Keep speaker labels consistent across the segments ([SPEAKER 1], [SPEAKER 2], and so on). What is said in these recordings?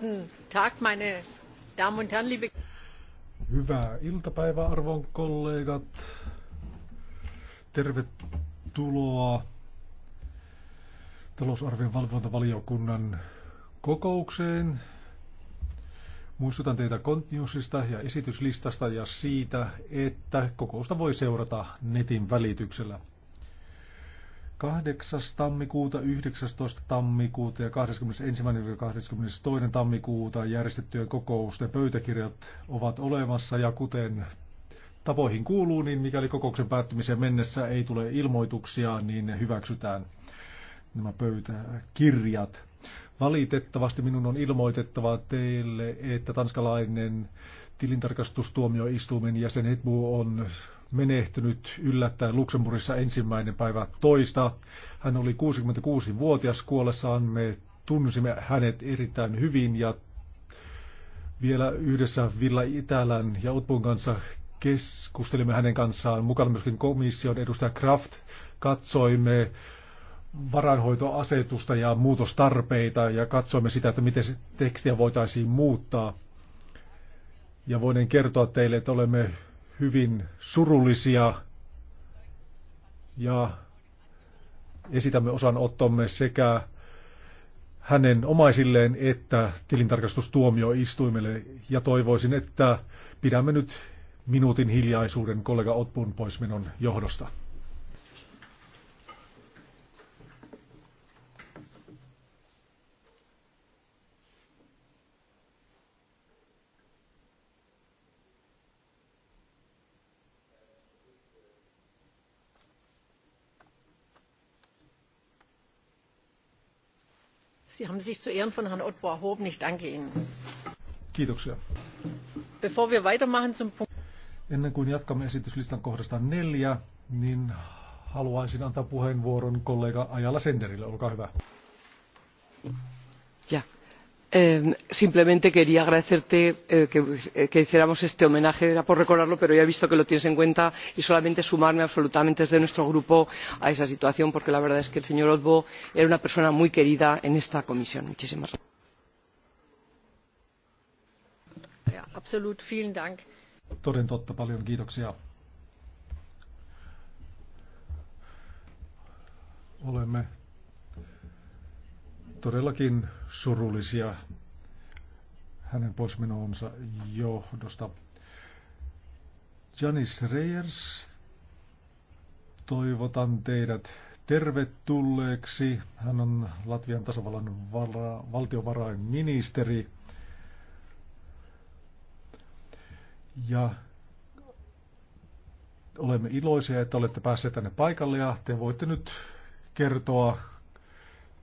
[SPEAKER 1] Guten Tag, meine Damen
[SPEAKER 2] und Herren, liebe Hyvää iltapäivää arvon kollegat. Tervetuloa talousarvion valvontavaliokunnan kokoukseen. Muistutan teitä Kontniusista ja esityslistasta ja siitä, että kokousta voi seurata netin välityksellä. 8. tammikuuta, 19. tammikuuta ja 21. ja 22. tammikuuta järjestettyjen kokousten pöytäkirjat ovat olemassa ja kuten tapoihin kuuluu, niin mikäli kokouksen päättymiseen mennessä ei tule ilmoituksia, niin ne hyväksytään nämä pöytäkirjat. Valitettavasti minun on ilmoitettava teille, että tanskalainen tilintarkastustuomioistuimen jäsen Hetbu on menehtynyt yllättäen Luxemburgissa ensimmäinen päivä toista. Hän oli 66-vuotias kuollessaan. Me tunsimme hänet erittäin hyvin ja vielä yhdessä Villa Itälän ja Otpon kanssa keskustelimme hänen kanssaan. Mukana myöskin komission edustaja Kraft katsoimme varainhoitoasetusta ja muutostarpeita ja katsoimme sitä, että miten tekstiä voitaisiin muuttaa. Ja voin kertoa teille, että olemme hyvin surullisia ja esitämme osanottomme sekä hänen omaisilleen että tilintarkastustuomioistuimelle ja toivoisin, että pidämme nyt minuutin hiljaisuuden kollega Otpun poismenon johdosta.
[SPEAKER 1] sich zu Ehren von Herrn erhoben. Ich danke Ihnen. Kiitoksia. Bevor wir weitermachen zum Punkt
[SPEAKER 2] Ennen kuin jatkamme esityslistan kohdasta neljä, niin haluaisin antaa puheenvuoron kollega Ajala Senderille. Olkaa hyvä.
[SPEAKER 3] Ja simplemente quería agradecerte eh, eh, que hiciéramos este homenaje era por recordarlo pero ya he visto que lo tienes en cuenta y solamente sumarme absolutamente desde nuestro grupo a esa situación porque la verdad es que el señor odbo era una persona muy
[SPEAKER 2] querida en esta comisión. muchísimas
[SPEAKER 1] gracias.
[SPEAKER 2] toden totta paljon kiitoksia. olemme todellakin surullisia hänen poismenoonsa johdosta. Janis Reyers, toivotan teidät tervetulleeksi. Hän on Latvian tasavallan vara, valtiovarainministeri. Ja olemme iloisia, että olette päässeet tänne paikalle ja te voitte nyt kertoa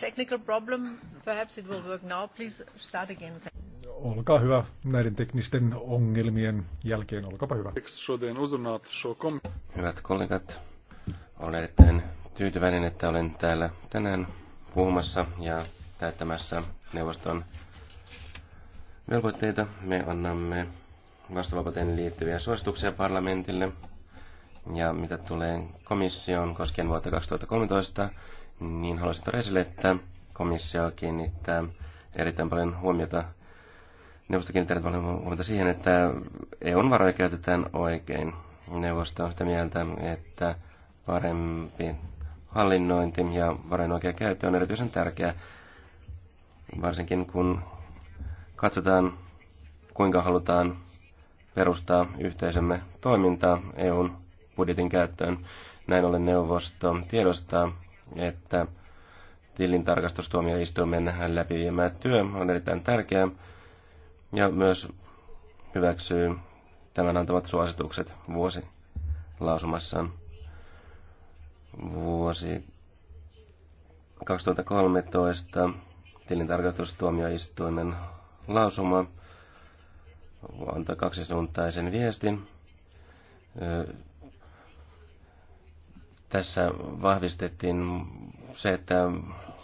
[SPEAKER 1] Technical problem. Perhaps it will work now. Please start again.
[SPEAKER 2] Olkaa hyvä näiden teknisten ongelmien jälkeen. Olkaa hyvä.
[SPEAKER 4] Hyvät kollegat, olen erittäin tyytyväinen, että olen täällä tänään puhumassa ja täyttämässä neuvoston velvoitteita. Me annamme vastuuvapauteen liittyviä suosituksia parlamentille ja mitä tulee komissioon koskien vuotta 2013, niin haluaisin tuoda esille, että komissio kiinnittää erittäin paljon huomiota Neuvosto kiinnittää paljon huomiota siihen, että EUn varoja käytetään oikein. Neuvosto on sitä mieltä, että parempi hallinnointi ja varojen oikea käyttö on erityisen tärkeää, varsinkin kun katsotaan, kuinka halutaan perustaa yhteisömme toimintaa EUn budjetin käyttöön. Näin ollen neuvosto tiedostaa, että tilintarkastustuomioistuimen läpiviemä työ on erittäin tärkeää ja myös hyväksyy tämän antavat suositukset vuosi lausumassaan vuosi 2013 tilintarkastustuomioistuimen lausuma antoi kaksisuuntaisen viestin tässä vahvistettiin se, että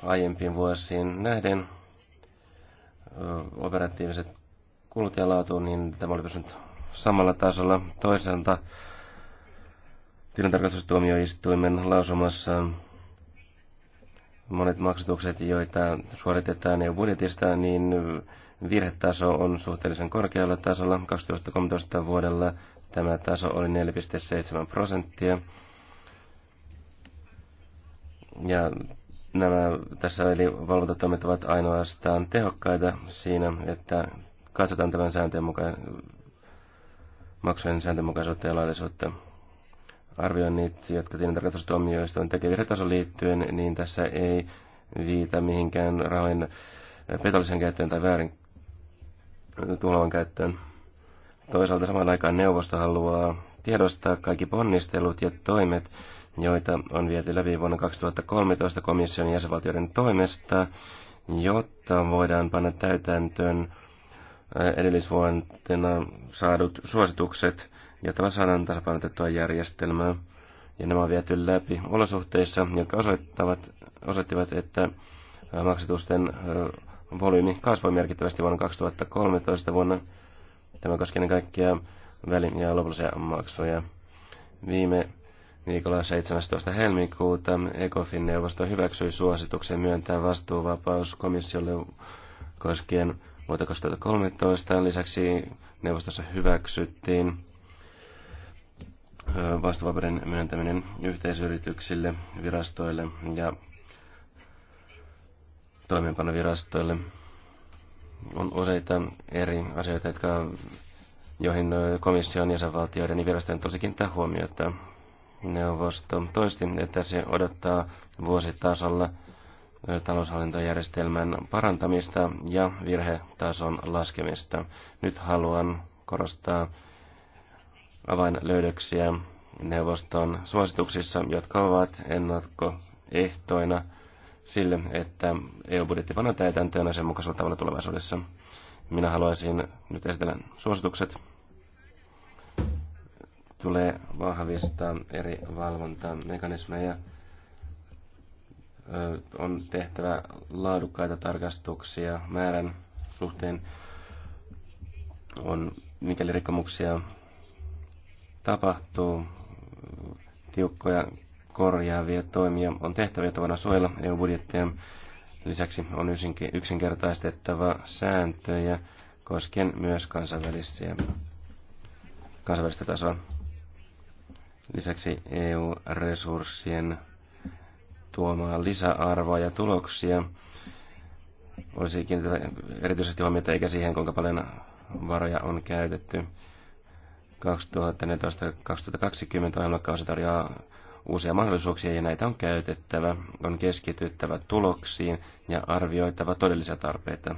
[SPEAKER 4] aiempiin vuosiin nähden operatiiviset kulut ja laatu niin tämä oli pysynyt samalla tasolla. Toisaalta tilintarkastustuomioistuimen lausumassa monet maksatukset, joita suoritetaan jo budjetista niin virhetaso on suhteellisen korkealla tasolla. 2013 vuodella tämä taso oli 4,7 prosenttia. Ja nämä tässä eli valvontatoimet ovat ainoastaan tehokkaita siinä, että katsotaan tämän sääntöjen mukaan, maksujen sääntöjen ja laillisuutta. Arvioinnit, jotka tilintarkastustuomioistuin tekee virhetason liittyen, niin tässä ei viita mihinkään rahojen petollisen käyttöön tai väärin tulevan käyttöön. Toisaalta samaan aikaan neuvosto haluaa tiedostaa kaikki ponnistelut ja toimet, joita on viety läpi vuonna 2013 komission jäsenvaltioiden toimesta, jotta voidaan panna täytäntöön edellisvuotena saadut suositukset, jotta saadaan tasapainotettua järjestelmää. Ja nämä on viety läpi olosuhteissa, jotka osoittavat, osoittivat, että maksatusten volyymi kasvoi merkittävästi vuonna 2013 vuonna. Tämä koskee kaikkia väli- ja lopullisia maksuja. Viime viikolla 17. helmikuuta ECOFIN neuvosto hyväksyi suosituksen myöntää vastuuvapaus komissiolle koskien vuotta 2013. Lisäksi neuvostossa hyväksyttiin vastuuvapauden myöntäminen yhteisyrityksille, virastoille ja toimeenpanovirastoille. On useita eri asioita, jotka joihin komission jäsenvaltioiden ja virastojen tulisi kiinnittää huomiota. Neuvosto toisti, että se odottaa vuositasolla taloushallintojärjestelmän parantamista ja virhetason laskemista. Nyt haluan korostaa avainlöydöksiä neuvoston suosituksissa, jotka ovat ennakkoehtoina sille, että EU-budjetti pannaan täytäntöön asianmukaisella tavalla tulevaisuudessa. Minä haluaisin nyt esitellä suositukset tulee vahvistaa eri valvontamekanismeja. On tehtävä laadukkaita tarkastuksia määrän suhteen. On, mikäli rikkomuksia tapahtuu, tiukkoja korjaavia toimia on tehtävä, jotta voidaan suojella EU-budjettia. Lisäksi on yksinkertaistettava sääntöjä koskien myös kansainvälisiä, kansainvälistä tasoa Lisäksi EU-resurssien tuomaa lisäarvoa ja tuloksia olisi kiinnitettävä erityisesti huomiota eikä siihen, kuinka paljon varoja on käytetty. 2014-2020 ohjelmakausi tarjoaa uusia mahdollisuuksia ja näitä on käytettävä, on keskityttävä tuloksiin ja arvioitava todellisia tarpeita.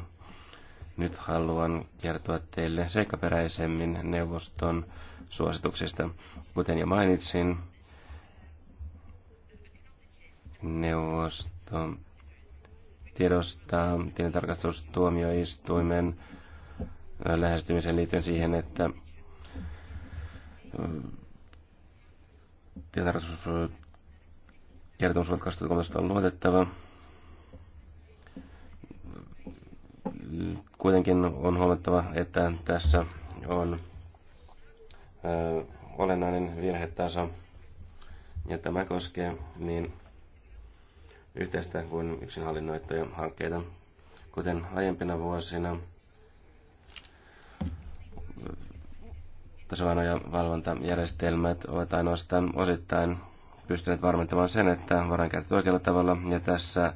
[SPEAKER 4] Nyt haluan kertoa teille seikkaperäisemmin neuvoston suosituksista. Kuten jo mainitsin, neuvosto tiedostaa tilintarkastustuomioistuimen lähestymisen liittyen siihen, että tilintarkastuskertomus vuodelta 2013 on luotettava. Kuitenkin on huomattava, että tässä on ö, olennainen virhetaso, ja tämä koskee niin yhteistä kuin yksinhallinnoittajan hankkeita. Kuten aiempina vuosina, tasapaino- ja valvontajärjestelmät ovat ainoastaan osittain pystyneet varmentamaan sen, että varan oikealla tavalla, ja tässä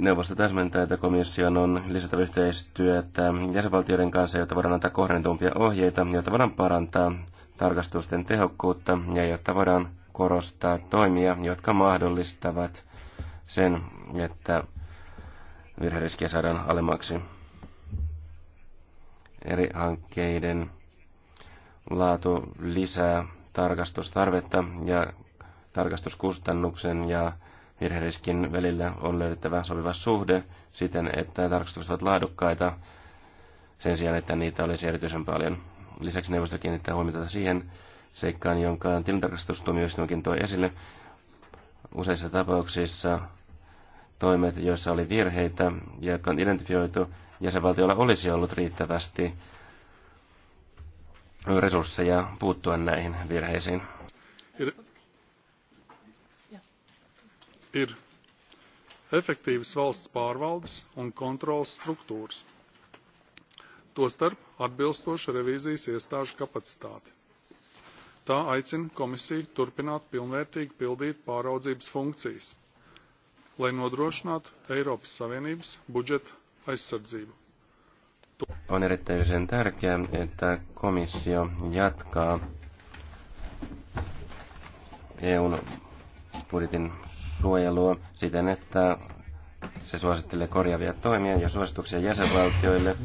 [SPEAKER 4] Neuvosto täsmentää, että komission on lisätä yhteistyötä jäsenvaltioiden kanssa, jotta voidaan antaa kohdentumpia ohjeita, jotta voidaan parantaa tarkastusten tehokkuutta ja jotta voidaan korostaa toimia, jotka mahdollistavat sen, että virheriskiä saadaan alemmaksi. Eri hankkeiden laatu lisää tarkastustarvetta ja tarkastuskustannuksen ja virheriskin välillä on löydettävä sopiva suhde siten, että tarkastukset ovat laadukkaita sen sijaan, että niitä olisi erityisen paljon. Lisäksi neuvosto kiinnittää huomiota siihen seikkaan, jonka tilintarkastustuomioistuinkin toi esille. Useissa tapauksissa toimet, joissa oli virheitä ja jotka on identifioitu, jäsenvaltiolla olisi ollut riittävästi resursseja puuttua näihin virheisiin
[SPEAKER 5] ir efektīvas valsts pārvaldes un kontrolas struktūras, tostarp atbilstoša revīzijas iestāžu kapacitāte. Tā aicina komisiju turpināt pilnvērtīgi pildīt pāraudzības funkcijas, lai nodrošinātu Eiropas Savienības budžeta aizsardzību.
[SPEAKER 4] On erittäin tärkeää, että komissio jatkaa EUn budjetin suojelua siten, että se suosittelee korjaavia toimia ja suosituksia jäsenvaltioille,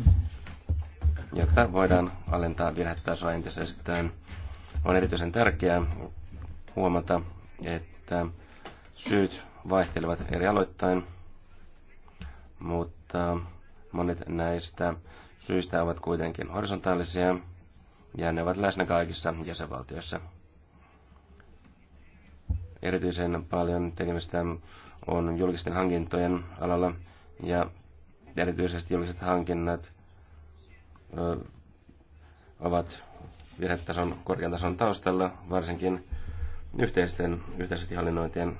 [SPEAKER 4] jotta voidaan alentaa virhetasoa entisestään. On erityisen tärkeää huomata, että syyt vaihtelevat eri aloittain, mutta monet näistä syistä ovat kuitenkin horisontaalisia ja ne ovat läsnä kaikissa jäsenvaltioissa erityisen paljon tekemistä on julkisten hankintojen alalla ja erityisesti julkiset hankinnat ö, ovat virhetason, korkean tason taustalla, varsinkin yhteisten, yhteisesti hallinnointien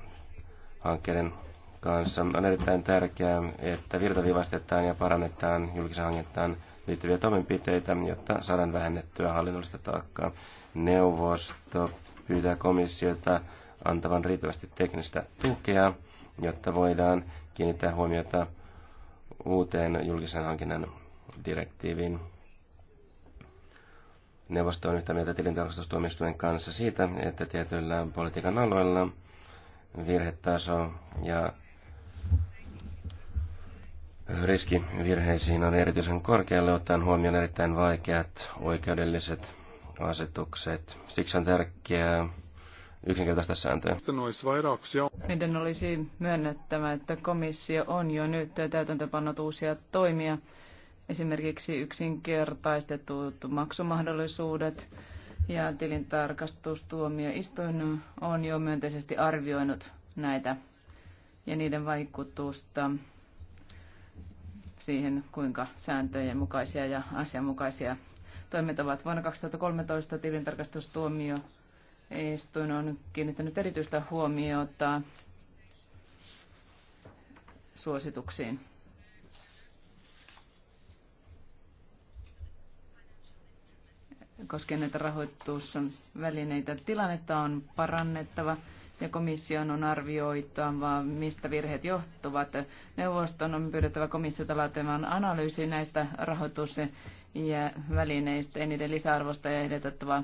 [SPEAKER 4] hankkeiden kanssa. On erittäin tärkeää, että virtavivastetaan ja parannetaan julkisen hankintaan liittyviä toimenpiteitä, jotta saadaan vähennettyä hallinnollista taakkaa. Neuvosto pyytää komissiota antavan riittävästi teknistä tukea, jotta voidaan kiinnittää huomiota uuteen julkisen hankinnan direktiiviin. Neuvosto on yhtä mieltä tilintarkastustuomioistuimen kanssa siitä, että tietyillä politiikan aloilla virhetaso ja riski virheisiin on erityisen korkealle ottaen huomioon erittäin vaikeat oikeudelliset asetukset. Siksi on tärkeää yksinkertaista sääntöä.
[SPEAKER 5] Meidän olisi
[SPEAKER 3] myönnettävä, että komissio on jo nyt täytäntöpannut uusia toimia, esimerkiksi yksinkertaistetut maksumahdollisuudet ja tilintarkastustuomioistuin on jo myönteisesti arvioinut näitä ja niiden vaikutusta siihen, kuinka sääntöjen mukaisia ja asianmukaisia toimet ovat. Vuonna 2013 tilintarkastustuomio Istuin on kiinnittänyt erityistä huomiota suosituksiin. Koskien näitä rahoitusvälineitä, tilannetta on parannettava ja komission on arvioitava, mistä virheet johtuvat. Neuvoston on pyydettävä komissiota laatimaan analyysi näistä rahoitus- ja välineistä ja niiden lisäarvosta ja ehdotettava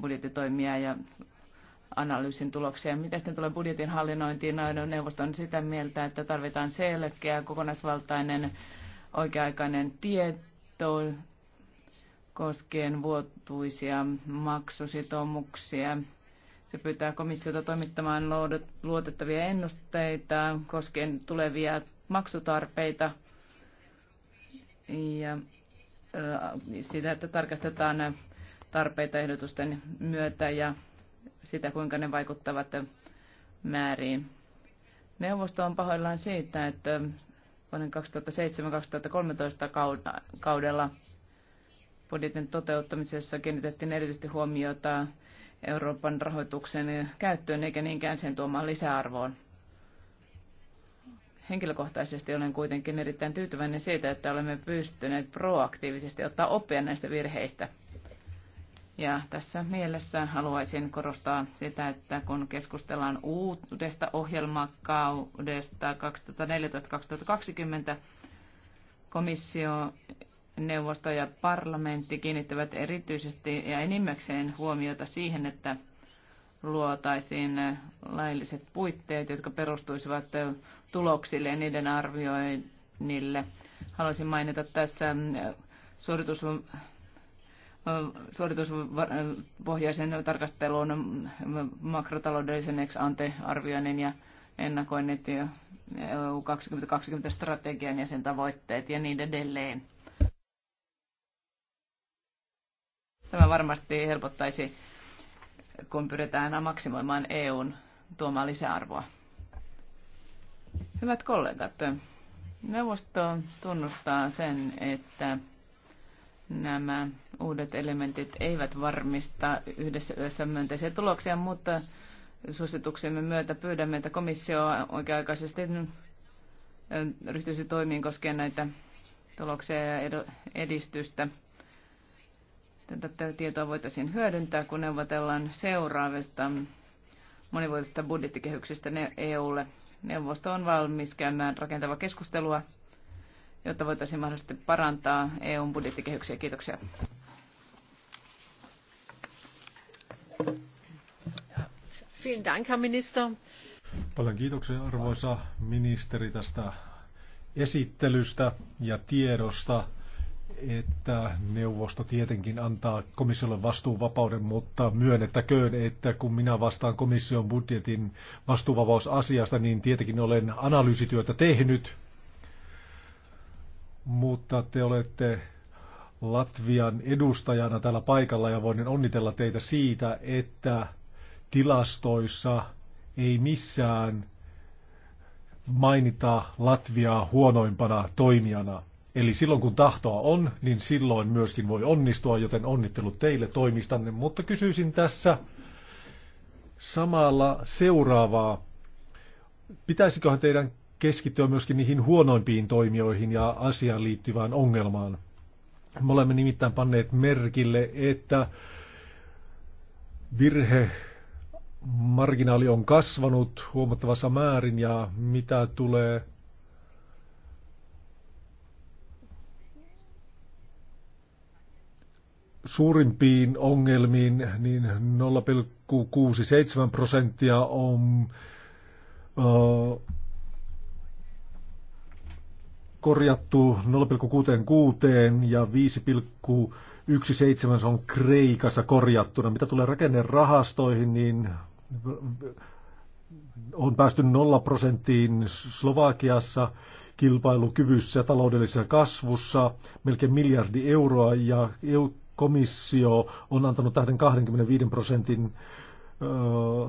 [SPEAKER 3] budjettitoimia ja analyysin tuloksia. Mitä sitten tulee budjetin hallinnointiin, no, no, neuvosto on sitä mieltä, että tarvitaan selkeä, kokonaisvaltainen, oikea-aikainen tieto koskien vuotuisia maksusitoumuksia. Se pyytää komissiota toimittamaan luotettavia ennusteita koskien tulevia maksutarpeita ja sitä, että tarkastetaan tarpeita ehdotusten myötä ja sitä, kuinka ne vaikuttavat määriin. Neuvosto on pahoillaan siitä, että vuoden 2007-2013 kaudella budjetin toteuttamisessa kiinnitettiin erityisesti huomiota Euroopan rahoituksen käyttöön eikä niinkään sen tuomaan lisäarvoon. Henkilökohtaisesti olen kuitenkin erittäin tyytyväinen siitä, että olemme pystyneet proaktiivisesti ottaa oppia näistä virheistä. Ja tässä mielessä haluaisin korostaa sitä, että kun keskustellaan uudesta ohjelmakaudesta 2014-2020, komissio, neuvosto ja parlamentti kiinnittävät erityisesti ja enimmäkseen huomiota siihen, että luotaisiin lailliset puitteet, jotka perustuisivat tuloksille ja niiden arvioinnille. Haluaisin mainita tässä suoritus suorituspohjaisen tarkastelun, makrotaloudellisen ex ante arvioinnin ja ennakoinnit ja EU 2020 strategian ja sen tavoitteet ja niin edelleen. Tämä varmasti helpottaisi, kun pyritään maksimoimaan EUn tuomaan lisäarvoa. Hyvät kollegat, neuvosto tunnustaa sen, että nämä Uudet elementit eivät varmista yhdessä yössä myönteisiä tuloksia, mutta suosituksemme myötä pyydämme, että komissio oikea-aikaisesti mm, ryhtyisi toimiin koskien näitä tuloksia ja edistystä. Tätä tietoa voitaisiin hyödyntää, kun neuvotellaan seuraavista monivuotisesta budjettikehyksestä EUlle. Neuvosto on valmis käymään rakentavaa keskustelua, jotta voitaisiin mahdollisesti parantaa EUn budjettikehyksiä. Kiitoksia.
[SPEAKER 1] Vielen Dank, Herr Minister.
[SPEAKER 2] Paljon kiitoksia arvoisa ministeri tästä esittelystä ja tiedosta, että neuvosto tietenkin antaa komissiolle vastuuvapauden, mutta myönnettäköön, että kun minä vastaan komission budjetin vastuuvapausasiasta, niin tietenkin olen analyysityötä tehnyt, mutta te olette Latvian edustajana täällä paikalla ja voin onnitella teitä siitä, että tilastoissa ei missään mainita Latviaa huonoimpana toimijana. Eli silloin kun tahtoa on, niin silloin myöskin voi onnistua, joten onnittelut teille toimistanne. Mutta kysyisin tässä samalla seuraavaa. Pitäisiköhän teidän keskittyä myöskin niihin huonoimpiin toimijoihin ja asiaan liittyvään ongelmaan? Me olemme nimittäin panneet merkille, että virhe marginaali on kasvanut huomattavassa määrin ja mitä tulee suurimpiin ongelmiin, niin 0,67 prosenttia on korjattu 0,66 ja 5,17 on Kreikassa korjattuna. Mitä tulee rakennerahastoihin, niin on päästy 0 prosenttiin Slovakiassa kilpailukyvyssä ja taloudellisessa kasvussa melkein miljardi euroa ja EU komissio on antanut tähden 25 prosentin öö,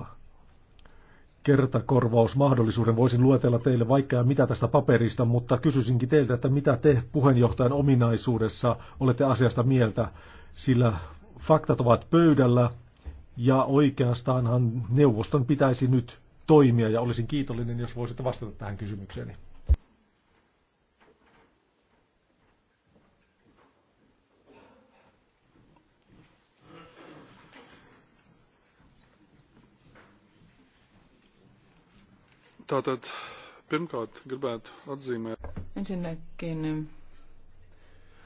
[SPEAKER 2] kertakorvausmahdollisuuden. Voisin luetella teille vaikka ja mitä tästä paperista, mutta kysyisinkin teiltä, että mitä te puheenjohtajan ominaisuudessa olette asiasta mieltä, sillä faktat ovat pöydällä ja oikeastaanhan neuvoston pitäisi nyt toimia ja olisin kiitollinen, jos voisitte vastata tähän kysymykseeni.
[SPEAKER 5] Tātad pirmkārt gribētu atzīmēt.
[SPEAKER 3] Ensinnäkin eh,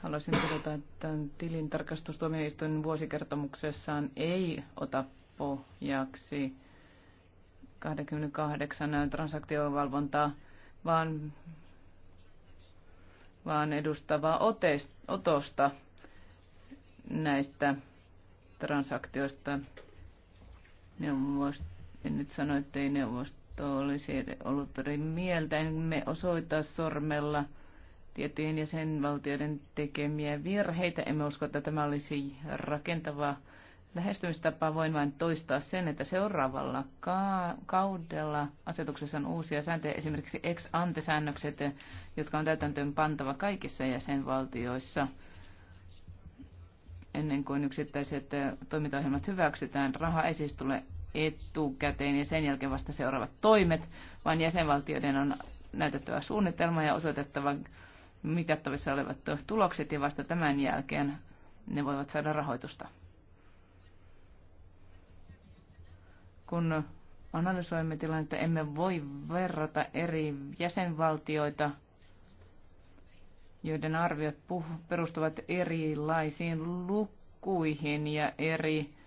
[SPEAKER 3] haluaisin todeta, että tilintarkastustuomioistuin vuosikertomuksessaan ei ota pohjaksi 28 transaktiovalvontaa, vaan, vaan edustavaa otosta näistä transaktioista. Neuvost, en nyt sano, että ei neuvosto neuvosto olisi ollut eri mieltä. Emme osoita sormella tiettyjen jäsenvaltioiden tekemiä virheitä. Emme usko, että tämä olisi rakentava lähestymistapa. Voin vain toistaa sen, että seuraavalla kaudella asetuksessa on uusia sääntöjä, esimerkiksi ex ante säännökset, jotka on täytäntöön pantava kaikissa jäsenvaltioissa ennen kuin yksittäiset toimintaohjelmat hyväksytään. Raha ei siis tule etukäteen ja sen jälkeen vasta seuraavat toimet, vaan jäsenvaltioiden on näytettävä suunnitelma ja osoitettava mitattavissa olevat tulokset ja vasta tämän jälkeen ne voivat saada rahoitusta. Kun analysoimme tilannetta, emme voi verrata eri jäsenvaltioita, joiden arviot perustuvat erilaisiin lukuihin ja eri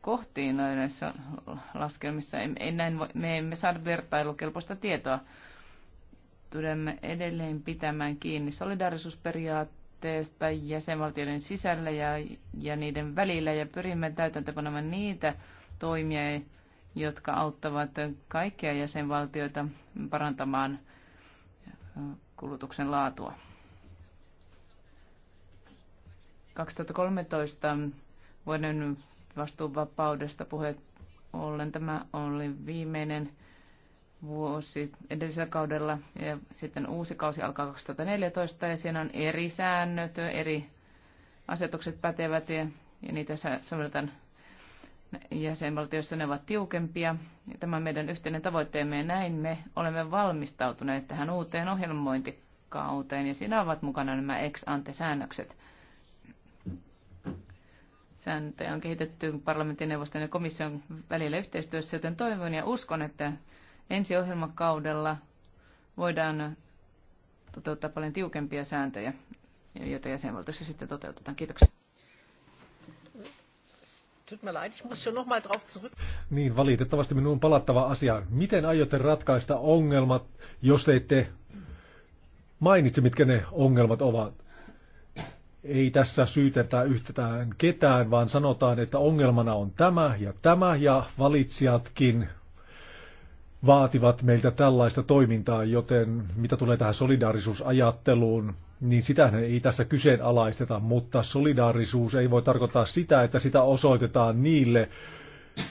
[SPEAKER 3] kohtiin näissä laskelmissa. Ei, näin, me emme saada vertailukelpoista tietoa. Tulemme edelleen pitämään kiinni solidarisuusperiaatteesta jäsenvaltioiden sisällä ja, ja niiden välillä ja pyrimme täytäntöpanemaan niitä toimia, jotka auttavat kaikkia jäsenvaltioita parantamaan kulutuksen laatua. 2013 vuoden vastuuvapaudesta puhe ollen. Tämä oli viimeinen vuosi edellisellä kaudella ja sitten uusi kausi alkaa 2014 ja siinä on eri säännöt, eri asetukset pätevät ja, ja niitä sovelletaan jäsenvaltioissa ne ovat tiukempia. Tämä on meidän yhteinen tavoitteemme ja näin me olemme valmistautuneet tähän uuteen ohjelmointikauteen ja siinä ovat mukana nämä ex-ante-säännökset sääntöjä on kehitetty parlamentin, neuvoston ja komission välillä yhteistyössä, joten toivon ja uskon, että ensi ohjelmakaudella voidaan toteuttaa paljon tiukempia sääntöjä, joita jäsenvaltiossa sitten toteutetaan. Kiitoksia.
[SPEAKER 2] Niin, valitettavasti minun on palattava asia: Miten aiotte ratkaista ongelmat, jos te ette mainitse, mitkä ne ongelmat ovat? ei tässä syytetä yhtään ketään, vaan sanotaan, että ongelmana on tämä ja tämä, ja valitsijatkin vaativat meiltä tällaista toimintaa, joten mitä tulee tähän solidaarisuusajatteluun, niin sitähän ei tässä kyseenalaisteta, mutta solidaarisuus ei voi tarkoittaa sitä, että sitä osoitetaan niille,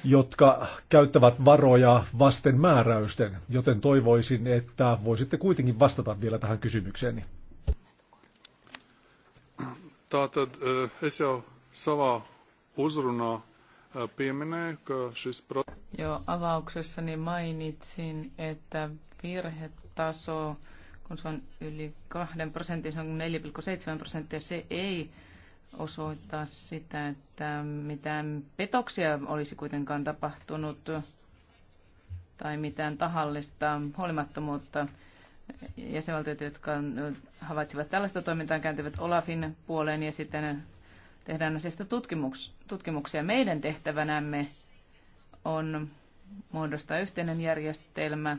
[SPEAKER 2] jotka käyttävät varoja vasten määräysten, joten toivoisin, että voisitte kuitenkin vastata vielä tähän kysymykseeni.
[SPEAKER 5] Tātad eh, es jau savā uzrunā eh, pieminēju, ka šis
[SPEAKER 3] Jo avauksessani niin mainitsin, että virhetaso, kun se on yli 2 prosenttia, se on 4,7 prosenttia, se ei osoita sitä, että mitään petoksia olisi kuitenkaan tapahtunut tai mitään tahallista huolimattomuutta jäsenvaltiot, jotka havaitsivat tällaista toimintaa, kääntyvät Olafin puoleen ja sitten tehdään asiasta tutkimuks- tutkimuksia. Meidän tehtävänämme on muodostaa yhteinen järjestelmä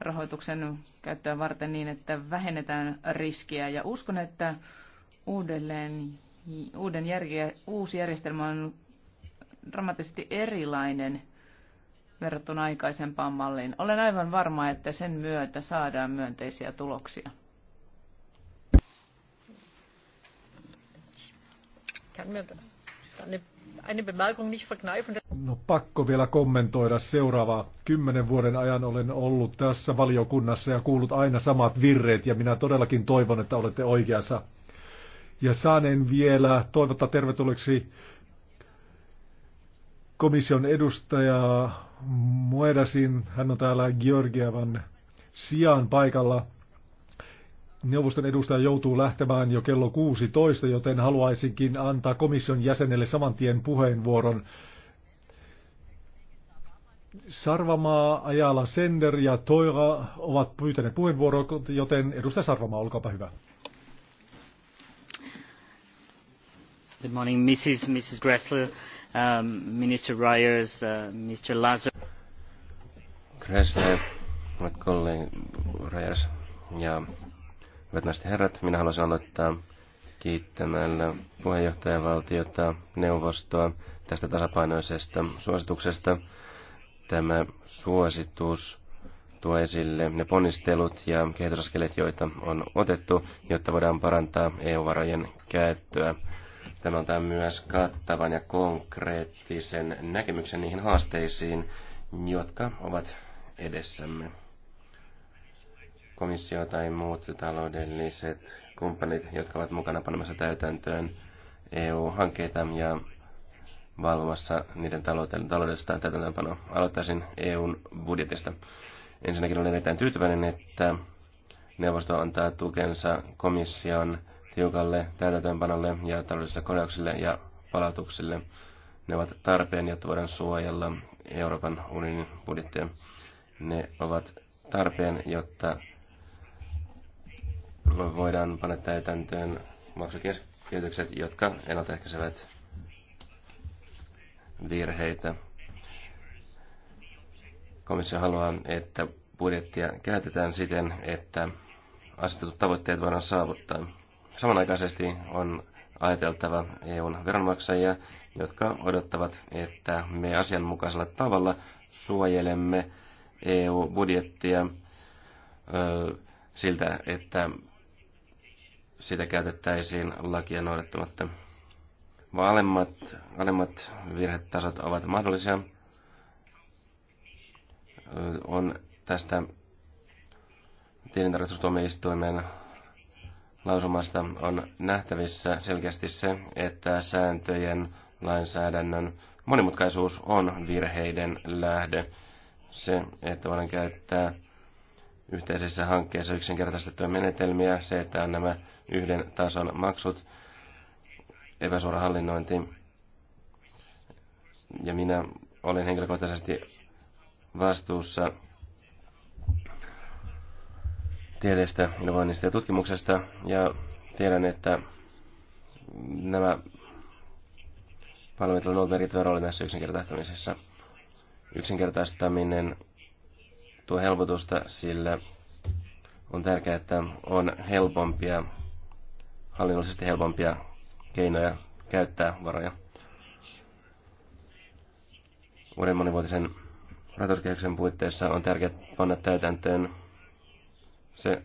[SPEAKER 3] rahoituksen käyttöä varten niin, että vähennetään riskiä. Ja uskon, että uudelleen, uuden järje, uusi järjestelmä on dramaattisesti erilainen verrattuna aikaisempaan malliin. Olen aivan varma, että sen myötä saadaan myönteisiä tuloksia.
[SPEAKER 2] No pakko vielä kommentoida seuraavaa. Kymmenen vuoden ajan olen ollut tässä valiokunnassa ja kuullut aina samat virreet ja minä todellakin toivon, että olette oikeassa. Ja saanen vielä toivottaa tervetulleeksi komission edustajaa Moedasin, hän on täällä Georgiavan sijaan paikalla. Neuvoston edustaja joutuu lähtemään jo kello 16, joten haluaisinkin antaa komission jäsenelle saman tien puheenvuoron. Sarvamaa, Ajala Sender ja Toira ovat pyytäneet puheenvuoroa, joten edustaja Sarvamaa, olkaapa hyvä.
[SPEAKER 1] Good morning, Mrs. Mrs. Gressler. Um, Minister Ryers, uh, Mr. Lazar.
[SPEAKER 4] Gressle, hyvät kollegat, Ryers ja hyvät naiset herrat, minä haluaisin aloittaa kiittämällä puheenjohtajavaltiota, neuvostoa tästä tasapainoisesta suosituksesta. Tämä suositus tuo esille ne ponnistelut ja kehitysaskeleet, joita on otettu, jotta voidaan parantaa EU-varojen käyttöä Tämä antaa myös kattavan ja konkreettisen näkemyksen niihin haasteisiin, jotka ovat edessämme. Komissio tai muut taloudelliset kumppanit, jotka ovat mukana panemassa täytäntöön EU-hankkeita ja valvomassa niiden taloudellista täytäntöönpanoa. Aloittaisin EUn budjetista. Ensinnäkin olen erittäin tyytyväinen, että neuvosto antaa tukensa komission tiukalle täytäntöönpanolle ja taloudellisille korjauksille ja palautuksille. Ne ovat tarpeen, jotta voidaan suojella Euroopan unionin budjettia. Ne ovat tarpeen, jotta voidaan panna täytäntöön maksukeskeytykset, jotka ennaltaehkäisevät virheitä. Komissio haluaa, että budjettia käytetään siten, että asetetut tavoitteet voidaan saavuttaa. Samanaikaisesti on ajateltava EUn veronmaksajia, jotka odottavat, että me asianmukaisella tavalla suojelemme EU-budjettia siltä, että sitä käytettäisiin lakia noudattamatta. alemmat, alemmat virhetasot ovat mahdollisia. On tästä tilintarkastustuomioistuimen lausumasta on nähtävissä selkeästi se, että sääntöjen, lainsäädännön monimutkaisuus on virheiden lähde. Se, että voidaan käyttää yhteisessä hankkeessa yksinkertaistettuja menetelmiä, se, että on nämä yhden tason maksut, epäsuora hallinnointi. Ja minä olen henkilökohtaisesti vastuussa tieteestä, innovoinnista ja tutkimuksesta. Ja tiedän, että nämä palvelut on ollut merkittävä rooli näissä yksinkertaistamisessa. Yksinkertaistaminen tuo helpotusta, sillä on tärkeää, että on helpompia, hallinnollisesti helpompia keinoja käyttää varoja. Uuden monivuotisen rahoituskehyksen puitteissa on tärkeää panna täytäntöön se,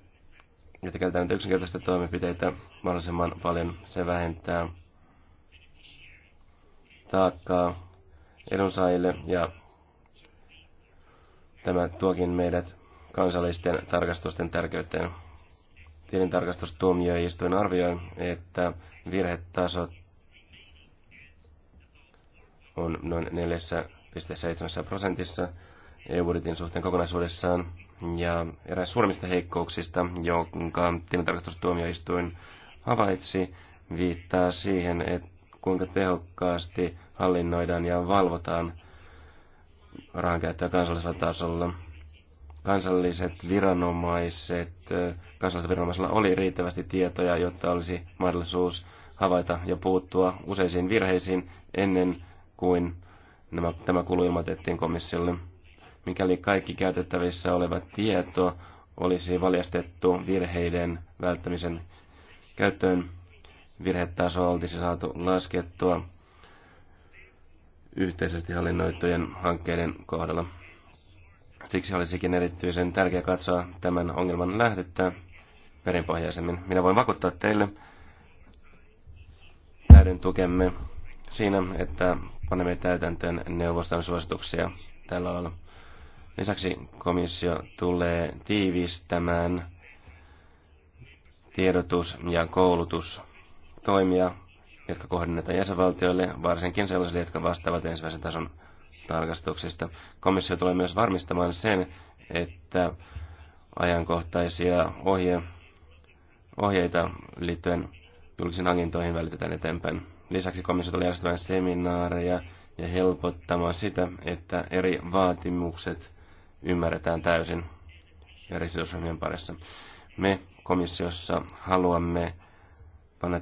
[SPEAKER 4] että käytetään nyt yksinkertaisia toimenpiteitä mahdollisimman paljon, se vähentää taakkaa edunsaajille ja tämä tuokin meidät kansallisten tarkastusten tärkeyteen. Tilintarkastustuomioistuin arvioi, että virhetasot on noin 4,7 prosentissa EU-budjetin suhteen kokonaisuudessaan. Ja eräs suurimmista heikkouksista, jonka tilintarkastustuomioistuin havaitsi, viittaa siihen, että kuinka tehokkaasti hallinnoidaan ja valvotaan rahankäyttöä kansallisella tasolla. Kansalliset viranomaiset, kansallisella viranomaisella oli riittävästi tietoja, jotta olisi mahdollisuus havaita ja puuttua useisiin virheisiin ennen kuin nämä, tämä kulu ilmoitettiin komissiolle mikäli kaikki käytettävissä oleva tieto olisi valjastettu virheiden välttämisen käyttöön, virhetasoa olisi saatu laskettua yhteisesti hallinnoitujen hankkeiden kohdalla. Siksi olisikin erityisen tärkeää katsoa tämän ongelman lähdettä perinpohjaisemmin. Minä voin vakuuttaa teille täyden tukemme siinä, että panemme täytäntöön neuvoston suosituksia tällä alalla. Lisäksi komissio tulee tiivistämään tiedotus- ja koulutustoimia, jotka kohdennetaan jäsenvaltioille, varsinkin sellaisille, jotka vastaavat ensimmäisen tason tarkastuksista. Komissio tulee myös varmistamaan sen, että ajankohtaisia ohje, ohjeita liittyen julkisiin hankintoihin välitetään eteenpäin. Lisäksi komissio tulee järjestämään seminaareja ja helpottamaan sitä, että eri vaatimukset ymmärretään täysin ja sidosryhmien parissa. Me komissiossa haluamme panna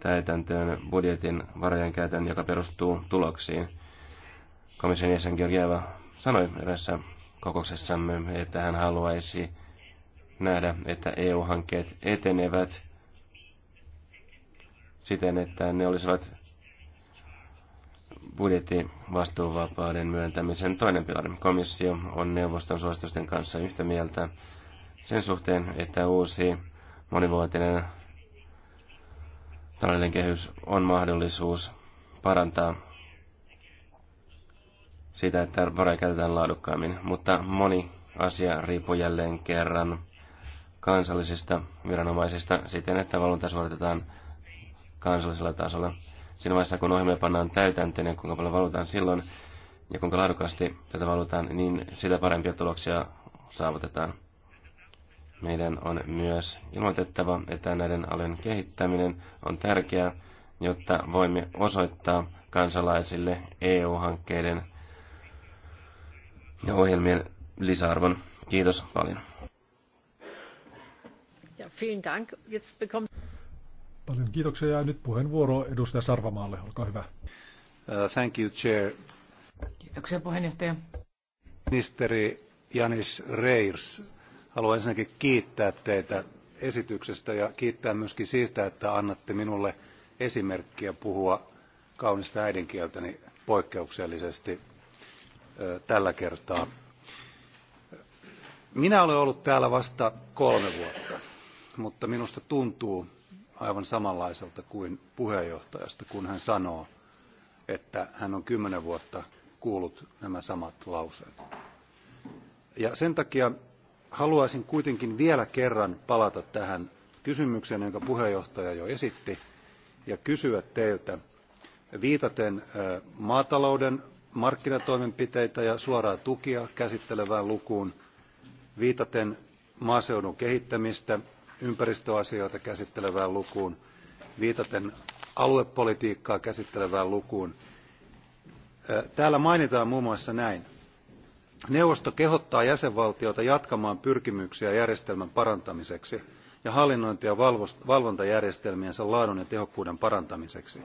[SPEAKER 4] täytäntöön budjetin varojen käytön, joka perustuu tuloksiin. Komission jäsen Georgieva sanoi edessä kokouksessamme, että hän haluaisi nähdä, että EU-hankkeet etenevät siten, että ne olisivat budjettivastuuvapauden myöntämisen toinen pilari. Komissio on neuvoston suositusten kanssa yhtä mieltä sen suhteen, että uusi monivuotinen taloudellinen kehys on mahdollisuus parantaa sitä, että varoja käytetään laadukkaammin, mutta moni asia riippuu jälleen kerran kansallisista viranomaisista siten, että valvonta suoritetaan kansallisella tasolla siinä vaiheessa, kun ohjelmia pannaan täytäntöön ja kuinka paljon valutaan silloin ja kuinka laadukkaasti tätä valutaan, niin sitä parempia tuloksia saavutetaan. Meidän on myös ilmoitettava, että näiden alojen kehittäminen on tärkeää, jotta voimme osoittaa kansalaisille EU-hankkeiden ja ohjelmien lisäarvon. Kiitos paljon.
[SPEAKER 1] Ja, vielen Dank. Jetzt bekommt...
[SPEAKER 2] Paljon kiitoksia ja nyt puheenvuoro edustaja Sarvamaalle, olkaa hyvä.
[SPEAKER 6] Uh, thank you, Chair.
[SPEAKER 2] Kiitoksia
[SPEAKER 3] puheenjohtaja.
[SPEAKER 6] Ministeri Janis Reirs, haluan ensinnäkin kiittää teitä esityksestä ja kiittää myöskin siitä, että annatte minulle esimerkkiä puhua kaunista äidinkieltäni poikkeuksellisesti uh, tällä kertaa. Minä olen ollut täällä vasta kolme vuotta, mutta minusta tuntuu, aivan samanlaiselta kuin puheenjohtajasta, kun hän sanoo, että hän on kymmenen vuotta kuullut nämä samat lauseet. Ja sen takia haluaisin kuitenkin vielä kerran palata tähän kysymykseen, jonka puheenjohtaja jo esitti, ja kysyä teiltä, viitaten maatalouden markkinatoimenpiteitä ja suoraa tukia käsittelevään lukuun, viitaten maaseudun kehittämistä ympäristöasioita käsittelevään lukuun, viitaten aluepolitiikkaa käsittelevään lukuun. Täällä mainitaan muun muassa näin. Neuvosto kehottaa jäsenvaltioita jatkamaan pyrkimyksiä järjestelmän parantamiseksi ja hallinnointi- ja valvontajärjestelmiensä laadun ja tehokkuuden parantamiseksi,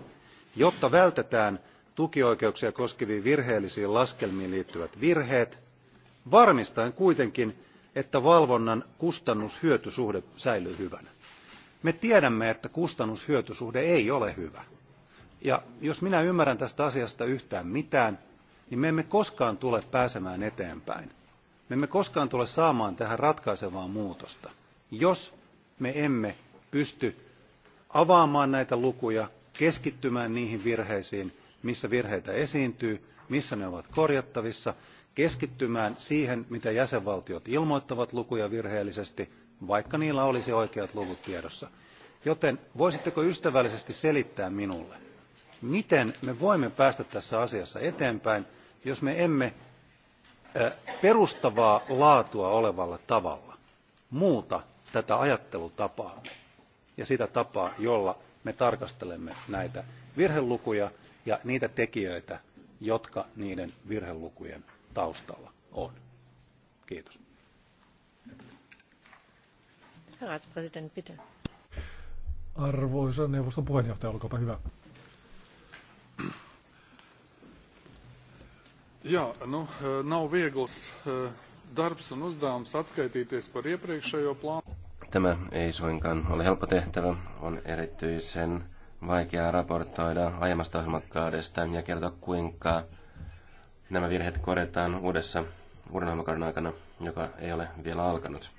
[SPEAKER 6] jotta vältetään tukioikeuksia koskeviin virheellisiin laskelmiin liittyvät virheet, varmistaen kuitenkin että valvonnan kustannushyötysuhde säilyy hyvänä. Me tiedämme, että kustannushyötysuhde ei ole hyvä. Ja jos minä ymmärrän tästä asiasta yhtään mitään, niin me emme koskaan tule pääsemään eteenpäin. Me emme koskaan tule saamaan tähän ratkaisevaa muutosta, jos me emme pysty avaamaan näitä lukuja, keskittymään niihin virheisiin, missä virheitä esiintyy, missä ne ovat korjattavissa keskittymään siihen, mitä jäsenvaltiot ilmoittavat lukuja virheellisesti, vaikka niillä olisi oikeat luvut tiedossa. Joten voisitteko ystävällisesti selittää minulle, miten me voimme päästä tässä asiassa eteenpäin, jos me emme perustavaa laatua olevalla tavalla muuta tätä ajattelutapaamme ja sitä tapaa, jolla me tarkastelemme näitä virhelukuja ja niitä tekijöitä, jotka niiden virhelukujen taustalla on. Kiitos.
[SPEAKER 2] Arvoisa neuvoston puheenjohtaja, olkaapa hyvä.
[SPEAKER 5] Jā, nu, eh, nav viegls eh, darbs un uzdevums atskaitīties par iepriekšējo plānu.
[SPEAKER 4] Tämä ei suinkaan ole helppo tehtävä. On erityisen vaikeaa raportoida aiemmasta ohjelmakaudesta ja kertoa kuinka nämä virheet korjataan uudessa uuden ohjelmakauden aikana, joka ei ole vielä alkanut.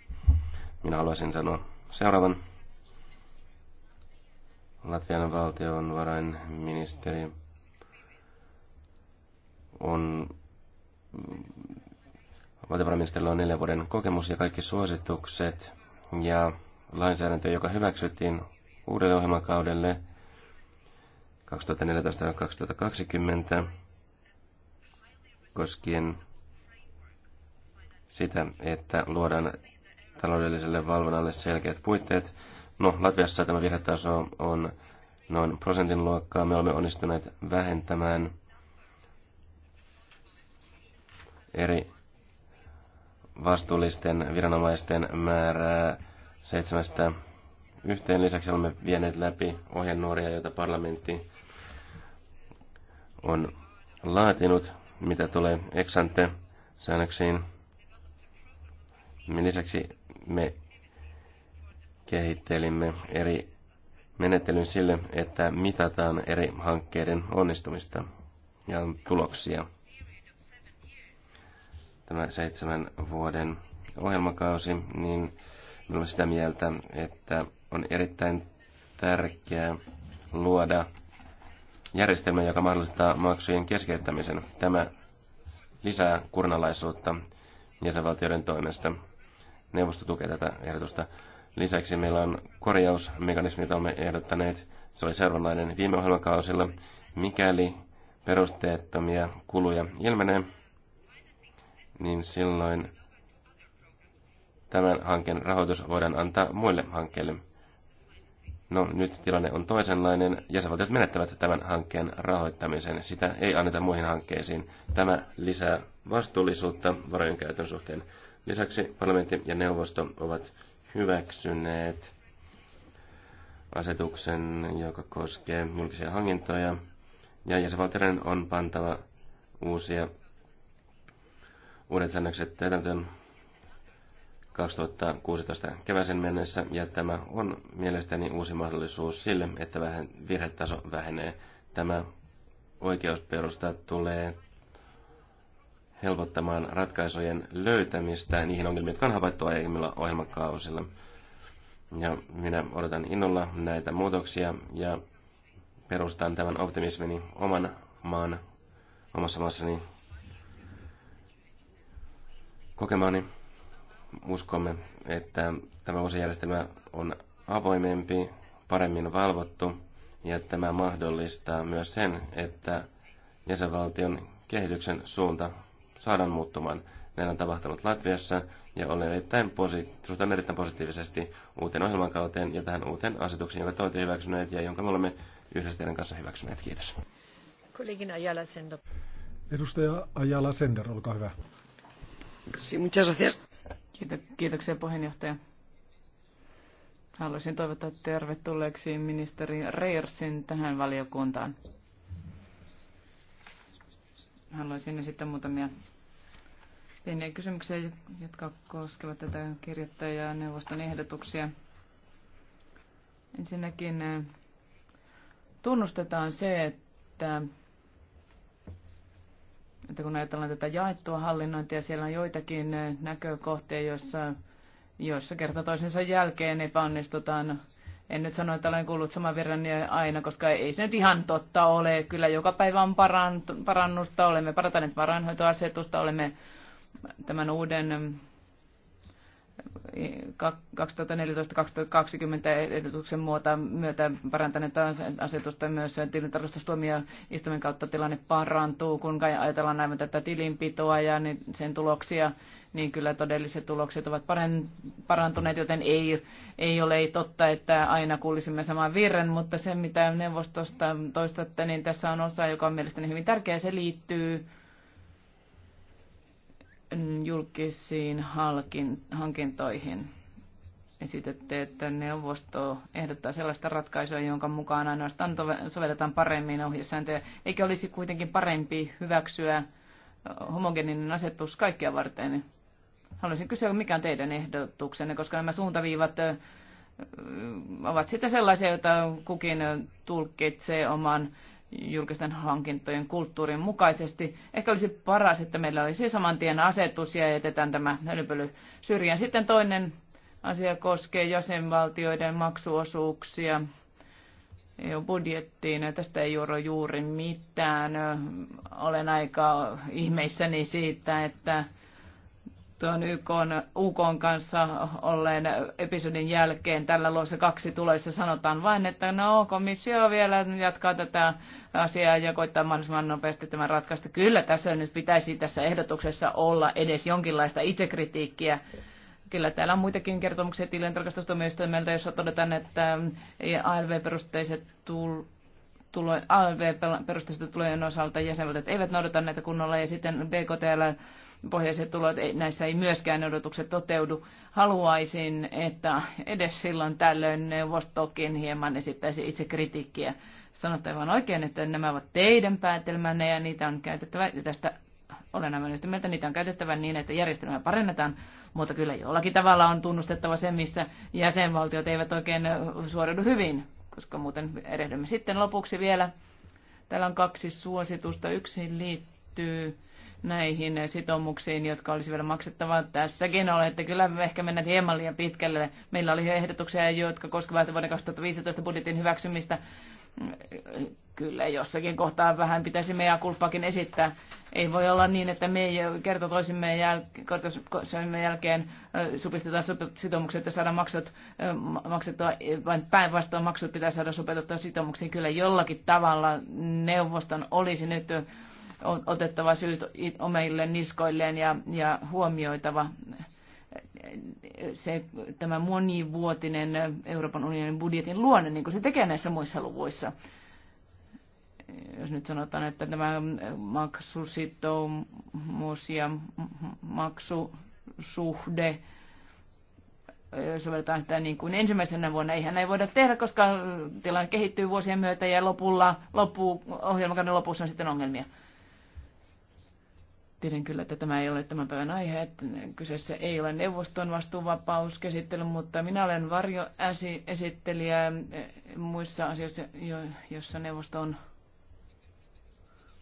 [SPEAKER 4] Minä haluaisin sanoa seuraavan. Latvian valtionvarainministeri on valtiovarainministerillä on neljän vuoden kokemus ja kaikki suositukset ja lainsäädäntö, joka hyväksyttiin uudelle ohjelmakaudelle 2014-2020 koskien sitä, että luodaan taloudelliselle valvonnalle selkeät puitteet. No, Latviassa tämä virhetaso on noin prosentin luokkaa. Me olemme onnistuneet vähentämään eri vastuullisten viranomaisten määrää seitsemästä yhteen. Lisäksi olemme vieneet läpi ohjenuoria, joita parlamentti on laatinut mitä tulee eksante säännöksiin. Niin lisäksi me kehittelimme eri menettelyn sille, että mitataan eri hankkeiden onnistumista ja tuloksia. Tämä seitsemän vuoden ohjelmakausi, niin minulla on sitä mieltä, että on erittäin tärkeää luoda järjestelmä, joka mahdollistaa maksujen keskeyttämisen. Tämä lisää kurnalaisuutta jäsenvaltioiden toimesta. Neuvosto tukee tätä ehdotusta. Lisäksi meillä on korjausmekanismi, jota olemme ehdottaneet. Se oli seuraavanlainen viime ohjelmakausilla. Mikäli perusteettomia kuluja ilmenee, niin silloin tämän hankkeen rahoitus voidaan antaa muille hankkeille. No nyt tilanne on toisenlainen. Jäsenvaltiot menettävät tämän hankkeen rahoittamisen. Sitä ei anneta muihin hankkeisiin. Tämä lisää vastuullisuutta varojen käytön suhteen. Lisäksi parlamentti ja neuvosto ovat hyväksyneet asetuksen, joka koskee julkisia hankintoja. Ja jäsenvaltioiden on pantava uusia uudet säännökset täytäntöön 2016 keväisen mennessä, ja tämä on mielestäni uusi mahdollisuus sille, että virhetaso vähenee. Tämä oikeusperusta tulee helpottamaan ratkaisujen löytämistä niihin ongelmiin, jotka on havaittu aiemmilla ohjelmakausilla. Ja minä odotan innolla näitä muutoksia ja perustan tämän optimismini oman maan, omassa maassani kokemaani uskomme, että tämä uusi järjestelmä on avoimempi, paremmin valvottu ja tämä mahdollistaa myös sen, että jäsenvaltion kehityksen suunta saadaan muuttumaan. Näin on tapahtunut Latviassa ja olen erittäin, posi- erittäin positiivisesti uuteen ohjelman kauteen ja tähän uuteen asetukseen, jonka te olette hyväksyneet ja jonka me olemme yhdessä teidän kanssa hyväksyneet. Kiitos.
[SPEAKER 1] Kollegin Ajala Sender.
[SPEAKER 2] Edustaja Ajala Sender, olkaa hyvä.
[SPEAKER 1] Sí, muchas gracias.
[SPEAKER 3] Kiitok- kiitoksia puheenjohtaja. Haluaisin toivottaa tervetulleeksi ministeri Reersin tähän valiokuntaan. Haluaisin esittää muutamia pieniä kysymyksiä, jotka koskevat tätä kirjoittajaa neuvoston ehdotuksia. Ensinnäkin eh, tunnustetaan se, että että kun ajatellaan tätä jaettua hallinnointia, siellä on joitakin eh, näkökohtia, joissa, joissa kerta toisensa jälkeen epäonnistutaan. En nyt sano, että olen kuullut saman verran niin aina, koska ei se nyt ihan totta ole. Kyllä joka päivä on parannusta, olemme parantaneet varainhoitoasetusta, olemme tämän uuden 2014-2020 ehdotuksen muuta myötä parantaneet asetusta myös tilintarkastustuomioistuimen kautta tilanne parantuu. Kun ajatellaan näin tätä tilinpitoa ja sen tuloksia, niin kyllä todelliset tulokset ovat parantuneet, joten ei, ei ole ei totta, että aina kuulisimme saman virran, mutta se mitä neuvostosta toistatte, niin tässä on osa, joka on mielestäni hyvin tärkeä, se liittyy Mm, julkisiin hankintoihin. Esitette, että neuvosto ehdottaa sellaista ratkaisua, jonka mukaan ainoastaan sovelletaan paremmin ohjesääntöjä. Eikö olisi kuitenkin parempi hyväksyä homogeninen asetus kaikkia varten? Haluaisin kysyä, mikä on teidän ehdotuksenne, koska nämä suuntaviivat ovat sitä sellaisia, joita kukin tulkitsee oman julkisten hankintojen kulttuurin mukaisesti. Ehkä olisi paras, että meillä olisi saman tien asetus ja jätetään tämä hölypöly syrjään. Sitten toinen asia koskee jäsenvaltioiden maksuosuuksia budjettiin. Tästä ei juuri juuri mitään. Olen aika ihmeissäni siitä, että tuon YK, UK kanssa olleen episodin jälkeen tällä luossa kaksi tuloissa sanotaan vain, että no komissio vielä jatkaa tätä asiaa ja koittaa mahdollisimman nopeasti tämän ratkaista. Kyllä tässä nyt pitäisi tässä ehdotuksessa olla edes jonkinlaista itsekritiikkiä. Kyllä täällä on muitakin kertomuksia tilintarkastustuomioistuimelta, jossa todetaan, että ALV-perusteiset tul tulo, ALV-perusteisten tulojen osalta jäsenvaltiot eivät noudata näitä kunnolla ja sitten BKTL pohjaiset tulot, näissä ei myöskään odotukset toteudu. Haluaisin, että edes silloin tällöin neuvostokin hieman esittäisi itse kritiikkiä. Sanotte oikein, että nämä ovat teidän päätelmänne ja niitä on käytettävä, ja tästä olen aivan yhtä mieltä, niitä on käytettävä niin, että järjestelmää parannetaan, mutta kyllä jollakin tavalla on tunnustettava se, missä jäsenvaltiot eivät oikein suoriudu hyvin, koska muuten erehdymme sitten lopuksi vielä. Täällä on kaksi suositusta. Yksi liittyy näihin sitoumuksiin, jotka olisi vielä maksettava. Tässäkin olette kyllä me ehkä mennään hieman liian pitkälle. Meillä oli ehdotuksia, jotka koskevat vuoden 2015 budjetin hyväksymistä. Kyllä jossakin kohtaa vähän pitäisi meidän kulpaakin esittää. Ei voi olla niin, että me kerta toisimme jäl- jälkeen supistetaan sitoumukset, että saada maksut maksettua, e, vain päinvastoin maksut pitää saada sopeutettua sitoumuksiin. Kyllä jollakin tavalla neuvoston olisi nyt otettava syyt omeille, niskoilleen ja, ja huomioitava se, tämä monivuotinen Euroopan unionin budjetin luonne, niin kuin se tekee näissä muissa luvuissa. Jos nyt sanotaan, että tämä maksusitoumus ja maksusuhde, sovelletaan sitä niin kuin ensimmäisenä vuonna. Eihän näin voida tehdä, koska tilanne kehittyy vuosien myötä ja lopulla, loppu, ohjelmakauden lopussa on sitten ongelmia. Tiedän kyllä, että tämä ei ole tämän päivän aihe, että kyseessä ei ole neuvoston vastuunvapauskäsittely, mutta minä olen varjo esittelijä eh, muissa asioissa, joissa neuvosto on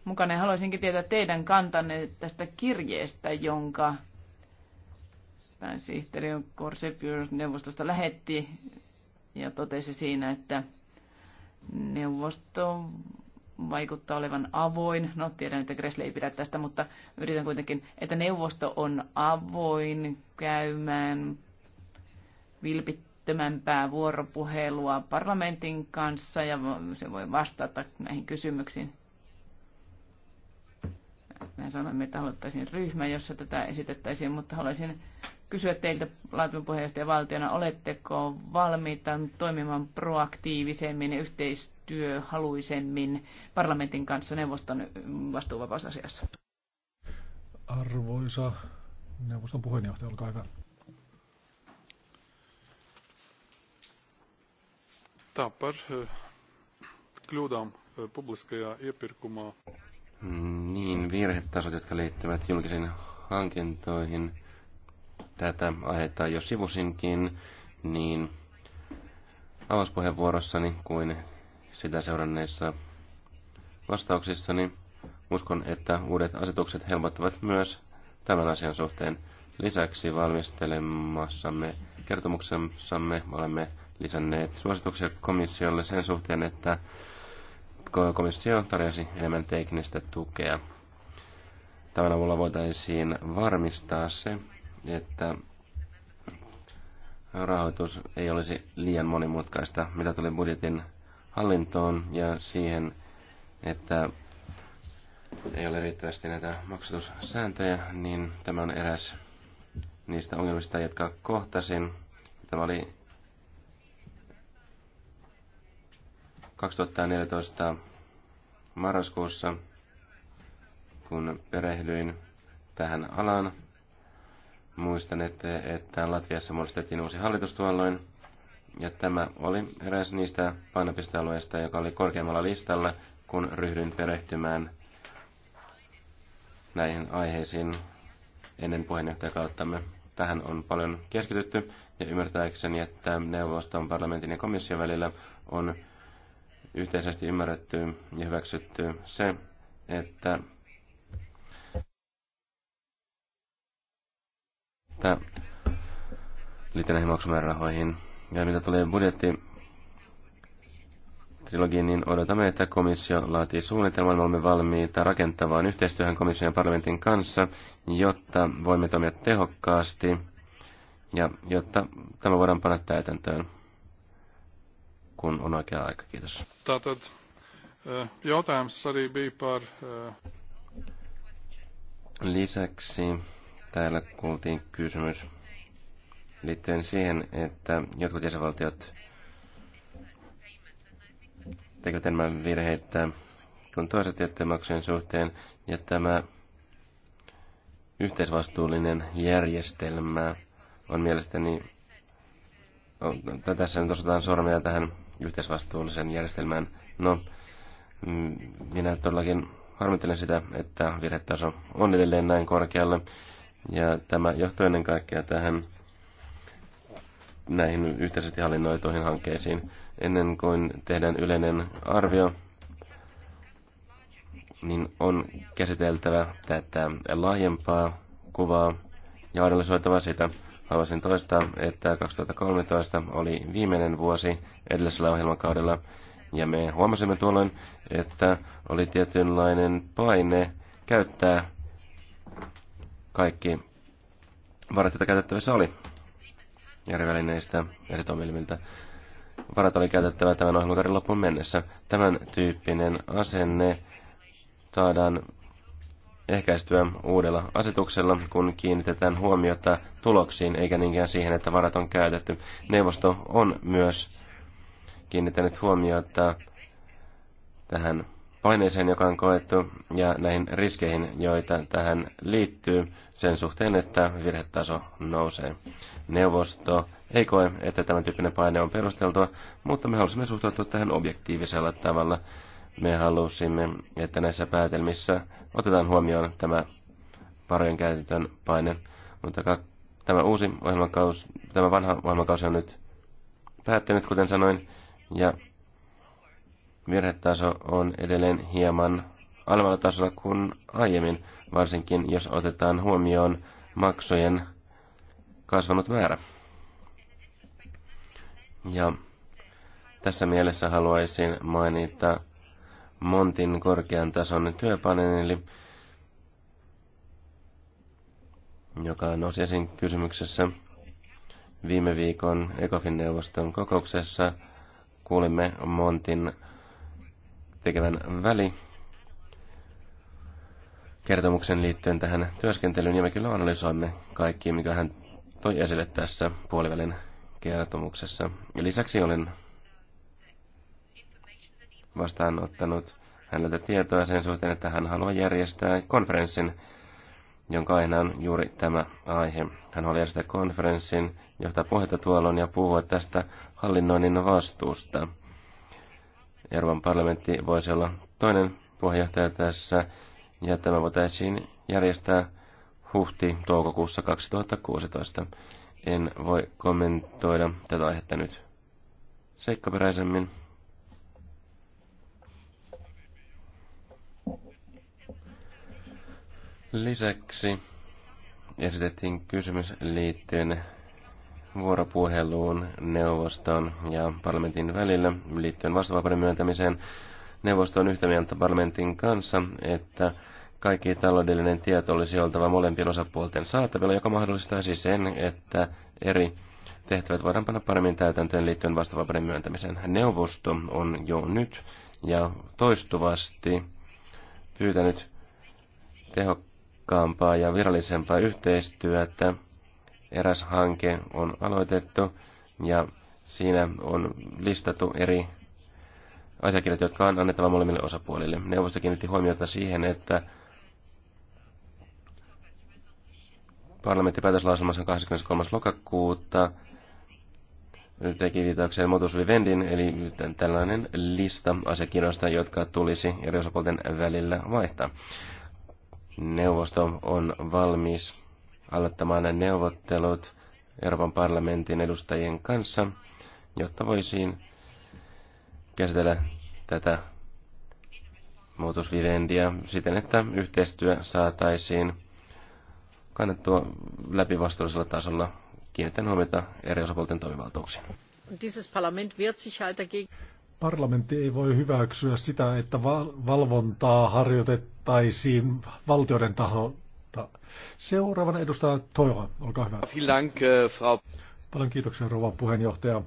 [SPEAKER 3] mukana. Haluaisinkin tietää teidän kantanne tästä kirjeestä, jonka pääsihteeri Corsepius neuvostosta lähetti ja totesi siinä, että neuvosto vaikuttaa olevan avoin. No tiedän, että Gressley ei pidä tästä, mutta yritän kuitenkin, että neuvosto on avoin käymään vilpittömämpää vuoropuhelua parlamentin kanssa ja se voi vastata näihin kysymyksiin. Mä sanoimme, että haluttaisiin ryhmä, jossa tätä esitettäisiin, mutta haluaisin kysyä teiltä Latvian puheenjohtajan valtiona, oletteko valmiita toimimaan proaktiivisemmin yhteistyössä yhteistyöhaluisemmin parlamentin kanssa neuvoston vastuuvapausasiassa.
[SPEAKER 2] Arvoisa neuvoston puheenjohtaja, olkaa hyvä.
[SPEAKER 5] Tāpēc eh, kļūdām eh, publiskajā epirkumaa.
[SPEAKER 4] Niin, virhetasot, jotka liittyvät julkisiin hankintoihin. Tätä aihetta jo sivusinkin, niin avauspuheenvuorossani kuin sitä seuranneissa vastauksissa niin uskon, että uudet asetukset helpottavat myös tämän asian suhteen. Lisäksi valmistelemassamme kertomuksessamme olemme lisänneet suosituksia komissiolle sen suhteen, että komissio tarjosi enemmän teknistä tukea. Tämän avulla voitaisiin varmistaa se, että rahoitus ei olisi liian monimutkaista, mitä tuli budjetin hallintoon ja siihen, että ei ole riittävästi näitä maksatussääntöjä, niin tämä on eräs niistä ongelmista, jotka kohtasin. Tämä oli 2014 marraskuussa, kun perehdyin tähän alaan. Muistan, että, että Latviassa muodostettiin uusi hallitus tuolloin. Ja tämä oli eräs niistä painopistealueista, joka oli korkeammalla listalla, kun ryhdyin perehtymään näihin aiheisiin ennen puheenjohtajakauttamme. Tähän on paljon keskitytty ja ymmärtääkseni, että neuvoston, parlamentin ja komission välillä on yhteisesti ymmärretty ja hyväksytty se, että liittyen näihin maksumäärärahoihin ja mitä tulee budjetti trilogiin, niin odotamme, että komissio laatii suunnitelman. Olemme valmiita rakentavaan yhteistyöhön komission ja parlamentin kanssa, jotta voimme toimia tehokkaasti ja jotta tämä voidaan panna täytäntöön, kun on oikea aika. Kiitos.
[SPEAKER 5] Eh, eh,
[SPEAKER 4] Lisäksi täällä kuultiin kysymys liittyen siihen, että jotkut jäsenvaltiot tekevät enemmän virheitä kuin toiset jättömaksujen suhteen, ja tämä yhteisvastuullinen järjestelmä on mielestäni, no, tässä nyt osataan sormia tähän yhteisvastuullisen järjestelmään. No, mm, minä todellakin harmittelen sitä, että virhetaso on edelleen näin korkealla, ja tämä johtuu ennen kaikkea tähän näihin yhteisesti hallinnoituihin hankkeisiin. Ennen kuin tehdään yleinen arvio, niin on käsiteltävä tätä laajempaa kuvaa ja analysoitava sitä. Haluaisin toistaa, että 2013 oli viimeinen vuosi edellisellä ohjelmakaudella, ja me huomasimme tuolloin, että oli tietynlainen paine käyttää kaikki varat, joita käytettävissä oli eri eri toimielimiltä. Varat oli käytettävä tämän ohjelmakauden loppuun mennessä. Tämän tyyppinen asenne saadaan ehkäistyä uudella asetuksella, kun kiinnitetään huomiota tuloksiin eikä niinkään siihen, että varat on käytetty. Neuvosto on myös kiinnittänyt huomiota tähän paineeseen, joka on koettu, ja näihin riskeihin, joita tähän liittyy sen suhteen, että virhetaso nousee. Neuvosto ei koe, että tämän tyyppinen paine on perusteltua, mutta me halusimme suhtautua tähän objektiivisella tavalla. Me halusimme, että näissä päätelmissä otetaan huomioon tämä varojen käytön paine, mutta tämä uusi ohjelmakaus, tämä vanha ohjelmakausi on nyt päättynyt, kuten sanoin, ja virhetaso on edelleen hieman alemmalla tasolla kuin aiemmin, varsinkin jos otetaan huomioon maksojen kasvanut määrä. Ja tässä mielessä haluaisin mainita Montin korkean tason työpaneeli, joka nousi esiin kysymyksessä viime viikon ECOFIN-neuvoston kokouksessa. Kuulimme Montin tekevän väli kertomuksen liittyen tähän työskentelyyn, ja me kyllä analysoimme kaikki, mikä hän toi esille tässä puolivälin kertomuksessa. Ja lisäksi olen vastaanottanut häneltä tietoa sen suhteen, että hän haluaa järjestää konferenssin, jonka aiheena on juuri tämä aihe. Hän haluaa järjestää konferenssin, johtaa puhetta tuolloin ja puhua tästä hallinnoinnin vastuusta – Euroopan parlamentti voisi olla toinen puheenjohtaja tässä, ja tämä voitaisiin järjestää huhti-toukokuussa 2016. En voi kommentoida tätä aihetta nyt seikkaperäisemmin. Lisäksi esitettiin kysymys liittyen vuoropuheluun neuvoston ja parlamentin välillä liittyen vastavapauden myöntämiseen. Neuvosto on yhtä mieltä parlamentin kanssa, että kaikki taloudellinen tieto olisi oltava molempien osapuolten saatavilla, joka mahdollistaisi siis sen, että eri tehtävät voidaan panna paremmin täytäntöön liittyen vastavapauden myöntämiseen. Neuvosto on jo nyt ja toistuvasti pyytänyt tehokkaampaa ja virallisempaa yhteistyötä Eräs hanke on aloitettu ja siinä on listattu eri asiakirjat, jotka on annettava molemmille osapuolille. Neuvosto kiinnitti huomiota siihen, että parlamentti päätöslauselmassa 23. lokakuuta teki viitaukseen Motus Vivendin, eli tällainen lista asiakirjoista, jotka tulisi eri osapuolten välillä vaihtaa. Neuvosto on valmis aloittamaan neuvottelut Euroopan parlamentin edustajien kanssa, jotta voisiin käsitellä tätä muutosvivendia siten, että yhteistyö saataisiin kannettua läpivastuullisella tasolla kiinnittäen huomiota eri osapuolten toimivaltuuksiin.
[SPEAKER 2] Parlamentti ei voi hyväksyä sitä, että valvontaa harjoitettaisiin valtioiden taho, kautta. Seuraavana edustaja Toiva, olkaa hyvä.
[SPEAKER 5] Äh,
[SPEAKER 2] Paljon kiitoksia rouva puheenjohtaja.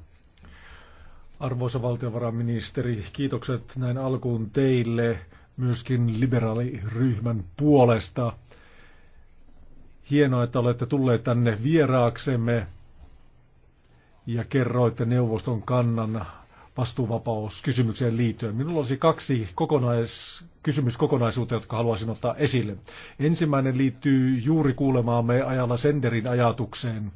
[SPEAKER 2] Arvoisa valtiovarainministeri, kiitokset näin alkuun teille myöskin liberaaliryhmän puolesta. Hienoa, että olette tulleet tänne vieraaksemme ja kerroitte neuvoston kannan vastuuvapauskysymykseen liittyen. Minulla olisi kaksi kokonais, kysymyskokonaisuutta, jotka haluaisin ottaa esille. Ensimmäinen liittyy juuri kuulemaamme ajalla Senderin ajatukseen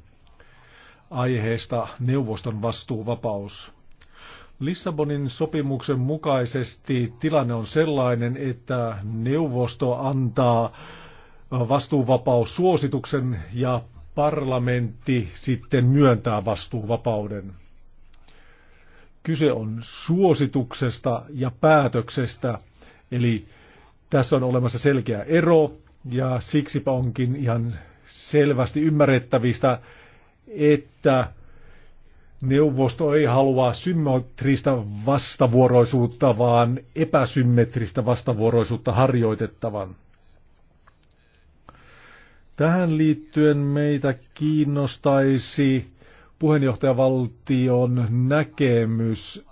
[SPEAKER 2] aiheesta neuvoston vastuuvapaus. Lissabonin sopimuksen mukaisesti tilanne on sellainen, että neuvosto antaa vastuuvapaussuosituksen ja parlamentti sitten myöntää vastuuvapauden. Kyse on suosituksesta ja päätöksestä, eli tässä on olemassa selkeä ero, ja siksipä onkin ihan selvästi ymmärrettävistä, että neuvosto ei halua symmetristä vastavuoroisuutta, vaan epäsymmetristä vastavuoroisuutta harjoitettavan. Tähän liittyen meitä kiinnostaisi puheenjohtajavaltion näkemys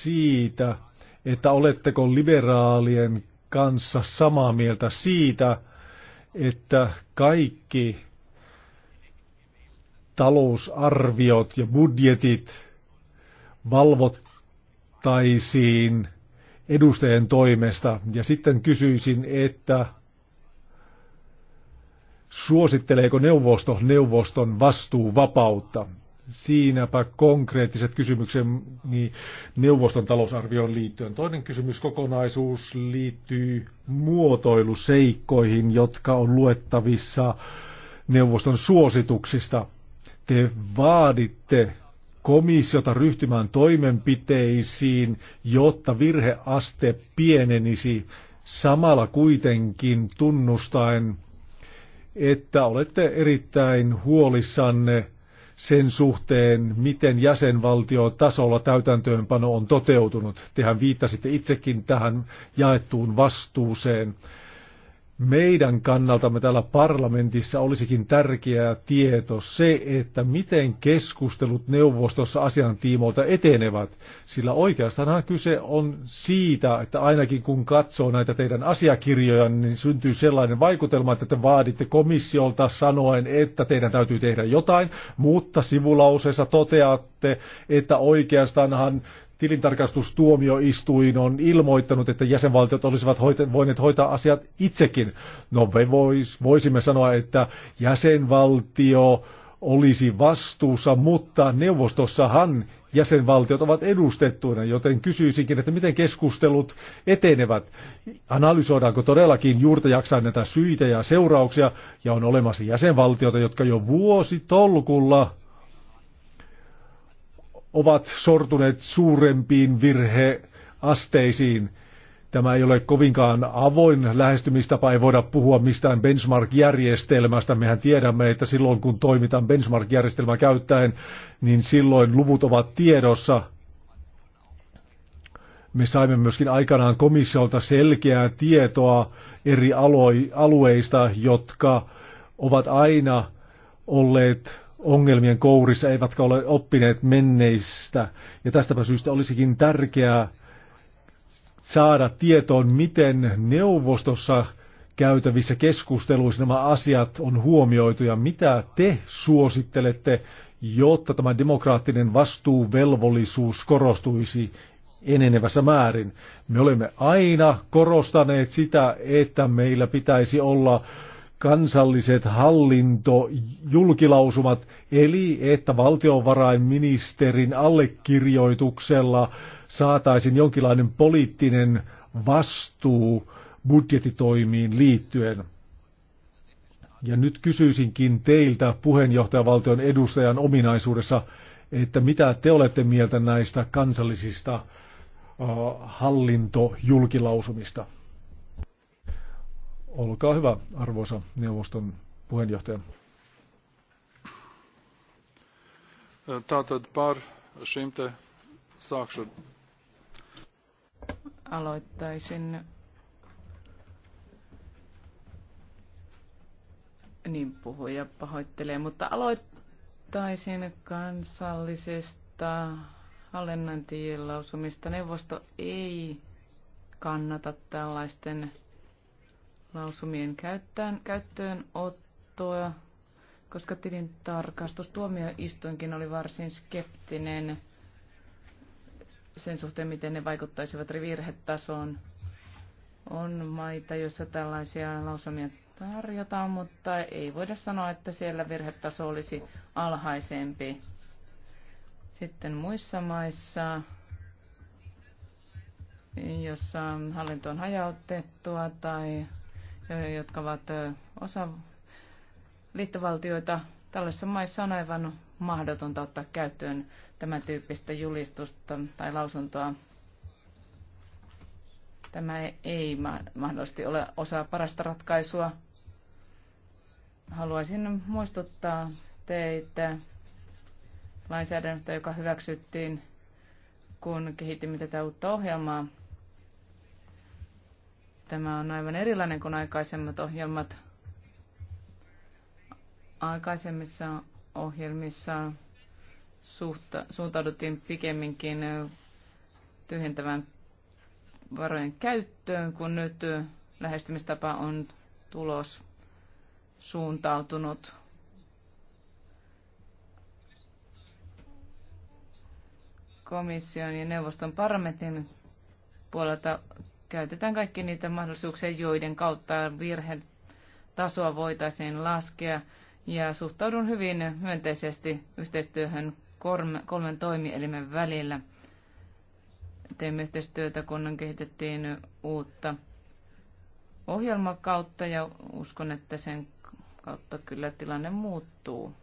[SPEAKER 2] siitä, että oletteko liberaalien kanssa samaa mieltä siitä, että kaikki talousarviot ja budjetit valvottaisiin edustajien toimesta. Ja sitten kysyisin, että suositteleeko neuvosto neuvoston vastuuvapautta? Siinäpä konkreettiset kysymykset niin neuvoston talousarvioon liittyen. Toinen kysymyskokonaisuus liittyy muotoiluseikkoihin, jotka on luettavissa neuvoston suosituksista. Te vaaditte komissiota ryhtymään toimenpiteisiin, jotta virheaste pienenisi samalla kuitenkin tunnustaen, että olette erittäin huolissanne sen suhteen, miten jäsenvaltion tasolla täytäntöönpano on toteutunut. Tehän viittasitte itsekin tähän jaettuun vastuuseen meidän kannaltamme täällä parlamentissa olisikin tärkeä tieto se, että miten keskustelut neuvostossa asian tiimoilta etenevät, sillä oikeastaan kyse on siitä, että ainakin kun katsoo näitä teidän asiakirjoja, niin syntyy sellainen vaikutelma, että te vaaditte komissiolta sanoen, että teidän täytyy tehdä jotain, mutta sivulauseessa toteatte, että oikeastaanhan tilintarkastustuomioistuin on ilmoittanut, että jäsenvaltiot olisivat hoita- voineet hoitaa asiat itsekin. No me vois, voisimme sanoa, että jäsenvaltio olisi vastuussa, mutta neuvostossahan jäsenvaltiot ovat edustettuina, joten kysyisinkin, että miten keskustelut etenevät. Analysoidaanko todellakin juurta jaksaa näitä syitä ja seurauksia, ja on olemassa jäsenvaltioita, jotka jo vuosi tolkulla ovat sortuneet suurempiin virheasteisiin. Tämä ei ole kovinkaan avoin lähestymistapa, ei voida puhua mistään benchmark-järjestelmästä. Mehän tiedämme, että silloin kun toimitaan benchmark-järjestelmää käyttäen, niin silloin luvut ovat tiedossa. Me saimme myöskin aikanaan komissiolta selkeää tietoa eri alueista, jotka ovat aina olleet ongelmien kourissa, eivätkä ole oppineet menneistä. Ja tästäpä syystä olisikin tärkeää saada tietoon, miten neuvostossa käytävissä keskusteluissa nämä asiat on huomioitu ja mitä te suosittelette, jotta tämä demokraattinen vastuuvelvollisuus korostuisi enenevässä määrin. Me olemme aina korostaneet sitä, että meillä pitäisi olla kansalliset hallintojulkilausumat, eli että valtiovarainministerin allekirjoituksella saataisiin jonkinlainen poliittinen vastuu budjetitoimiin liittyen. Ja nyt kysyisinkin teiltä puheenjohtajavaltion edustajan ominaisuudessa, että mitä te olette mieltä näistä kansallisista äh, hallintojulkilausumista? Olkaa hyvä, arvoisa neuvoston puheenjohtaja.
[SPEAKER 5] Tātad par šim te sākšu.
[SPEAKER 3] Aloittaisin niin puhuja pahoittelee, mutta aloittaisin kansallisesta hallinnointien lausumista. Neuvosto ei kannata tällaisten lausumien käyttöön, käyttöönottoa, koska tilin tarkastustuomioistuinkin oli varsin skeptinen sen suhteen, miten ne vaikuttaisivat virhetasoon. On maita, joissa tällaisia lausumia tarjotaan, mutta ei voida sanoa, että siellä virhetaso olisi alhaisempi. Sitten muissa maissa, jossa hallinto on hajautettua tai jotka ovat osa liittovaltioita. Tällaisissa maissa on aivan mahdotonta ottaa käyttöön tämän tyyppistä julistusta tai lausuntoa. Tämä ei mahdollisesti ole osa parasta ratkaisua. Haluaisin muistuttaa teitä lainsäädännöstä, joka hyväksyttiin, kun kehitimme tätä uutta ohjelmaa Tämä on aivan erilainen kuin aikaisemmat ohjelmat. Aikaisemmissa ohjelmissa suhta, suuntauduttiin pikemminkin tyhjentävän varojen käyttöön, kun nyt lähestymistapa on tulos suuntautunut. Komission ja neuvoston parlamentin puolelta käytetään kaikki niitä mahdollisuuksia, joiden kautta tasoa voitaisiin laskea. Ja suhtaudun hyvin myönteisesti yhteistyöhön kolmen toimielimen välillä. Teimme yhteistyötä, kun kehitettiin uutta ohjelmakautta ja uskon, että sen kautta kyllä tilanne muuttuu.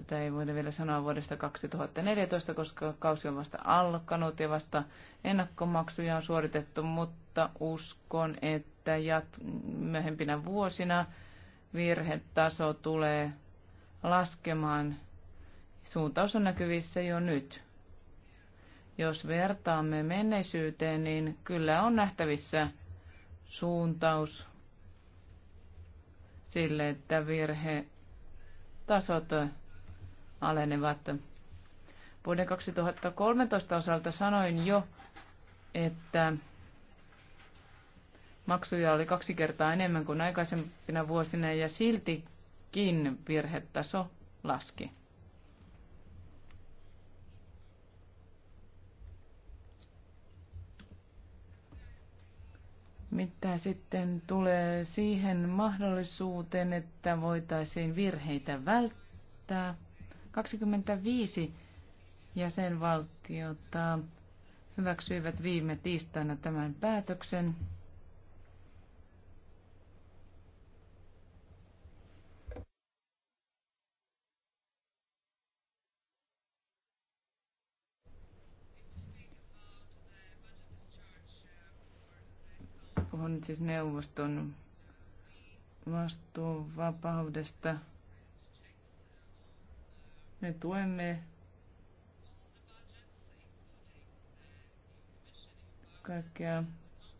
[SPEAKER 3] Tätä ei voida vielä sanoa vuodesta 2014, koska kausi on vasta alkanut ja vasta ennakkomaksuja on suoritettu, mutta uskon, että jat- myöhempinä vuosina virhetaso tulee laskemaan. Suuntaus on näkyvissä jo nyt. Jos vertaamme menneisyyteen, niin kyllä on nähtävissä suuntaus sille, että virhe tasot alenevat. Vuoden 2013 osalta sanoin jo, että maksuja oli kaksi kertaa enemmän kuin aikaisempina vuosina ja siltikin virhetaso laski. Mitä sitten tulee siihen mahdollisuuteen, että voitaisiin virheitä välttää? 25 jäsenvaltiota hyväksyivät viime tiistaina tämän päätöksen. Puhun nyt siis neuvoston vastuuvapaudesta. Me tuemme kaikkia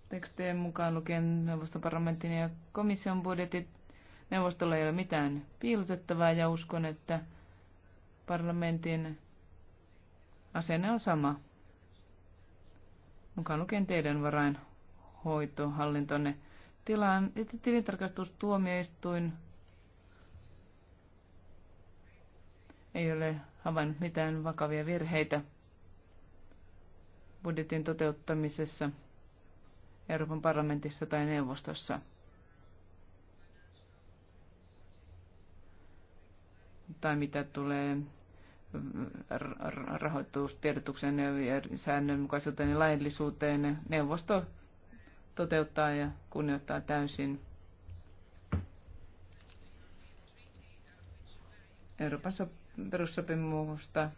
[SPEAKER 3] tekstejä mukaan lukien neuvoston parlamentin ja komission budjetit. Neuvostolla ei ole mitään piilotettavaa ja uskon, että parlamentin asenne on sama. Mukaan lukien teidän varainhoitohallintonne tilan, tilintarkastustuomioistuin ei ole havainnut mitään vakavia virheitä budjetin toteuttamisessa Euroopan parlamentissa tai neuvostossa. Tai mitä tulee rahoitustiedotuksen ja säännönmukaisuuteen ja laillisuuteen, neuvosto toteuttaa ja kunnioittaa täysin Euroopassa perussopimusta,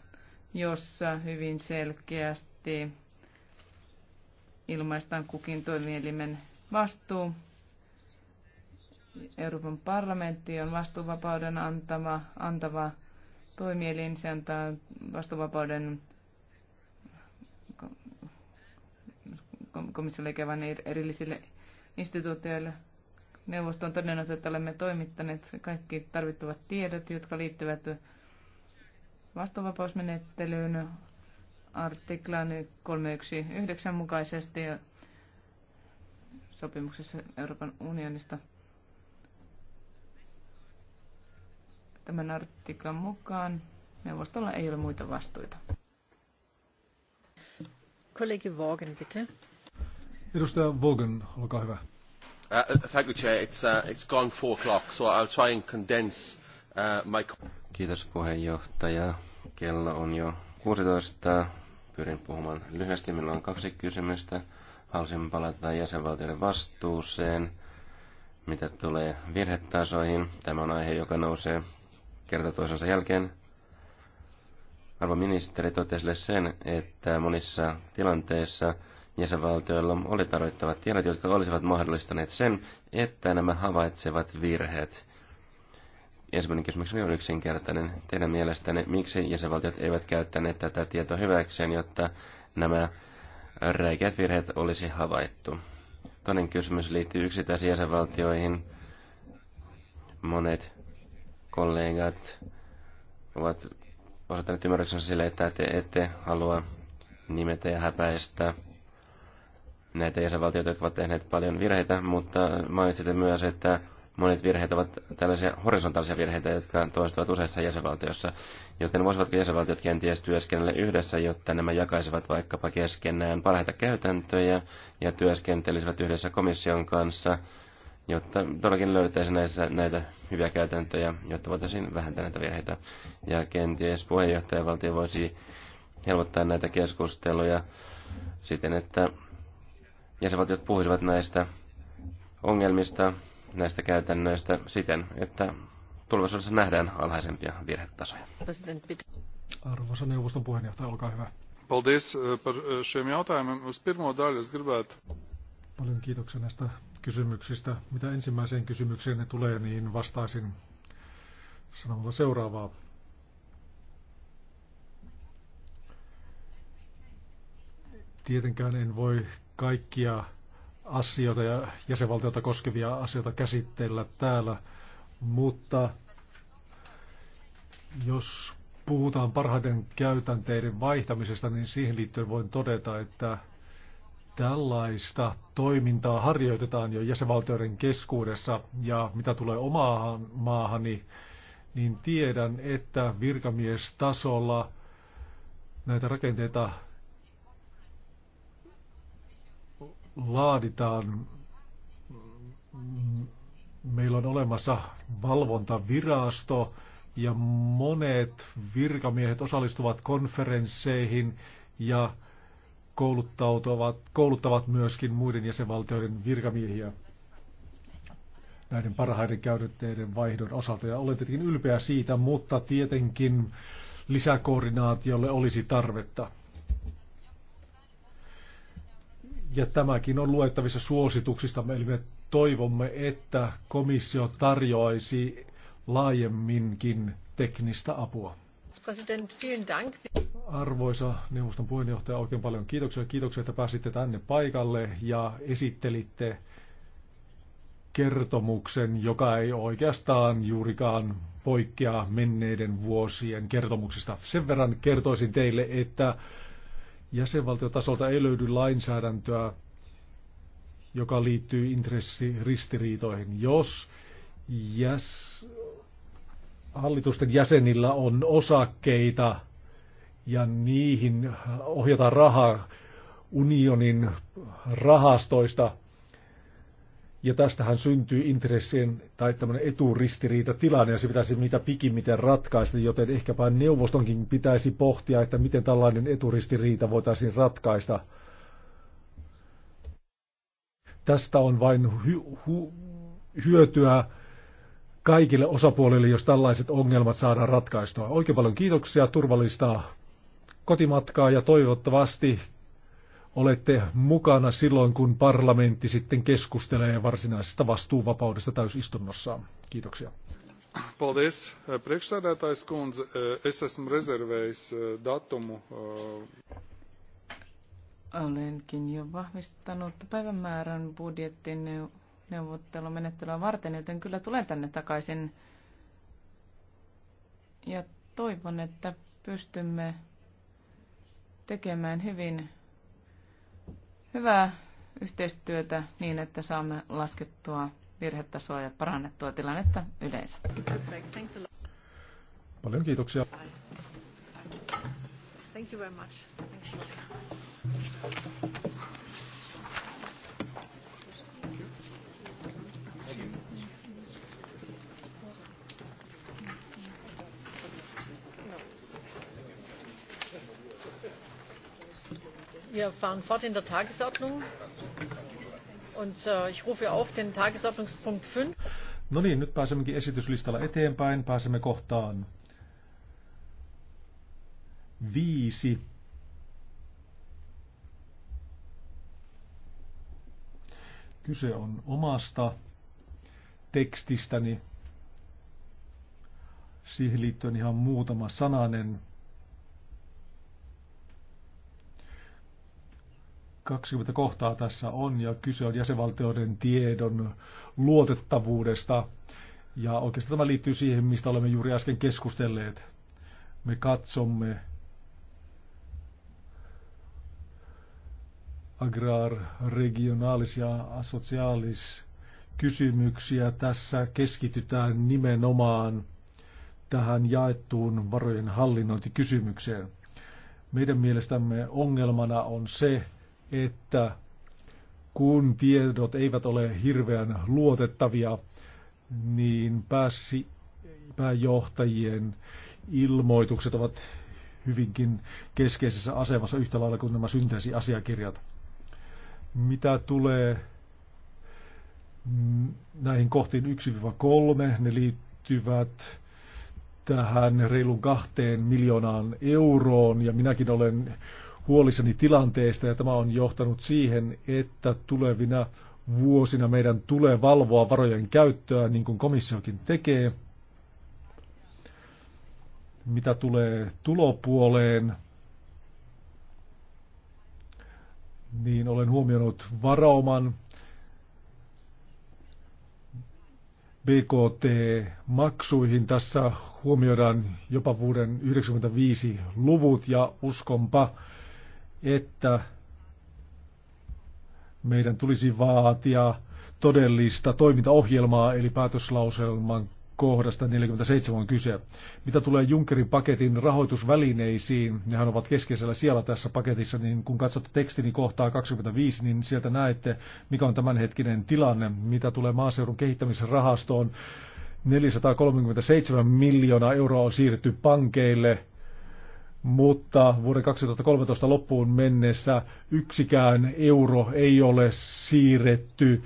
[SPEAKER 3] jossa hyvin selkeästi ilmaistaan kukin toimielimen vastuu. Euroopan parlamentti on vastuuvapauden antava, antava toimielin. Se antaa vastuuvapauden komissiolle ikävän er-, erillisille instituutioille. Neuvosto on todennut, että olemme toimittaneet kaikki tarvittavat tiedot, jotka liittyvät vastuuvapausmenettelyyn artiklan 319 mukaisesti ja sopimuksessa Euroopan unionista. Tämän artiklan mukaan neuvostolla ei ole muita vastuita.
[SPEAKER 1] Kollegi Vaughan, bitte.
[SPEAKER 2] Edustaja Vaughan, olkaa hyvä. Uh, thank you, Chair. It's, uh, it's gone four o'clock, so I'll try and condense uh, my...
[SPEAKER 4] Kiitos puheenjohtaja. Kello on jo 16. Pyrin puhumaan lyhyesti. Minulla on kaksi kysymystä. Halusin palata jäsenvaltioiden vastuuseen. Mitä tulee virhetasoihin? Tämä on aihe, joka nousee kerta toisensa jälkeen. Arvo ministeri totesi sen, että monissa tilanteissa jäsenvaltioilla oli tarvittavat tiedot, jotka olisivat mahdollistaneet sen, että nämä havaitsevat virheet ensimmäinen kysymys on yksinkertainen. Teidän mielestänne, miksi jäsenvaltiot eivät käyttäneet tätä tietoa hyväkseen, jotta nämä räikeät virheet olisi havaittu? Toinen kysymys liittyy yksittäisiin jäsenvaltioihin. Monet kollegat ovat osoittaneet ymmärryksensä sille, että te ette halua nimetä ja häpäistä näitä jäsenvaltioita, jotka ovat tehneet paljon virheitä, mutta mainitsitte myös, että Monet virheet ovat tällaisia horisontaalisia virheitä, jotka toistuvat useissa jäsenvaltioissa, joten voisivatko jäsenvaltiot kenties työskennellä yhdessä, jotta nämä jakaisivat vaikkapa keskenään parhaita käytäntöjä ja työskentelisivät yhdessä komission kanssa, jotta todellakin löydettäisiin näissä näitä hyviä käytäntöjä, jotta voitaisiin vähentää näitä virheitä. Ja kenties puheenjohtajavaltio voisi helpottaa näitä keskusteluja siten, että jäsenvaltiot puhuisivat näistä ongelmista näistä käytännöistä siten, että tulevaisuudessa nähdään alhaisempia virhetasoja.
[SPEAKER 5] Arvoisa neuvoston puheenjohtaja, olkaa hyvä. Paldies eh, par eh, šiem jautājumiem. Uz pirmo daļu es gribētu.
[SPEAKER 2] Paljon kiitoksia näistä kysymyksistä. Mitä ensimmäiseen kysymykseen ne tulee, niin vastaisin sanomalla seuraavaa. Tietenkään en voi kaikkia asioita ja jäsenvaltiota koskevia asioita käsitteillä täällä, mutta jos puhutaan parhaiten käytänteiden vaihtamisesta, niin siihen liittyen voin todeta, että tällaista toimintaa harjoitetaan jo jäsenvaltioiden keskuudessa ja mitä tulee omaan maahani, niin tiedän, että virkamiestasolla näitä rakenteita laaditaan, meillä on olemassa valvontavirasto ja monet virkamiehet osallistuvat konferensseihin ja kouluttautuvat, kouluttavat myöskin muiden jäsenvaltioiden virkamiehiä näiden parhaiden käytetteiden vaihdon osalta. Ja olen tietenkin ylpeä siitä, mutta tietenkin lisäkoordinaatiolle olisi tarvetta. Ja tämäkin on luettavissa suosituksista. Eli me toivomme, että komissio tarjoaisi laajemminkin teknistä apua. Arvoisa neuvoston puheenjohtaja, oikein paljon kiitoksia. Kiitoksia, että pääsitte tänne paikalle ja esittelitte kertomuksen, joka ei oikeastaan juurikaan poikkea menneiden vuosien kertomuksista. Sen verran kertoisin teille, että Jäsenvaltiotasolta ei löydy lainsäädäntöä, joka liittyy intressiristiriitoihin. Jos jäs, hallitusten jäsenillä on osakkeita ja niihin ohjataan rahaa unionin rahastoista, ja tästähän syntyy intressien tai tämmöinen eturistiriitatilanne ja se pitäisi mitä pikimmiten ratkaista, joten ehkäpä neuvostonkin pitäisi pohtia, että miten tällainen eturistiriita voitaisiin ratkaista. Tästä on vain hy- hu- hyötyä kaikille osapuolille, jos tällaiset ongelmat saadaan ratkaistua. Oikein paljon kiitoksia, turvallista kotimatkaa ja toivottavasti olette mukana silloin, kun parlamentti sitten keskustelee varsinaisesta vastuuvapaudesta täysistunnossaan. Kiitoksia.
[SPEAKER 5] Paldies, eh, priekšsēdētājs kundze. Eh, es esmu rezervējis eh, datumu.
[SPEAKER 3] Olenkin jo vahvistanut päivämäärän budjettin neuvottelumenettelyä varten, joten kyllä tulen tänne takaisin. Ja toivon, että pystymme tekemään hyvin hyvää yhteistyötä niin, että saamme laskettua virhetasoa ja parannettua tilannetta yleensä.
[SPEAKER 5] Paljon
[SPEAKER 2] kiitoksia. Thank you very much. Thank you.
[SPEAKER 5] Wir
[SPEAKER 1] fahren fort in der Tagesordnung. Und äh, ich rufe auf den Tagesordnungspunkt 5.
[SPEAKER 2] No niin, nyt pääsemmekin esityslistalla eteenpäin. Pääsemme kohtaan viisi. Kyse on omasta tekstistäni. Siihen liittyen ihan muutama sananen. 20 kohtaa tässä on ja kyse on jäsenvaltioiden tiedon luotettavuudesta. Ja oikeastaan tämä liittyy siihen, mistä olemme juuri äsken keskustelleet. Me katsomme agrar ja sosiaalis kysymyksiä. Tässä keskitytään nimenomaan tähän jaettuun varojen hallinnointikysymykseen. Meidän mielestämme ongelmana on se, että kun tiedot eivät ole hirveän luotettavia, niin pääsi, pääjohtajien ilmoitukset ovat hyvinkin keskeisessä asemassa yhtä lailla kuin nämä synteesiasiakirjat. Mitä tulee näihin kohtiin 1-3, ne liittyvät tähän reilun kahteen miljoonaan euroon, ja minäkin olen huolissani tilanteesta ja tämä on johtanut siihen, että tulevina vuosina meidän tulee valvoa varojen käyttöä, niin kuin komissiokin tekee. Mitä tulee tulopuoleen, niin olen huomioinut varauman BKT-maksuihin. Tässä huomioidaan jopa vuoden 1995 luvut ja uskonpa, että meidän tulisi vaatia todellista toimintaohjelmaa, eli päätöslauselman kohdasta 47 on kyse. Mitä tulee Junckerin paketin rahoitusvälineisiin, nehän ovat keskeisellä siellä tässä paketissa, niin kun katsotte tekstini kohtaa 25, niin sieltä näette, mikä on tämänhetkinen tilanne, mitä tulee maaseudun kehittämisrahastoon. 437 miljoonaa euroa on siirretty pankeille, mutta vuoden 2013 loppuun mennessä yksikään euro ei ole siirretty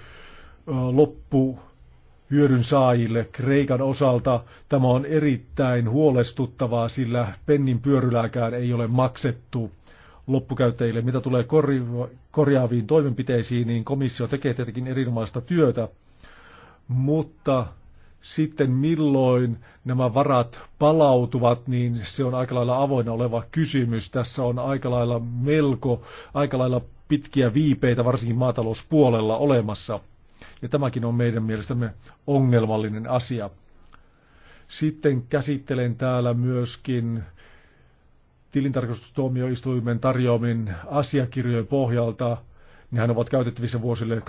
[SPEAKER 2] loppu hyödyn saajille Kreikan osalta. Tämä on erittäin huolestuttavaa, sillä pennin pyörylääkään ei ole maksettu loppukäyttäjille. Mitä tulee korjaaviin toimenpiteisiin, niin komissio tekee tietenkin erinomaista työtä, mutta sitten milloin nämä varat palautuvat, niin se on aika lailla avoinna oleva kysymys. Tässä on aika lailla melko, aika lailla pitkiä viipeitä, varsinkin maatalouspuolella olemassa. Ja tämäkin on meidän mielestämme ongelmallinen asia. Sitten käsittelen täällä myöskin tilintarkastustuomioistuimen tarjoamin asiakirjojen pohjalta – Nehän ovat käytettävissä vuosille 2007-2014.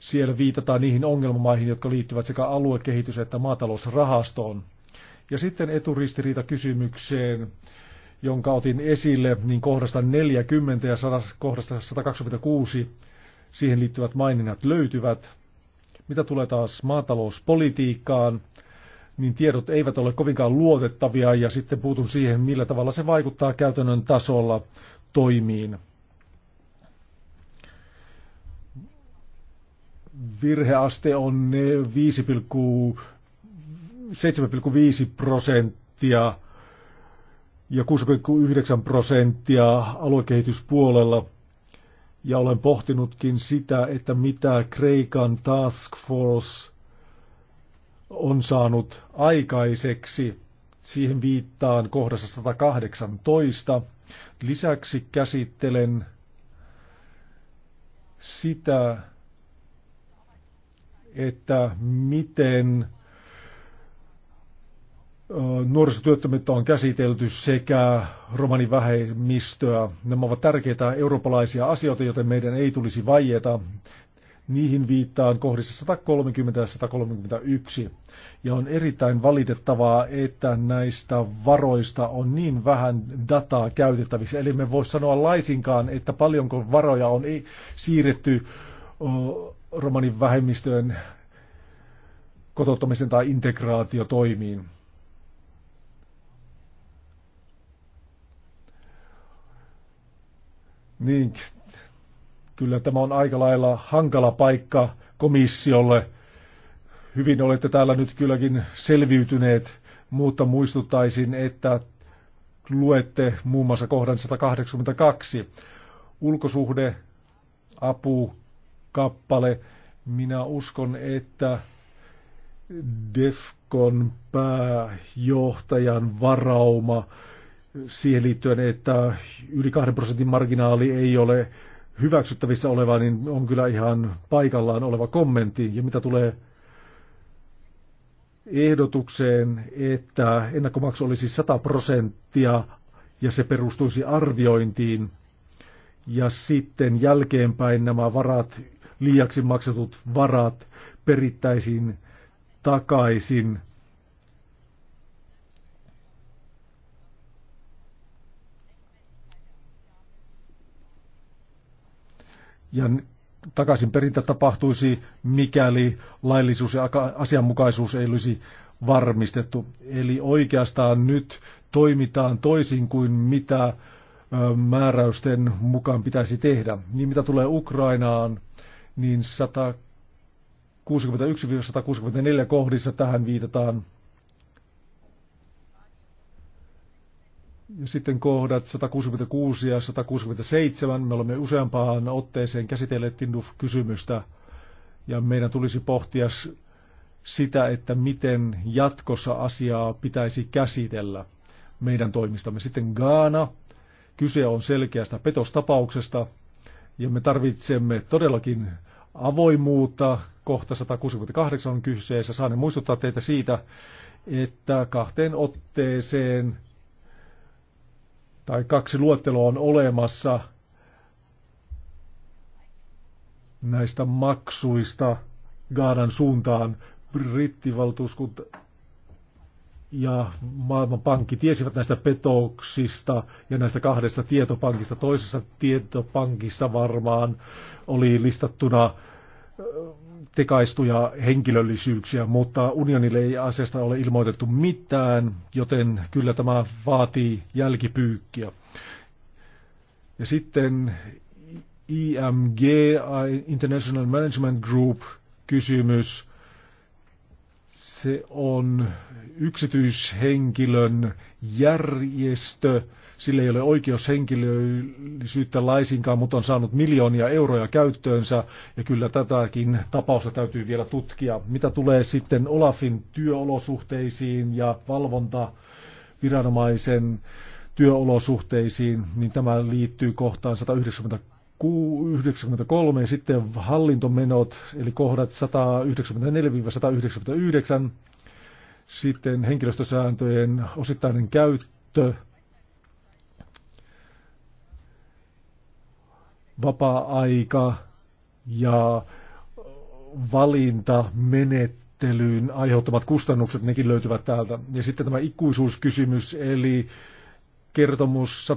[SPEAKER 2] Siellä viitataan niihin ongelmamaihin, jotka liittyvät sekä aluekehitys- että maatalousrahastoon. Ja sitten eturistiriita kysymykseen, jonka otin esille, niin kohdasta 40 ja kohdasta 126 siihen liittyvät maininnat löytyvät. Mitä tulee taas maatalouspolitiikkaan, niin tiedot eivät ole kovinkaan luotettavia ja sitten puutun siihen, millä tavalla se vaikuttaa käytännön tasolla toimiin. Virheaste on 7,5 prosenttia ja 6,9 prosenttia aluekehityspuolella. Ja olen pohtinutkin sitä, että mitä Kreikan Task Force on saanut aikaiseksi. Siihen viittaan kohdassa 118. Lisäksi käsittelen sitä, että miten nuorisotyöttömyyttä on käsitelty sekä romanivähemmistöä. Nämä ovat tärkeitä eurooppalaisia asioita, joten meidän ei tulisi vaieta Niihin viittaan kohdissa 130 ja 131. Ja on erittäin valitettavaa, että näistä varoista on niin vähän dataa käytettävissä. Eli me voisi sanoa laisinkaan, että paljonko varoja on siirretty romanin vähemmistöön kotouttamisen tai integraatiotoimiin. Niin, Kyllä tämä on aika lailla hankala paikka komissiolle. Hyvin olette täällä nyt kylläkin selviytyneet, mutta muistuttaisin, että luette muun muassa kohdan 182. Ulkosuhde, apu, kappale. Minä uskon, että DEFCON pääjohtajan varauma siihen liittyen, että yli 2 prosentin marginaali ei ole hyväksyttävissä oleva, niin on kyllä ihan paikallaan oleva kommentti. Ja mitä tulee ehdotukseen, että ennakkomaksu olisi 100 prosenttia ja se perustuisi arviointiin, ja sitten jälkeenpäin nämä varat, liiaksi maksetut varat, perittäisiin takaisin – ja takaisin perintä tapahtuisi, mikäli laillisuus ja asianmukaisuus ei olisi varmistettu. Eli oikeastaan nyt toimitaan toisin kuin mitä määräysten mukaan pitäisi tehdä. Niin mitä tulee Ukrainaan, niin 161-164 kohdissa tähän viitataan Ja sitten kohdat 166 ja 167. Me olemme useampaan otteeseen käsitelleet Tinduf-kysymystä ja meidän tulisi pohtia sitä, että miten jatkossa asiaa pitäisi käsitellä meidän toimistamme. Sitten Gaana. Kyse on selkeästä petostapauksesta ja me tarvitsemme todellakin avoimuutta. Kohta 168 on kyseessä. Saan muistuttaa teitä siitä, että kahteen otteeseen – tai kaksi luetteloa on olemassa näistä maksuista Gaadan suuntaan. Brittivaltuuskunta ja Maailmanpankki tiesivät näistä petoksista ja näistä kahdesta tietopankista. Toisessa tietopankissa varmaan oli listattuna tekaistuja henkilöllisyyksiä, mutta unionille ei asiasta ole ilmoitettu mitään, joten kyllä tämä vaatii jälkipyykkiä. Ja sitten IMG, International Management Group, kysymys. Se on yksityishenkilön järjestö, sillä ei ole oikeushenkilöllisyyttä laisinkaan, mutta on saanut miljoonia euroja käyttöönsä ja kyllä tätäkin tapausta täytyy vielä tutkia. Mitä tulee sitten Olafin työolosuhteisiin ja valvonta viranomaisen työolosuhteisiin, niin tämä liittyy kohtaan 193 ja sitten hallintomenot, eli kohdat 194-199, sitten henkilöstösääntöjen osittainen käyttö, vapaa-aika ja valinta menettelyyn aiheuttamat kustannukset, nekin löytyvät täältä. Ja sitten tämä ikuisuuskysymys, eli kertomus,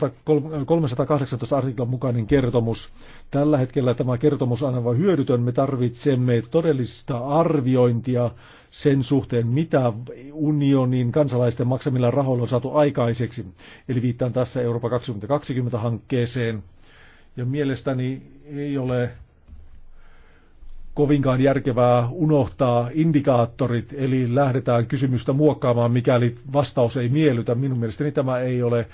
[SPEAKER 2] 318 äh, artiklan mukainen kertomus. Tällä hetkellä tämä kertomus on aivan hyödytön. Me tarvitsemme todellista arviointia sen suhteen, mitä unionin kansalaisten maksamilla rahoilla on saatu aikaiseksi. Eli viittaan tässä Eurooppa 2020-hankkeeseen. Ja mielestäni ei ole kovinkaan järkevää unohtaa indikaattorit, eli lähdetään kysymystä muokkaamaan, mikäli vastaus ei miellytä. Minun mielestäni tämä ei ole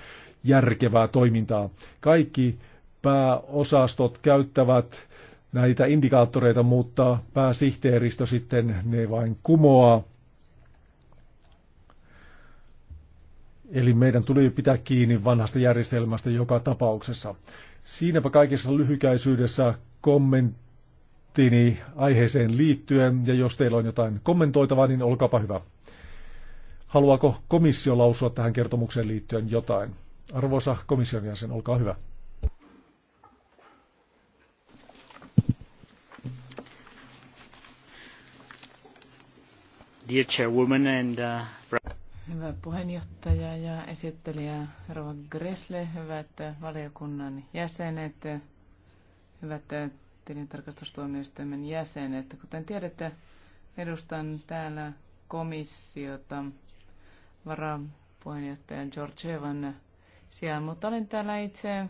[SPEAKER 2] järkevää toimintaa. Kaikki pääosastot käyttävät näitä indikaattoreita, mutta pääsihteeristö sitten ne vain kumoaa. Eli meidän tuli pitää kiinni vanhasta järjestelmästä joka tapauksessa. Siinäpä kaikessa lyhykäisyydessä kommenttini aiheeseen liittyen, ja jos teillä on jotain kommentoitavaa, niin olkaapa hyvä. Haluaako komissio lausua tähän kertomukseen liittyen jotain? Arvoisa komission jäsen, olkaa
[SPEAKER 5] hyvä. Dear Chairwoman and, uh...
[SPEAKER 3] Hyvä puheenjohtaja ja esittelijä Rova Gresle, hyvät valiokunnan jäsenet, hyvät tilintarkastustuomioistuimen jäsenet. Kuten tiedätte, edustan täällä komissiota George Evan sijaan, mutta olin täällä itse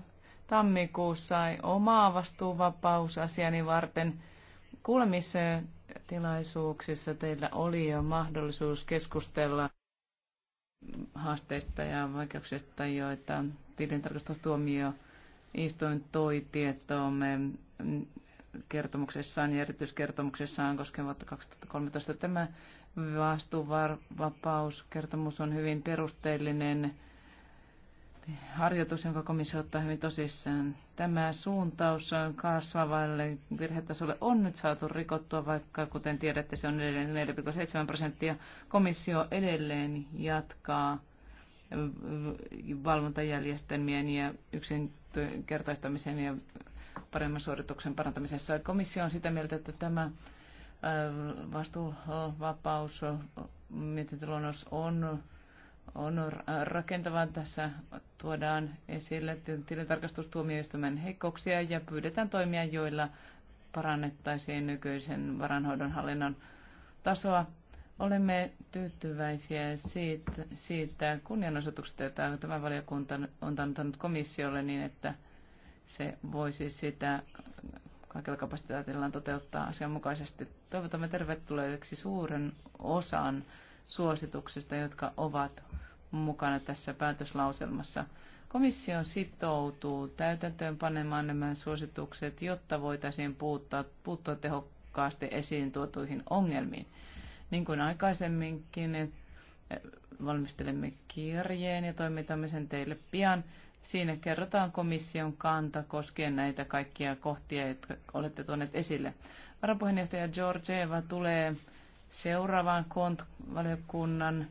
[SPEAKER 3] tammikuussa omaa vastuuvapausasiani varten tilaisuuksissa teillä oli jo mahdollisuus keskustella haasteista ja vaikeuksista, joita tilintarkastustuomio istuin toi tietoomme kertomuksessaan ja erityiskertomuksessaan koskevat 2013. Tämä vastuuvapauskertomus on hyvin perusteellinen harjoitus, jonka komissio ottaa hyvin tosissaan. Tämä suuntaus kasvavalle virhetasolle on nyt saatu rikottua, vaikka kuten tiedätte, se on edelleen 4,7 prosenttia. Komissio edelleen jatkaa valvontajärjestelmien ja yksinkertaistamisen ja paremman suorituksen parantamisessa. Komissio on sitä mieltä, että tämä äh, vastuuvapaus äh, mietintöluonnos on on rakentavaa. Tässä tuodaan esille tilintarkastustuomioistuimen heikkouksia ja pyydetään toimia, joilla parannettaisiin nykyisen varanhoidon hallinnon tasoa. Olemme tyytyväisiä siitä, siitä kunnianosoituksesta, jota tämä valiokunta on antanut komissiolle niin, että se voisi sitä kaikilla kapasiteetillaan toteuttaa asianmukaisesti. Toivotamme tervetulleeksi suuren osan suosituksista, jotka ovat mukana tässä päätöslauselmassa. Komissio sitoutuu täytäntöön panemaan nämä suositukset, jotta voitaisiin puuttaa, puuttua tehokkaasti esiin tuotuihin ongelmiin. Niin kuin aikaisemminkin, eh, valmistelemme kirjeen ja toimitamme sen teille pian. Siinä kerrotaan komission kanta koskien näitä kaikkia kohtia, jotka olette tuoneet esille. Varapuheenjohtaja Georgieva tulee seuraavaan valiokunnan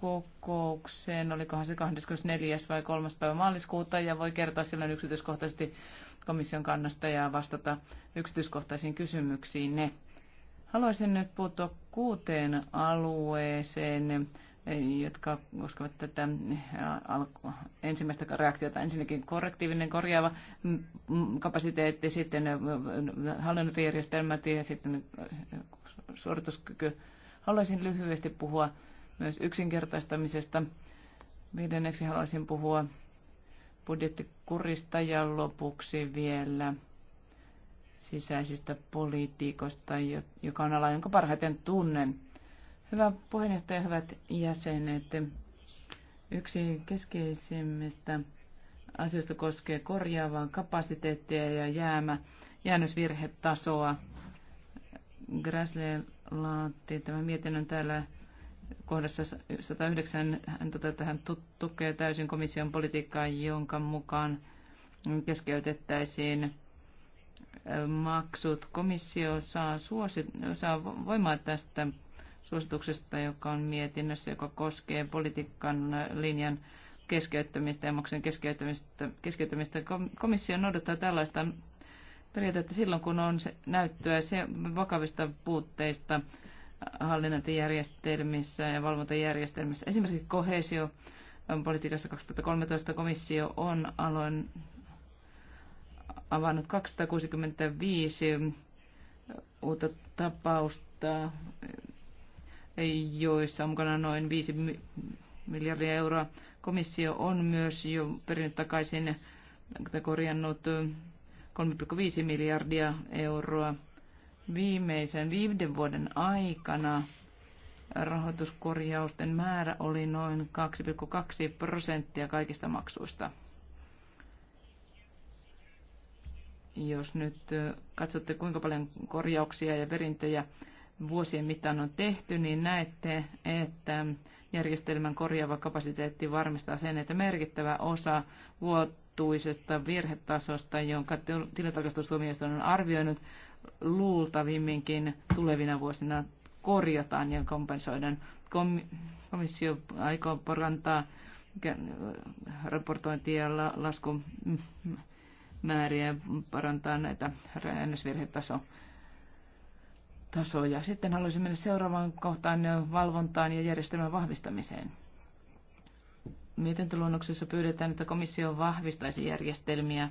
[SPEAKER 3] kokoukseen, olikohan se 24. vai 3. päivä maaliskuuta, ja voi kertoa silloin yksityiskohtaisesti komission kannasta ja vastata yksityiskohtaisiin kysymyksiin ne. Haluaisin nyt puuttua kuuteen alueeseen, jotka koskevat tätä ensimmäistä reaktiota. Ensinnäkin korrektiivinen korjaava mm, kapasiteetti, sitten hallinnointijärjestelmät ja sitten suorituskyky. Haluaisin lyhyesti puhua myös yksinkertaistamisesta. Viidenneksi haluaisin puhua budjettikurista ja lopuksi vielä sisäisistä politiikoista, joka on ala, jonka parhaiten tunnen. Hyvä puheenjohtaja, hyvät jäsenet. Yksi keskeisimmistä asioista koskee korjaavaa kapasiteettia ja jäämä, jäännösvirhetasoa. Gräsle laatti tämän mietinnön täällä kohdassa 109. Hän toteaa, että hän tukee täysin komission politiikkaa, jonka mukaan keskeytettäisiin maksut. Komissio saa, suosi, saa voimaa tästä suosituksesta, joka on mietinnössä, joka koskee politiikan linjan keskeyttämistä ja maksujen keskeyttämistä. keskeyttämistä. Komissio noudattaa tällaista että silloin, kun on se näyttöä se vakavista puutteista hallinnointijärjestelmissä ja valvontajärjestelmissä. Esimerkiksi kohesio politiikassa 2013 komissio on aloin avannut 265 uutta tapausta, joissa on mukana noin 5 miljardia euroa. Komissio on myös jo perinnyt takaisin korjannut 3,5 miljardia euroa. Viimeisen viiden vuoden aikana rahoituskorjausten määrä oli noin 2,2 prosenttia kaikista maksuista. Jos nyt katsotte, kuinka paljon korjauksia ja perintöjä vuosien mittaan on tehty, niin näette, että järjestelmän korjaava kapasiteetti varmistaa sen, että merkittävä osa vuotta vuotuisesta virhetasosta, jonka tilintarkastustuomioistuin on arvioinut luultavimminkin tulevina vuosina korjataan ja kompensoidaan. komissio aikoo parantaa raportointia ja laskumääriä ja parantaa näitä äännösvirhetasoja tasoja. Sitten haluaisin mennä seuraavaan kohtaan valvontaan ja järjestelmän vahvistamiseen mietintöluonnoksessa pyydetään, että komissio vahvistaisi järjestelmiä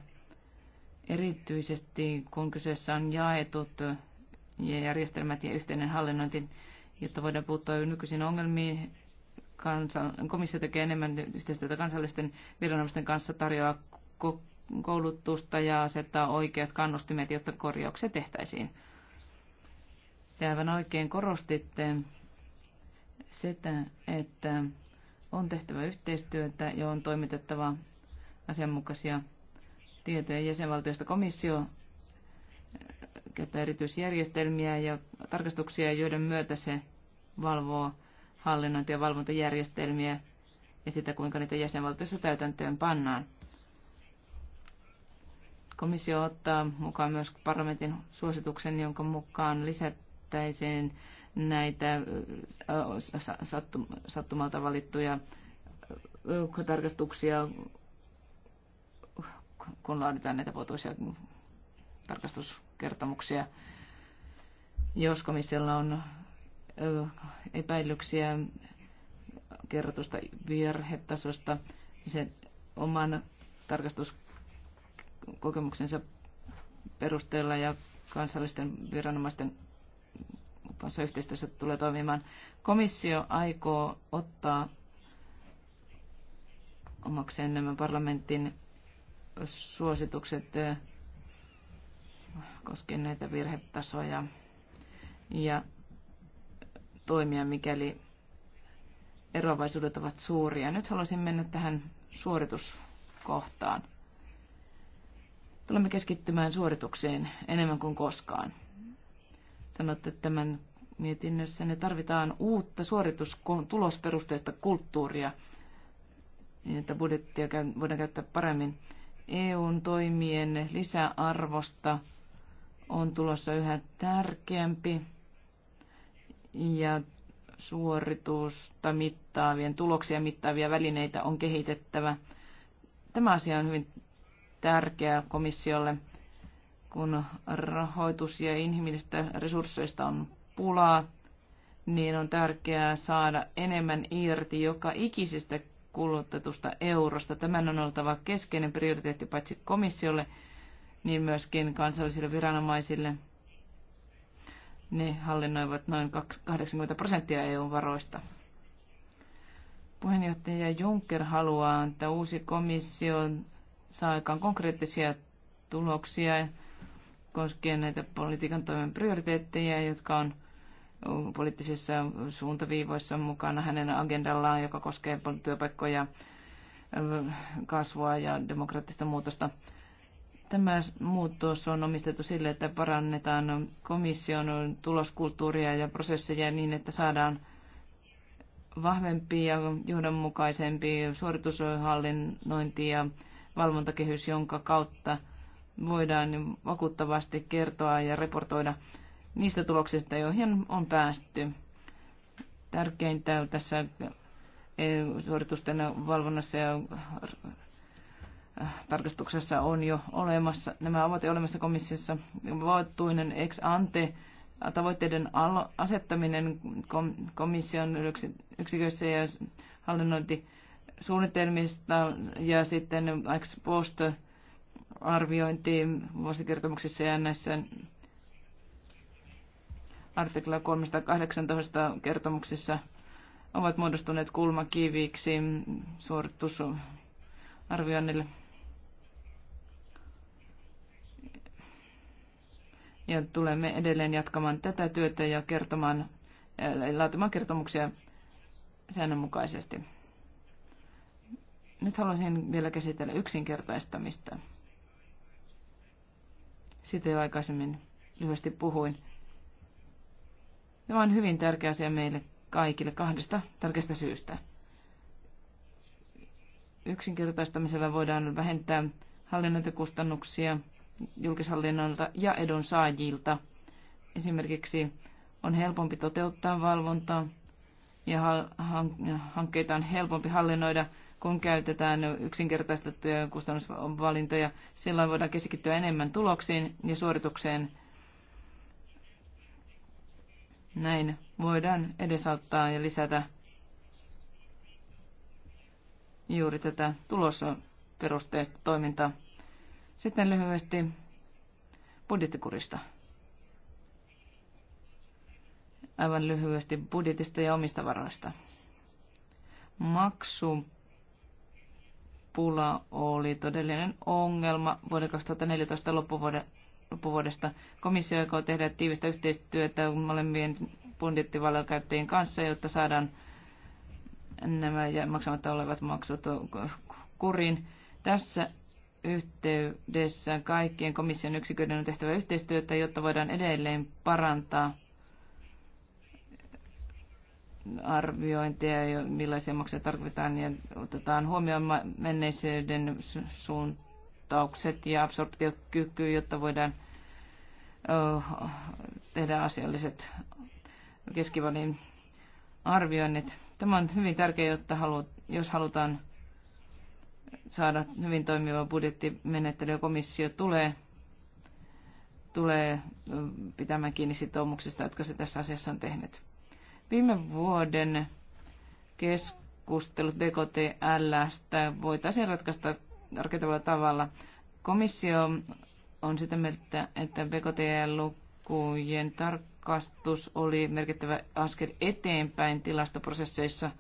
[SPEAKER 3] erityisesti, kun kyseessä on jaetut järjestelmät ja yhteinen hallinnointi, jotta voidaan puuttua nykyisiin ongelmiin. Komissio tekee enemmän yhteistyötä kansallisten viranomaisten kanssa, tarjoaa koulutusta ja asettaa oikeat kannustimet, jotta korjauksia tehtäisiin. Te aivan oikein korostitte sitä, että on tehtävä yhteistyötä ja on toimitettava asianmukaisia tietoja jäsenvaltioista komissio eh, käyttää erityisjärjestelmiä ja tarkastuksia, joiden myötä se valvoo hallinnointi- ja valvontajärjestelmiä ja sitä, kuinka niitä jäsenvaltioissa täytäntöön pannaan. Komissio ottaa mukaan myös parlamentin suosituksen, jonka mukaan lisättäisiin näitä sattumalta valittuja tarkastuksia, kun laaditaan näitä vuotuisia tarkastuskertomuksia. Jos komissiolla on epäilyksiä kerrotusta virhetasosta, niin sen oman tarkastuskokemuksensa perusteella ja kansallisten viranomaisten kanssa yhteistyössä tulee toimimaan. Komissio aikoo ottaa omakseen nämä parlamentin suositukset koskien näitä virhetasoja ja toimia, mikäli eroavaisuudet ovat suuria. Nyt haluaisin mennä tähän suorituskohtaan. Tulemme keskittymään suoritukseen enemmän kuin koskaan. Sanotte tämän mietinnössä, ne tarvitaan uutta suoritustulosperusteista kulttuuria, niin että budjettia voidaan käyttää paremmin. EUn toimien lisäarvosta on tulossa yhä tärkeämpi ja suoritusta mittaavien, tuloksia mittaavia välineitä on kehitettävä. Tämä asia on hyvin tärkeä komissiolle, kun rahoitus ja inhimillistä resursseista on pulaa, niin on tärkeää saada enemmän irti joka ikisestä kulutetusta eurosta. Tämän on oltava keskeinen prioriteetti paitsi komissiolle, niin myöskin kansallisille viranomaisille. Ne hallinnoivat noin 80 prosenttia EUn varoista. Puheenjohtaja Juncker haluaa, että uusi komissio saa aikaan konkreettisia tuloksia koskien näitä politiikan toimen prioriteetteja, jotka on poliittisissa suuntaviivoissa mukana hänen agendallaan, joka koskee työpaikkoja, kasvua ja demokraattista muutosta. Tämä muutos on omistettu sille, että parannetaan komission tuloskulttuuria ja prosesseja niin, että saadaan vahvempi ja johdonmukaisempi suoritushallinnointi ja valvontakehys, jonka kautta voidaan vakuuttavasti kertoa ja raportoida niistä tuloksista, joihin on päästy. Tärkeintä tässä eh, suoritusten valvonnassa ja eh, tarkastuksessa on jo olemassa. Nämä ovat jo olemassa komissiossa. Vaattuinen ex ante tavoitteiden asettaminen komission yksiköissä ja hallinnointisuunnitelmista ja sitten ex post arviointi vuosikertomuksissa ja näissä artikla 318 kertomuksissa ovat muodostuneet kulmakiviksi suoritusarvioinnille. Ja tulemme edelleen jatkamaan tätä työtä ja kertomaan, laatimaan kertomuksia säännönmukaisesti. Nyt haluaisin vielä käsitellä yksinkertaistamista. Siitä jo aikaisemmin lyhyesti puhuin. Tämä on hyvin tärkeä asia meille kaikille kahdesta tärkeästä syystä. Yksinkertaistamisella voidaan vähentää hallinnointikustannuksia julkishallinnolta ja edunsaajilta. Esimerkiksi on helpompi toteuttaa valvontaa ja hankkeita on helpompi hallinnoida, kun käytetään yksinkertaistettuja kustannusvalintoja. Silloin voidaan keskittyä enemmän tuloksiin ja suoritukseen näin voidaan edesauttaa ja lisätä juuri tätä tulosperusteista toimintaa. Sitten lyhyesti budjettikurista. Aivan lyhyesti budjetista ja omista varoista. Maksupula oli todellinen ongelma vuoden 2014 loppuvuoden loppuvuodesta. Komissio aikoo tehdä tiivistä yhteistyötä molempien budjettivallan käyttäjien kanssa, jotta saadaan nämä maksamatta olevat maksut kuriin. Tässä yhteydessä kaikkien komission yksiköiden on tehtävä yhteistyötä, jotta voidaan edelleen parantaa arviointia ja millaisia maksuja tarvitaan ja otetaan huomioon menneisyyden suuntaan vastaukset ja absorptiokyky, jotta voidaan tehdä asialliset keskivälin arvioinnit. Tämä on hyvin tärkeää, jotta halu, jos halutaan saada hyvin toimiva budjettimenettely ja komissio tulee, tulee pitämään kiinni sitoumuksista, jotka se tässä asiassa on tehnyt. Viime vuoden keskustelut BKTLstä voitaisiin ratkaista rakentavalla tavalla. Komissio on sitä mieltä, että BKT-lukujen tarkastus oli merkittävä askel eteenpäin tilastoprosesseissa.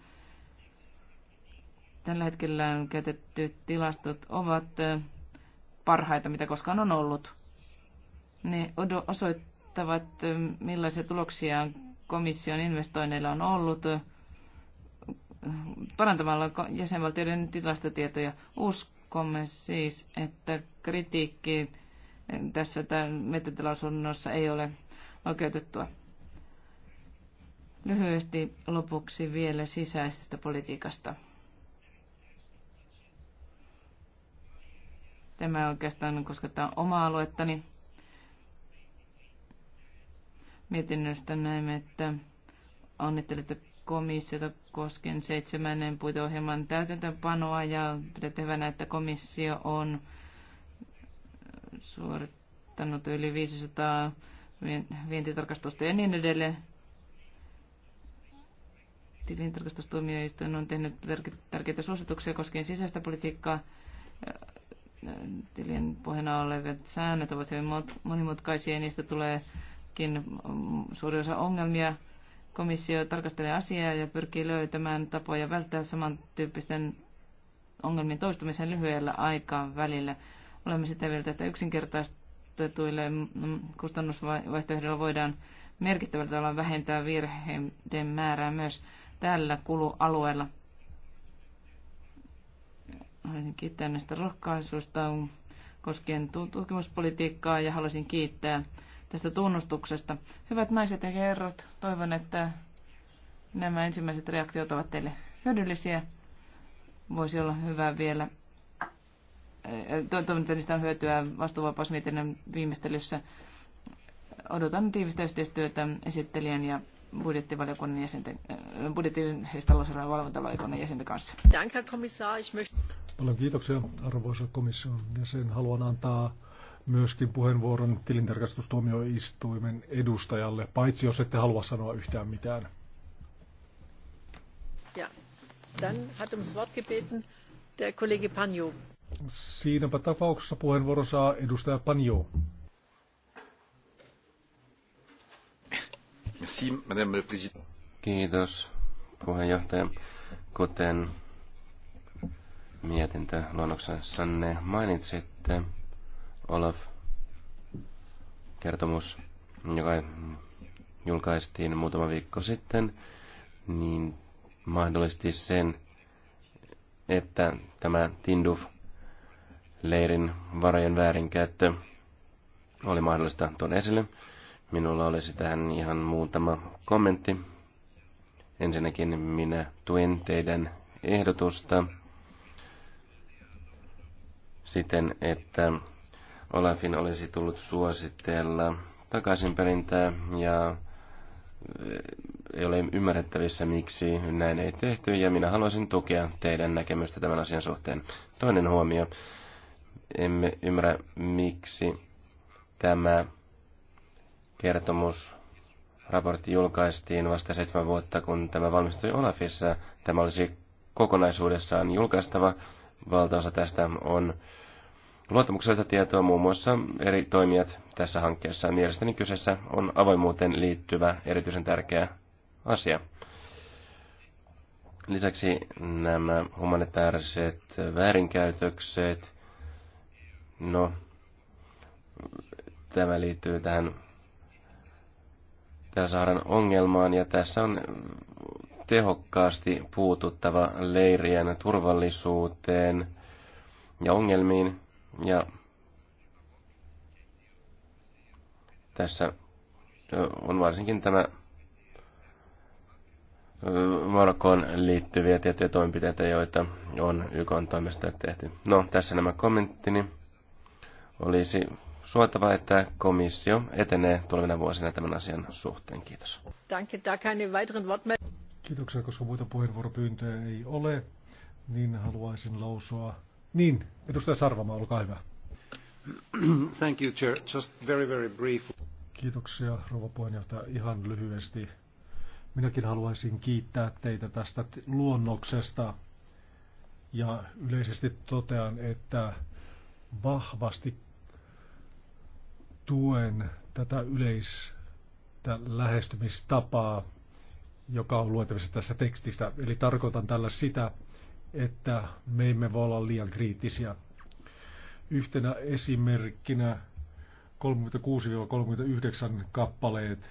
[SPEAKER 3] Tällä hetkellä käytetty tilastot ovat parhaita, mitä koskaan on ollut. Ne osoittavat, millaisia tuloksia komission investoinneilla on ollut parantamalla jäsenvaltioiden tilastotietoja. Usko uskomme siis, että kritiikki tässä metatilasunnossa ei ole oikeutettua. Lyhyesti lopuksi vielä sisäisestä politiikasta. Tämä oikeastaan koskettaa oma aluettani. Mietinnöstä näemme, että onnittelitte komissiota koskien seitsemännen puiteohjelman täytäntöpanoa ja pidettävänä, että komissio on suorittanut yli 500 vientitarkastusta ja niin edelleen. Tilintarkastustuomioistuin on tehnyt tärkeitä suosituksia koskien sisäistä politiikkaa. tilien pohjana olevat säännöt ovat hyvin monimutkaisia ja niistä tuleekin mm, suuri osa ongelmia Komissio tarkastelee asiaa ja pyrkii löytämään tapoja välttää samantyyppisten ongelmien toistumisen lyhyellä aikaa välillä. Olemme sitä mieltä, että yksinkertaistetuille kustannusvaihtoehdolla voidaan merkittävällä tavalla vähentää virheiden määrää myös tällä kulualueella. Haluaisin kiittää näistä rohkaisuista koskien tutkimuspolitiikkaa ja haluaisin kiittää tästä tunnustuksesta. Hyvät naiset ja herrat, toivon, että nämä ensimmäiset reaktiot ovat teille hyödyllisiä. Voisi olla hyvä vielä. Toivon, että niistä on hyötyä vastuuvapausmietinnön viimeistelyssä. Odotan tiivistä yhteistyötä esittelijän ja budjettivaliokunnan jäsenten, budjetin siis talousarvon valvontavaliokunnan jäsenten
[SPEAKER 1] kanssa.
[SPEAKER 2] Paljon kiitoksia arvoisa komission jäsen. Haluan antaa myöskin puheenvuoron tilintarkastustuomioistuimen edustajalle, paitsi jos ette halua sanoa yhtään mitään.
[SPEAKER 1] Ja, dann hat ums Wort gebeten der Kollege Panjo.
[SPEAKER 2] Siinäpä tapauksessa puheenvuoro saa edustaja Panjo.
[SPEAKER 4] Kiitos, puheenjohtaja. Kuten mietintä luonnoksessanne mainitsitte, Olaf-kertomus, joka julkaistiin muutama viikko sitten, niin mahdollisesti sen, että tämä Tinduf-leirin varojen väärinkäyttö oli mahdollista tuon esille. Minulla olisi tähän ihan muutama kommentti. Ensinnäkin minä tuen teidän ehdotusta siten, että Olafin olisi tullut suositella takaisinperintää ja eh, ei ole ymmärrettävissä, miksi näin ei tehty, ja minä haluaisin tukea teidän näkemystä tämän asian suhteen. Toinen huomio. Emme ymmärrä, miksi tämä kertomus raportti julkaistiin vasta seitsemän vuotta, kun tämä valmistui Olafissa. Tämä olisi kokonaisuudessaan julkaistava. Valtaosa tästä on luottamuksellista tietoa muun muassa eri toimijat tässä hankkeessa. Mielestäni kyseessä on avoimuuteen liittyvä erityisen tärkeä asia. Lisäksi nämä humanitaariset väärinkäytökset, no tämä liittyy tähän etelä ongelmaan ja tässä on tehokkaasti puututtava leirien turvallisuuteen ja ongelmiin. Ja tässä on varsinkin tämä Marokkoon liittyviä tiettyjä toimenpiteitä, joita on YK on toimesta tehty. No, tässä nämä kommenttini. Olisi suotavaa, että komissio etenee tulevina vuosina tämän asian suhteen. Kiitos.
[SPEAKER 2] Kiitoksia, koska muita puheenvuoropyyntöjä ei ole, niin haluaisin lausua niin, edustaja Sarvama, olkaa hyvä.
[SPEAKER 6] Thank you, Chair. Just very, very brief.
[SPEAKER 2] Kiitoksia, rouva puheenjohtaja. Ihan lyhyesti. Minäkin haluaisin kiittää teitä tästä luonnoksesta ja yleisesti totean, että vahvasti tuen tätä yleistä lähestymistapaa, joka on luettavissa tässä tekstistä. Eli tarkoitan tällä sitä, että me emme voi olla liian kriittisiä. Yhtenä esimerkkinä 36-39 kappaleet.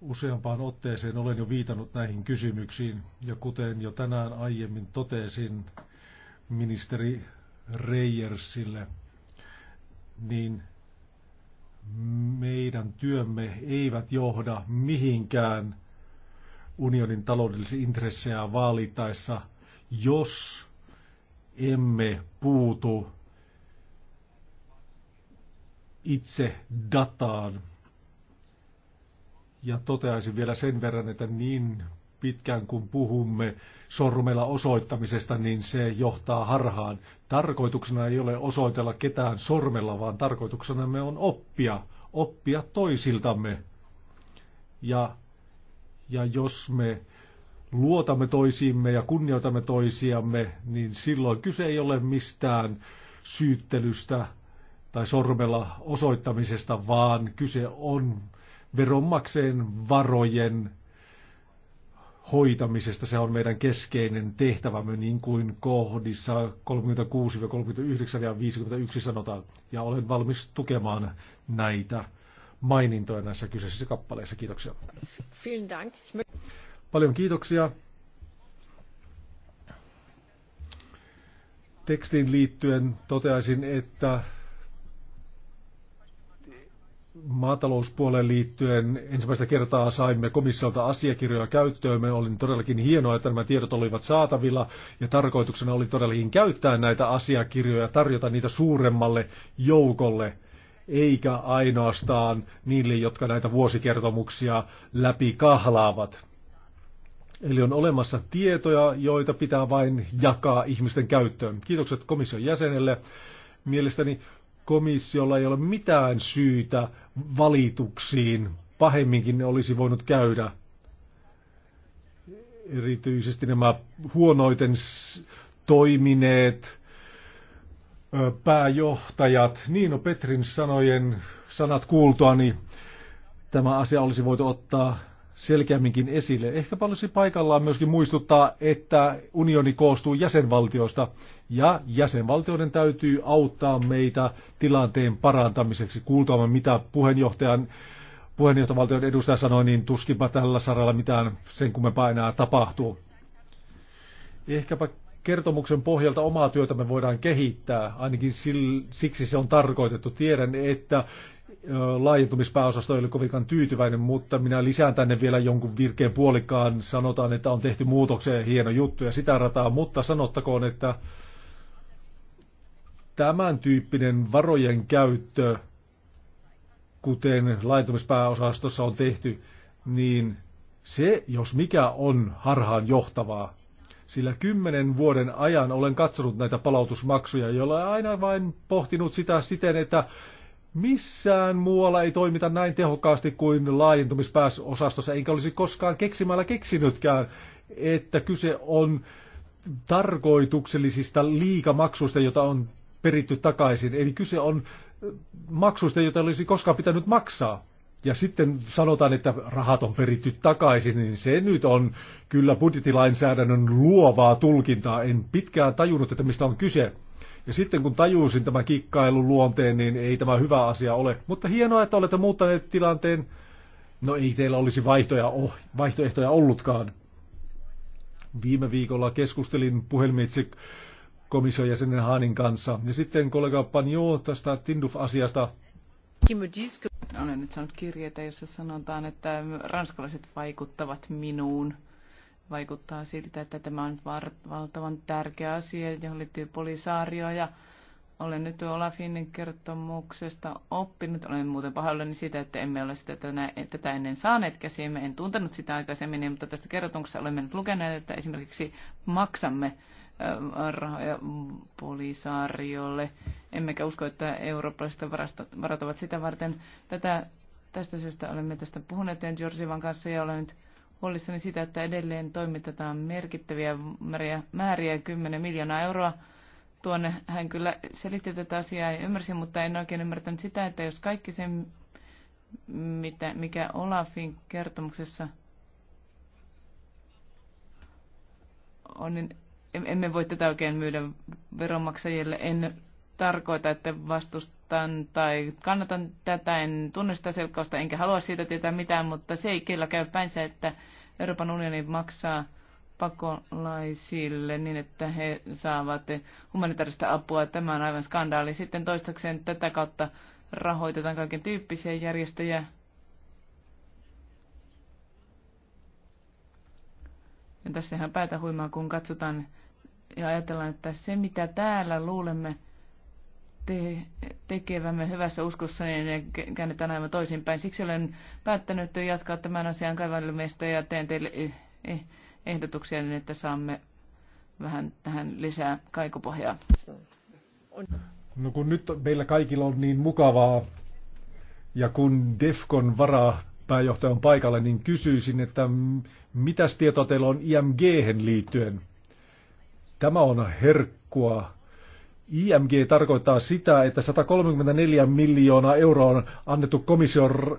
[SPEAKER 2] Useampaan otteeseen olen jo viitannut näihin kysymyksiin, ja kuten jo tänään aiemmin totesin ministeri Reijersille, niin meidän työmme eivät johda mihinkään unionin taloudellisia intressejä vaalitaessa, jos emme puutu itse dataan. Ja toteaisin vielä sen verran, että niin pitkään kun puhumme sormella osoittamisesta, niin se johtaa harhaan. Tarkoituksena ei ole osoitella ketään sormella, vaan tarkoituksena me on oppia, oppia toisiltamme. Ja ja jos me luotamme toisiimme ja kunnioitamme toisiamme, niin silloin kyse ei ole mistään syyttelystä tai sormella osoittamisesta, vaan kyse on veronmakseen varojen hoitamisesta. Se on meidän keskeinen tehtävämme, niin kuin kohdissa 36-39 ja 51 sanotaan. Ja olen valmis tukemaan näitä mainintoja näissä kyseisissä kappaleissa. Kiitoksia. Paljon kiitoksia. Tekstiin liittyen toteaisin, että maatalouspuoleen liittyen ensimmäistä kertaa saimme komissiolta asiakirjoja käyttöön. Me olin todellakin hienoa, että nämä tiedot olivat saatavilla ja tarkoituksena oli todellakin käyttää näitä asiakirjoja, tarjota niitä suuremmalle joukolle – eikä ainoastaan niille, jotka näitä vuosikertomuksia läpi kahlaavat. Eli on olemassa tietoja, joita pitää vain jakaa ihmisten käyttöön. Kiitokset komission jäsenelle. Mielestäni komissiolla ei ole mitään syytä valituksiin. Pahemminkin ne olisi voinut käydä. Erityisesti nämä huonoiten toimineet pääjohtajat Niino Petrin sanojen sanat niin tämä asia olisi voitu ottaa selkeämminkin esille. Ehkä olisi paikallaan myöskin muistuttaa, että unioni koostuu jäsenvaltioista ja jäsenvaltioiden täytyy auttaa meitä tilanteen parantamiseksi. Kuultuamme, mitä puheenjohtajan puheenjohtavaltion edustaja sanoi, niin tuskinpa tällä saralla mitään sen kummempaa enää tapahtuu. Ehkäpä kertomuksen pohjalta omaa työtämme voidaan kehittää, ainakin siksi se on tarkoitettu. Tiedän, että laajentumispääosasto ei ole kovinkaan tyytyväinen, mutta minä lisään tänne vielä jonkun virkeen puolikkaan. Sanotaan, että on tehty muutokseen hieno juttu ja sitä rataa, mutta sanottakoon, että tämän tyyppinen varojen käyttö, kuten laajentumispääosastossa on tehty, niin se, jos mikä on harhaan johtavaa, sillä kymmenen vuoden ajan olen katsonut näitä palautusmaksuja, joilla aina vain pohtinut sitä siten, että missään muualla ei toimita näin tehokkaasti kuin laajentumispääosastossa, Enkä olisi koskaan keksimällä keksinytkään, että kyse on tarkoituksellisista liikamaksuista, joita on peritty takaisin. Eli kyse on maksuista, joita olisi koskaan pitänyt maksaa ja sitten sanotaan, että rahat on peritty takaisin, niin se nyt on kyllä budjettilainsäädännön luovaa tulkintaa. En pitkään tajunnut, että mistä on kyse. Ja sitten kun tajusin tämän kikkailun luonteen, niin ei tämä hyvä asia ole. Mutta hienoa, että olette muuttaneet tilanteen. No ei teillä olisi vaihtoja, oh, vaihtoehtoja ollutkaan. Viime viikolla keskustelin puhelimitse komission jäsenen Haanin kanssa. Ja sitten kollega Panjo tästä Tinduf-asiasta
[SPEAKER 3] olen nyt saanut kirjeitä, jossa sanotaan, että ranskalaiset vaikuttavat minuun. Vaikuttaa siltä, että tämä on valtavan tärkeä asia, johon liittyy polisaario ja olen nyt Olafin kertomuksesta oppinut. Olen muuten pahoillani sitä, että emme ole sitä tänä, tätä ennen saaneet käsiimme. En tuntenut sitä aikaisemmin, mutta tästä kertomuksesta olemme nyt lukeneet, että esimerkiksi maksamme rahoja polisaariolle. Emmekä usko, että eurooppalaiset varat ovat sitä varten. Tätä, tästä syystä olemme tästä puhuneet ja Georgivan kanssa ja olen nyt huolissani sitä, että edelleen toimitetaan merkittäviä määriä, määriä 10 miljoonaa euroa tuonne. Hän kyllä selitti tätä asiaa ja ymmärsin, mutta en oikein ymmärtänyt sitä, että jos kaikki se, mitä, mikä Olafin kertomuksessa on, niin emme voi tätä oikein myydä veronmaksajille. En tarkoita, että vastustan tai kannatan tätä. En tunne sitä selkkausta, enkä halua siitä tietää mitään, mutta se ei kyllä käy päinsä, että Euroopan unioni maksaa pakolaisille niin, että he saavat humanitaarista apua. Tämä on aivan skandaali. Sitten toistakseen tätä kautta rahoitetaan kaiken tyyppisiä järjestöjä. Ja ihan päätä huimaa, kun katsotaan ja ajatellaan, että se mitä täällä luulemme te, tekevämme hyvässä uskossa, niin ne käännetään aivan toisinpäin. Siksi olen päättänyt jatkaa tämän asian kaivallimesta ja teen teille eh, eh, ehdotuksia niin, että saamme vähän tähän lisää kaikupohjaa.
[SPEAKER 2] No kun nyt meillä kaikilla on niin mukavaa ja kun Defcon pääjohtaja on paikalla, niin kysyisin, että mitäs tietoa teillä on img liittyen? Tämä on herkkua. IMG tarkoittaa sitä, että 134 miljoonaa euroa on annettu komission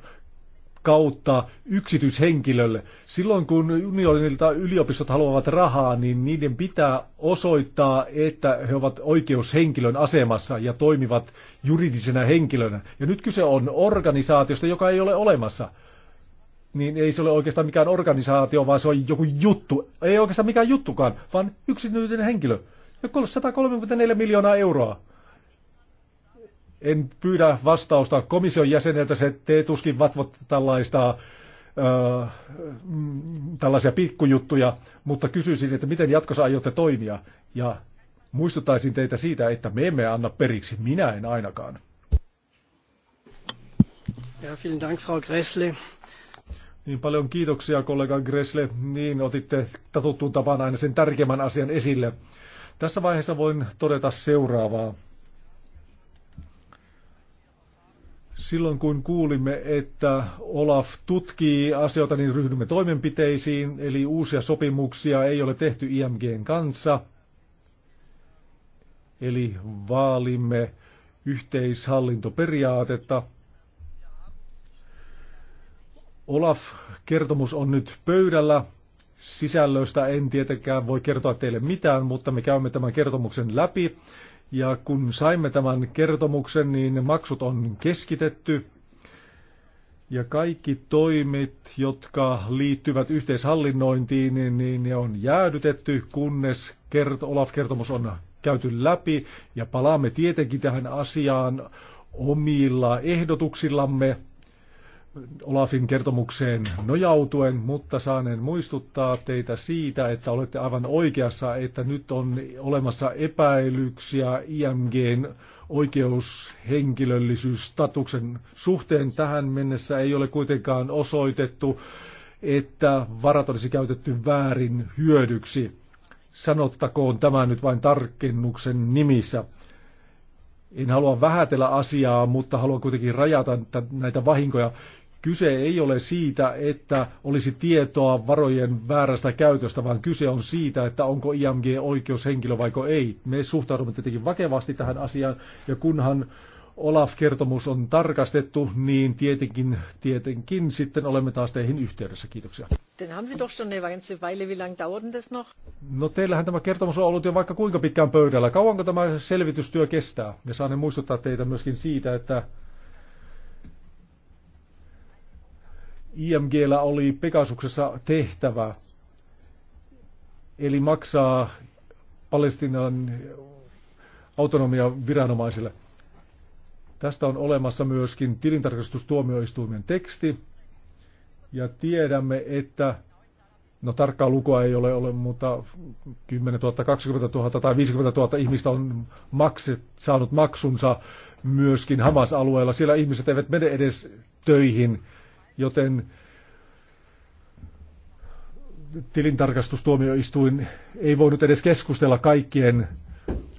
[SPEAKER 2] kautta yksityishenkilölle. Silloin kun unionilta yliopistot haluavat rahaa, niin niiden pitää osoittaa, että he ovat oikeushenkilön asemassa ja toimivat juridisena henkilönä. Ja nyt kyse on organisaatiosta, joka ei ole olemassa niin ei se ole oikeastaan mikään organisaatio, vaan se on joku juttu. Ei oikeastaan mikään juttukaan, vaan yksityinen henkilö. Ja 134 miljoonaa euroa. En pyydä vastausta komission jäseneltä, se te tuskin vatvot tällaista, äh, tällaisia pikkujuttuja, mutta kysyisin, että miten jatkossa aiotte toimia. Ja muistuttaisin teitä siitä, että me emme anna periksi, minä en ainakaan. Ja, vielen Dank, Frau Gressle. Niin paljon kiitoksia kollega Gressle, niin otitte tatuttuun tapaan aina sen tärkeimmän asian esille. Tässä vaiheessa voin todeta seuraavaa. Silloin kun kuulimme, että Olaf tutkii asioita, niin ryhdymme toimenpiteisiin, eli uusia sopimuksia ei ole tehty IMGn kanssa. Eli vaalimme yhteishallintoperiaatetta. Olaf-kertomus on nyt pöydällä. Sisällöstä en tietenkään voi kertoa teille mitään, mutta me käymme tämän kertomuksen läpi. Ja kun saimme tämän kertomuksen, niin maksut on keskitetty. Ja kaikki toimet, jotka liittyvät yhteishallinnointiin, niin, niin ne on jäädytetty, kunnes kert- Olaf-kertomus on käyty läpi. Ja palaamme tietenkin tähän asiaan omilla ehdotuksillamme Olafin kertomukseen nojautuen, mutta saaneen muistuttaa teitä siitä, että olette aivan oikeassa, että nyt on olemassa epäilyksiä IMGn oikeushenkilöllisyysstatuksen suhteen. Tähän mennessä ei ole kuitenkaan osoitettu, että varat olisi käytetty väärin hyödyksi. Sanottakoon tämä nyt vain tarkennuksen nimissä en halua vähätellä asiaa, mutta haluan kuitenkin rajata näitä vahinkoja. Kyse ei ole siitä, että olisi tietoa varojen väärästä käytöstä, vaan kyse on siitä, että onko IMG oikeushenkilö vai ei. Me suhtaudumme tietenkin vakevasti tähän asiaan, ja kunhan Olaf-kertomus on tarkastettu, niin tietenkin, tietenkin sitten olemme taas teihin yhteydessä. Kiitoksia. No teillähän tämä kertomus on ollut jo vaikka kuinka pitkään pöydällä. Kauanko tämä selvitystyö kestää? Ja saan muistuttaa teitä myöskin siitä, että IMGllä oli Pekasuksessa tehtävä, eli maksaa Palestinan autonomia viranomaisille. Tästä on olemassa myöskin tilintarkastustuomioistuimen teksti, ja tiedämme, että No tarkkaa lukua ei ole, ole mutta 10 000, 20 000 tai 50 000 ihmistä on makset, saanut maksunsa myöskin Hamas-alueella. Siellä ihmiset eivät mene edes töihin, joten tilintarkastustuomioistuin ei voinut edes keskustella kaikkien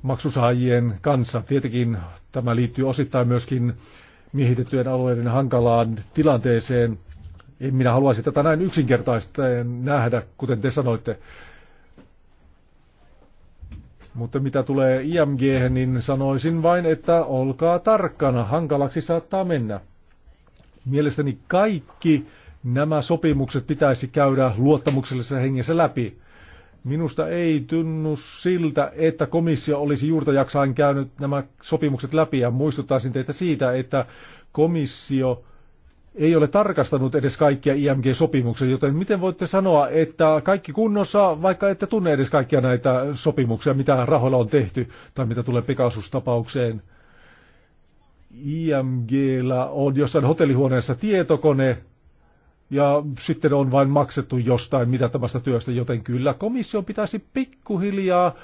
[SPEAKER 2] maksusaajien kanssa. Tietenkin tämä liittyy osittain myöskin miehitettyjen alueiden hankalaan tilanteeseen. En minä haluaisi tätä näin yksinkertaista nähdä, kuten te sanoitte. Mutta mitä tulee IMG, niin sanoisin vain, että olkaa tarkkana, hankalaksi saattaa mennä. Mielestäni kaikki nämä sopimukset pitäisi käydä luottamuksellisessa hengessä läpi. Minusta ei tunnu siltä, että komissio olisi juurta jaksain käynyt nämä sopimukset läpi ja muistuttaisin teitä siitä, että komissio ei ole tarkastanut edes kaikkia IMG-sopimuksia, joten miten voitte sanoa, että kaikki kunnossa, vaikka ette tunne edes kaikkia näitä sopimuksia, mitä rahoilla on tehty tai mitä tulee Pegasus-tapaukseen IMGllä on jossain hotellihuoneessa tietokone, ja sitten on vain maksettu jostain mitä tämästä työstä, joten kyllä komissio pitäisi pikkuhiljaa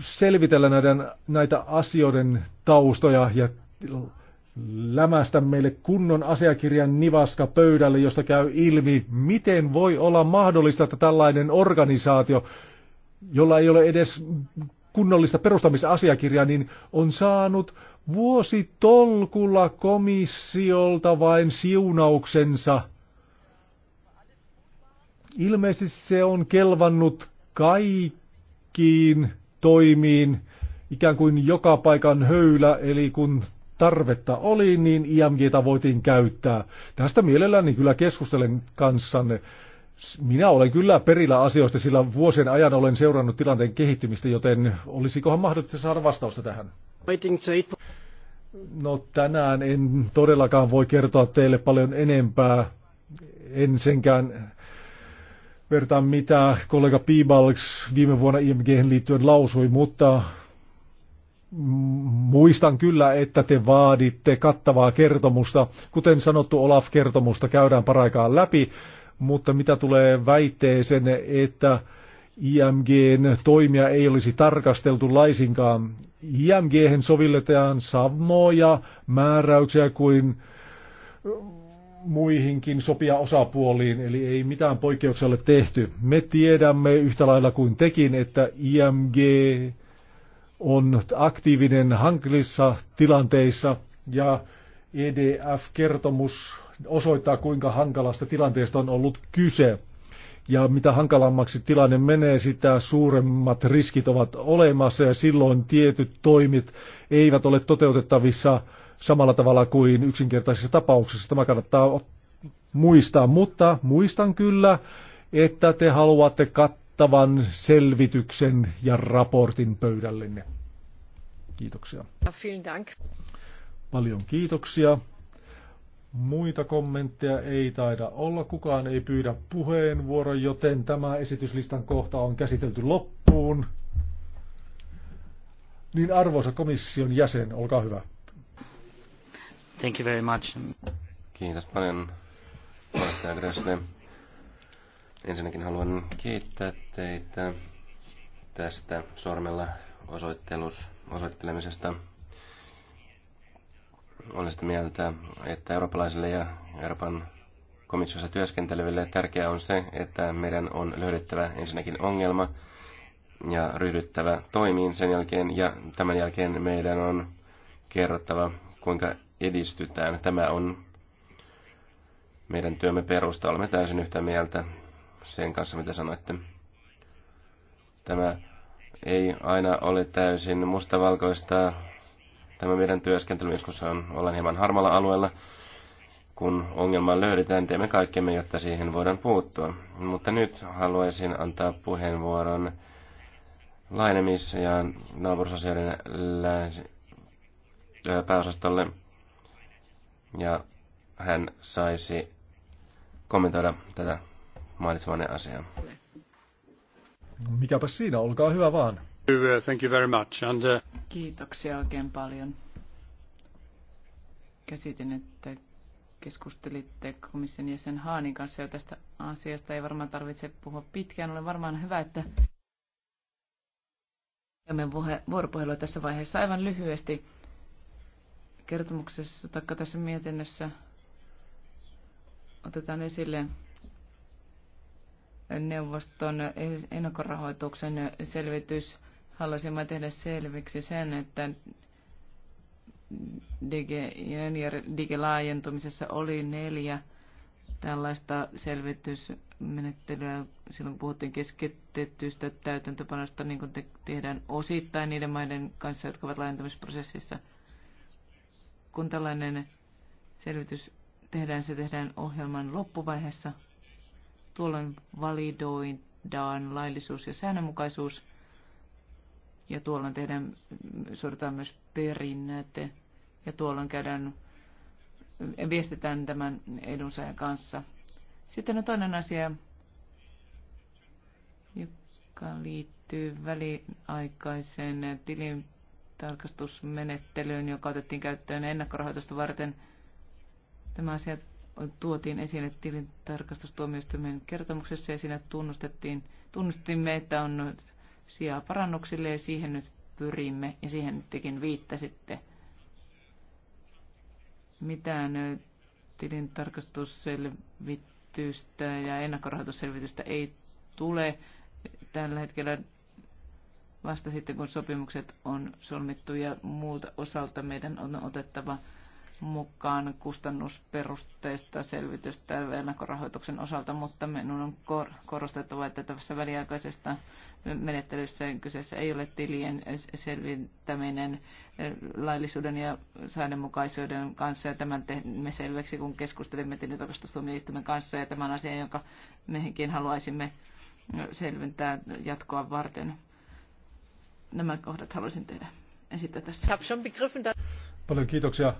[SPEAKER 2] selvitellä näiden, näitä asioiden taustoja ja lämästä meille kunnon asiakirjan nivaska pöydälle, josta käy ilmi, miten voi olla mahdollista, että tällainen organisaatio, jolla ei ole edes kunnollista perustamisasiakirjaa, niin on saanut Vuosi tolkulla komissiolta vain siunauksensa. Ilmeisesti se on kelvannut kaikkiin toimiin, ikään kuin joka paikan höylä, eli kun tarvetta oli, niin IMGtä voitiin käyttää. Tästä mielelläni kyllä keskustelen kanssanne. Minä olen kyllä perillä asioista, sillä vuosien ajan olen seurannut tilanteen kehittymistä, joten olisikohan mahdollista saada vastausta tähän? No tänään en todellakaan voi kertoa teille paljon enempää. En senkään vertaa mitä kollega Piibalks viime vuonna IMG liittyen lausui, mutta muistan kyllä, että te vaaditte kattavaa kertomusta. Kuten sanottu, Olaf-kertomusta käydään paraikaan läpi, mutta mitä tulee väitteeseen, että IMGn toimia ei olisi tarkasteltu laisinkaan. IMGhen sovelletaan samoja määräyksiä kuin äh, muihinkin sopia osapuoliin, eli ei mitään poikkeuksia ole tehty. Me tiedämme yhtä lailla kuin tekin, että IMG on aktiivinen hankalissa tilanteissa ja EDF-kertomus osoittaa, kuinka hankalasta tilanteesta on ollut kyse. Ja mitä hankalammaksi tilanne menee, sitä suuremmat riskit ovat olemassa ja silloin tietyt toimit eivät ole toteutettavissa samalla tavalla kuin yksinkertaisissa tapauksissa. Tämä kannattaa muistaa, mutta muistan kyllä, että te haluatte kattavan selvityksen ja raportin pöydällenne. Kiitoksia. Paljon kiitoksia. Muita kommentteja ei taida olla, kukaan ei pyydä puheenvuoro, joten tämä esityslistan kohta on käsitelty loppuun. Niin arvoisa komission jäsen, olkaa hyvä.
[SPEAKER 5] Thank you very much.
[SPEAKER 4] Kiitos paljon, puheenjohtaja Grösle. Ensinnäkin haluan kiittää teitä tästä sormella osoittelus, osoittelemisesta olen sitä mieltä, että eurooppalaisille ja Euroopan komissiossa työskenteleville tärkeää on se, että meidän on löydettävä ensinnäkin ongelma ja ryhdyttävä toimiin sen jälkeen, ja tämän jälkeen meidän on kerrottava, kuinka edistytään. Tämä on meidän työmme perusta. Olemme täysin yhtä mieltä sen kanssa, mitä sanoitte. Tämä ei aina ole täysin mustavalkoista Tämä meidän työskentely joskus on, olla hieman harmalla alueella. Kun ongelma löydetään, teemme kaikkemme, jotta siihen voidaan puuttua. Mutta nyt haluaisin antaa puheenvuoron Lainemis ja naapurusasioiden pääosastolle. Ja hän saisi kommentoida tätä mainitsemanne asiaa.
[SPEAKER 2] No Mikäpä siinä, olkaa hyvä vaan.
[SPEAKER 5] Thank you very much. And, uh...
[SPEAKER 3] Kiitoksia oikein paljon. Käsitin, että keskustelitte komission jäsen Haanin kanssa jo tästä asiasta. Ei varmaan tarvitse puhua pitkään. Olen varmaan hyvä, että käymme vuoropuhelua tässä vaiheessa aivan lyhyesti kertomuksessa tai tässä mietinnössä otetaan esille neuvoston ennakkorahoituksen selvitys mä tehdä selviksi sen, että digilaajentumisessa oli neljä tällaista selvitysmenettelyä silloin, kun puhuttiin keskittetystä täytäntöpanosta, niin kuin te- tehdään osittain niiden maiden kanssa, jotka ovat laajentumisprosessissa. Kun tällainen selvitys tehdään, se tehdään ohjelman loppuvaiheessa. Tuolloin validoidaan laillisuus ja säännönmukaisuus – ja tuolloin tehdään, suoritetaan myös perinnät ja tuolloin käydään, viestitään tämän edunsaajan kanssa. Sitten on toinen asia, joka liittyy väliaikaiseen tilintarkastusmenettelyyn, joka otettiin käyttöön ennakkorahoitusta varten. Tämä asia tuotiin esille tilintarkastustuomioistuimen kertomuksessa ja siinä tunnustettiin, tunnustimme, että on sijaa parannuksille ja siihen nyt pyrimme ja siihen tekin viittasitte. Mitään tilintarkastusselvitystä ja ennakkorahoitusselvitystä ei tule tällä hetkellä vasta sitten, kun sopimukset on solmittu ja muulta osalta meidän on otettava mukaan kustannusperusteista selvitystä ennakkorahoituksen osalta, mutta minun on korostettava, että tässä väliaikaisesta menettelyssä kyseessä ei ole tilien selvittäminen eh, laillisuuden ja säännönmukaisuuden kanssa. Ja tämän teemme selväksi, kun keskustelimme tilintarkastustuomioistuimen kanssa. Ja tämän asian, jonka mehinkin haluaisimme eh, selventää jatkoa varten. Nämä kohdat haluaisin tehdä esittää
[SPEAKER 1] tässä.
[SPEAKER 2] Paljon kiitoksia.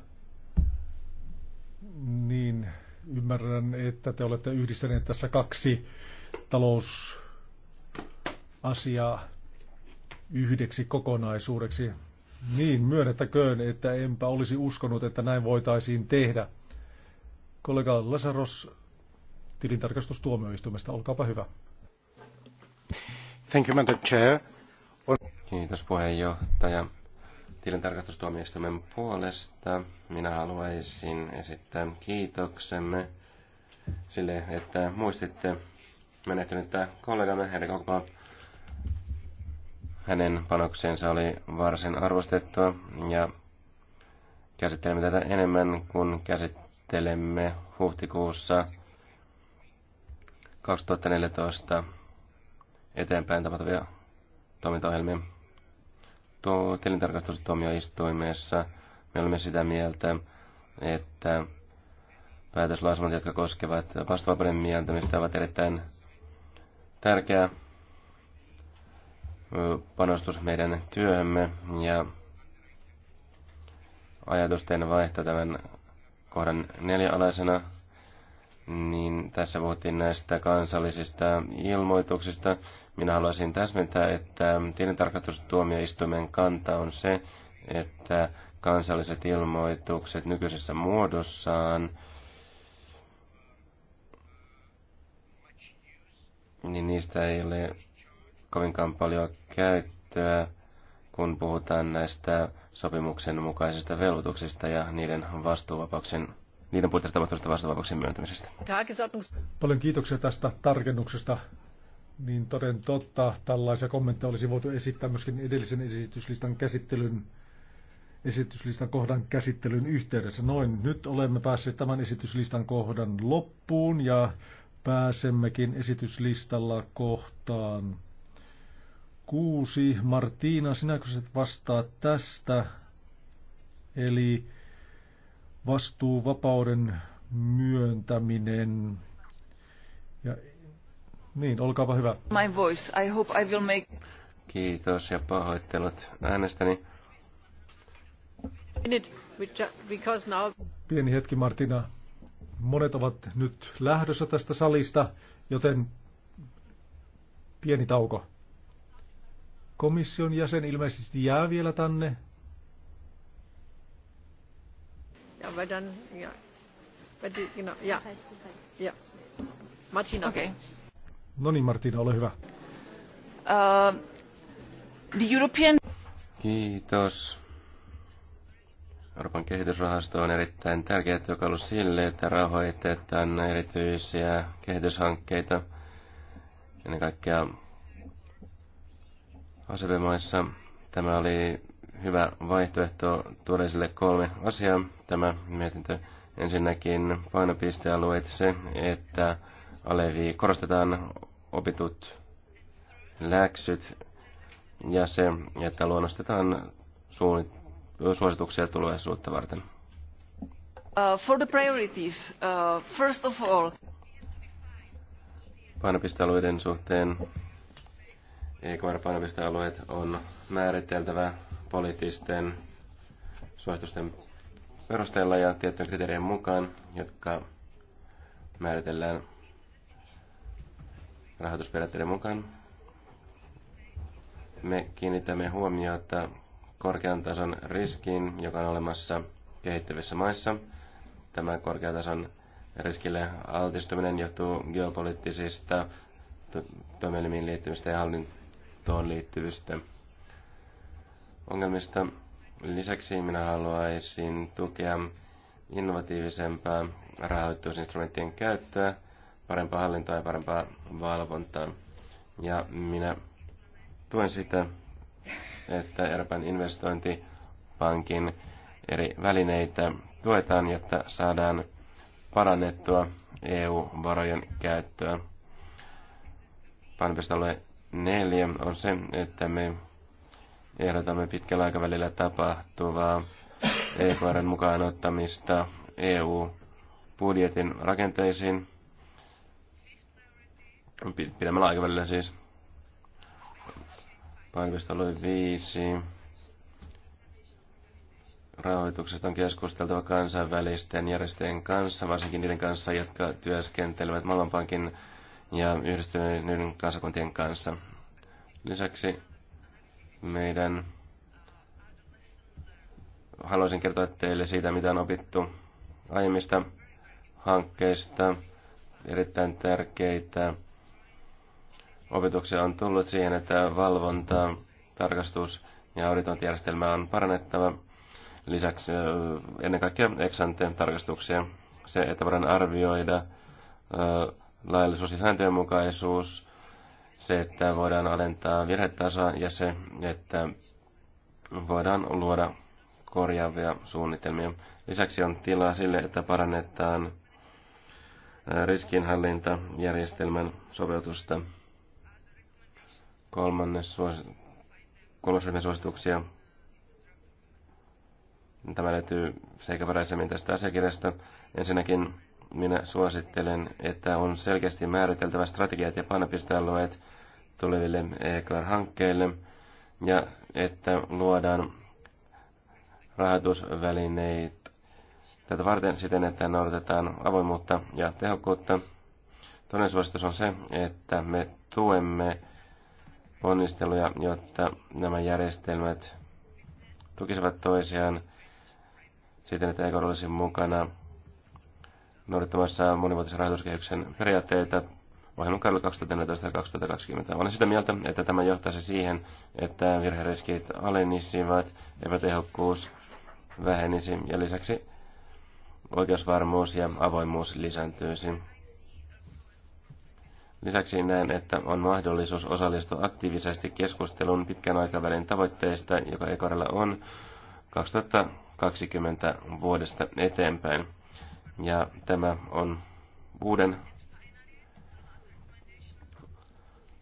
[SPEAKER 2] Niin, ymmärrän, että te olette yhdistäneet tässä kaksi talousasiaa yhdeksi kokonaisuudeksi. Niin, myönnettäköön, että enpä olisi uskonut, että näin voitaisiin tehdä. Kollega Lasaros tilintarkastustuomioistuimesta, olkaapa hyvä.
[SPEAKER 4] Thank you, Madam Chair. Kiitos puheenjohtaja tilintarkastustuomioistuimen puolesta minä haluaisin esittää kiitoksemme sille, että muistitte menehtynyttä kollegamme Henri Kokmaa. Hänen panoksensa oli varsin arvostettua ja käsittelemme tätä enemmän, kuin käsittelemme huhtikuussa 2014 eteenpäin tapahtuvia toimintaohjelmia tilintarkastustuomioistuimessa me olemme sitä mieltä, että päätöslausumat, jotka koskevat vastuvapauden mieltämistä, ovat erittäin tärkeä panostus meidän työhömme ja ajatusten vaihto tämän kohdan neljäalaisena niin tässä puhuttiin näistä kansallisista ilmoituksista. Minä haluaisin täsmentää, että tilintarkastustuomioistuimen kanta on se, että kansalliset ilmoitukset nykyisessä muodossaan niin niistä ei ole kovinkaan paljon käyttöä, kun puhutaan näistä sopimuksen mukaisista velvoituksista ja niiden vastuuvapauksen niiden puitteissa tapahtuvasta vastavakuuksien myöntämisestä.
[SPEAKER 2] Paljon kiitoksia tästä tarkennuksesta. Niin toden totta, tällaisia kommentteja olisi voitu esittää myöskin edellisen esityslistan käsittelyn esityslistan kohdan käsittelyn yhteydessä. Noin, nyt olemme päässeet tämän esityslistan kohdan loppuun ja pääsemmekin esityslistalla kohtaan kuusi. Martina, sinäkö vastaat tästä? Eli Vastuu vapauden myöntäminen. Ja, niin, olkaapa hyvä.
[SPEAKER 6] My voice. I hope I will make...
[SPEAKER 4] Kiitos ja pahoittelut äänestäni.
[SPEAKER 1] Uh,
[SPEAKER 2] pieni hetki Martina. Monet ovat nyt lähdössä tästä salista, joten pieni tauko. Komission jäsen ilmeisesti jää vielä tänne.
[SPEAKER 1] aber dann, ja. Genau, ja. ja. Martina. Okay.
[SPEAKER 2] No niin, Martina, ole hyvä.
[SPEAKER 1] Uh, the
[SPEAKER 2] European...
[SPEAKER 4] Kiitos. Euroopan kehitysrahasto on erittäin tärkeä työkalu sille, että rahoitetaan erityisiä kehityshankkeita ennen kaikkea asevemaissa. Tämä oli hyvä vaihtoehto tuoda esille kolme asiaa. Tämä mietintö ensinnäkin painopistealueet se, että alevi korostetaan opitut läksyt ja se, että luonnostetaan suosituksia tulevaisuutta varten.
[SPEAKER 1] Uh, for the priorities,
[SPEAKER 3] uh, first of all.
[SPEAKER 4] Painopistealueiden suhteen EKR-painopistealueet on määriteltävä poliittisten suositusten perusteella ja tiettyjen kriteerien mukaan, jotka määritellään rahoitusperiaatteiden mukaan. Me kiinnitämme huomiota korkean tason riskiin, joka on olemassa kehittyvissä maissa. Tämä korkean tason riskille altistuminen johtuu geopoliittisista toimielimiin liittyvistä ja hallintoon liittyvistä ongelmista. Lisäksi minä haluaisin tukea innovatiivisempaa rahoitusinstrumenttien käyttöä, parempaa hallintoa ja parempaa valvontaa. Ja minä tuen sitä, että Euroopan investointipankin eri välineitä tuetaan, jotta saadaan parannettua EU-varojen käyttöä. Painopistealue 4 on se, että me ehdotamme pitkällä aikavälillä tapahtuvaa EKRn mukaan ottamista EU-budjetin rakenteisiin pidemmällä aikavälillä siis. Painopisto oli viisi. Rahoituksesta on keskusteltava kansainvälisten järjestöjen kanssa, varsinkin niiden kanssa, jotka työskentelevät Maailmanpankin ja yhdistyneiden kansakuntien kanssa. Lisäksi meidän... Haluaisin kertoa teille siitä, mitä on opittu aiemmista hankkeista. Erittäin tärkeitä opetuksia on tullut siihen, että valvonta, tarkastus ja auditointijärjestelmä on parannettava. Lisäksi ennen kaikkea eksanteen tarkastuksia. Se, että voidaan arvioida laillisuus ja sääntöjenmukaisuus, se, että voidaan alentaa virhetasoa ja se, että voidaan luoda korjaavia suunnitelmia. Lisäksi on tilaa sille, että parannetaan riskinhallintajärjestelmän sopeutusta. Kolmannes suos- suosituksia. Tämä löytyy seikaperäisemmin tästä asiakirjasta. Ensinnäkin minä suosittelen, että on selkeästi määriteltävä strategiat ja painopistealueet tuleville EKR-hankkeille ja että luodaan rahoitusvälineitä tätä varten siten, että noudatetaan avoimuutta ja tehokkuutta. Toinen suositus on se, että me tuemme ponnisteluja, jotta nämä järjestelmät tukisivat toisiaan siten, että EKR olisi mukana – noudattamassa monivuotisen rahoituskehyksen periaatteita ohjelman kaudella 2014-2020. Olen sitä mieltä, että tämä johtaisi siihen, että virheriskit alennisivat, epätehokkuus vähenisi ja lisäksi oikeusvarmuus ja avoimuus lisääntyisi. Lisäksi näen, että on mahdollisuus osallistua aktiivisesti keskustelun pitkän aikavälin tavoitteista, joka Ekorella on 2020 vuodesta eteenpäin. Ja tämä on uuden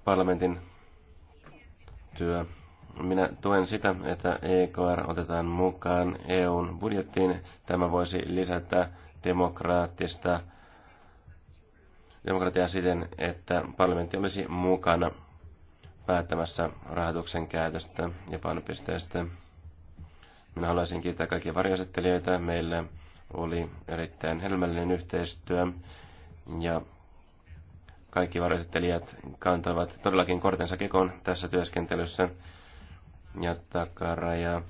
[SPEAKER 4] parlamentin työ. Minä tuen sitä, että EKR otetaan mukaan EUn budjettiin. Tämä voisi lisätä demokraattista demokratiaa siten, että parlamentti olisi mukana päättämässä rahoituksen käytöstä ja painopisteestä. Minä haluaisin kiittää kaikkia varjoasettelijoita. Meille oli erittäin helmällinen yhteistyö ja kaikki varjoesittelijät kantavat todellakin kortensa kekoon tässä työskentelyssä ja takaraja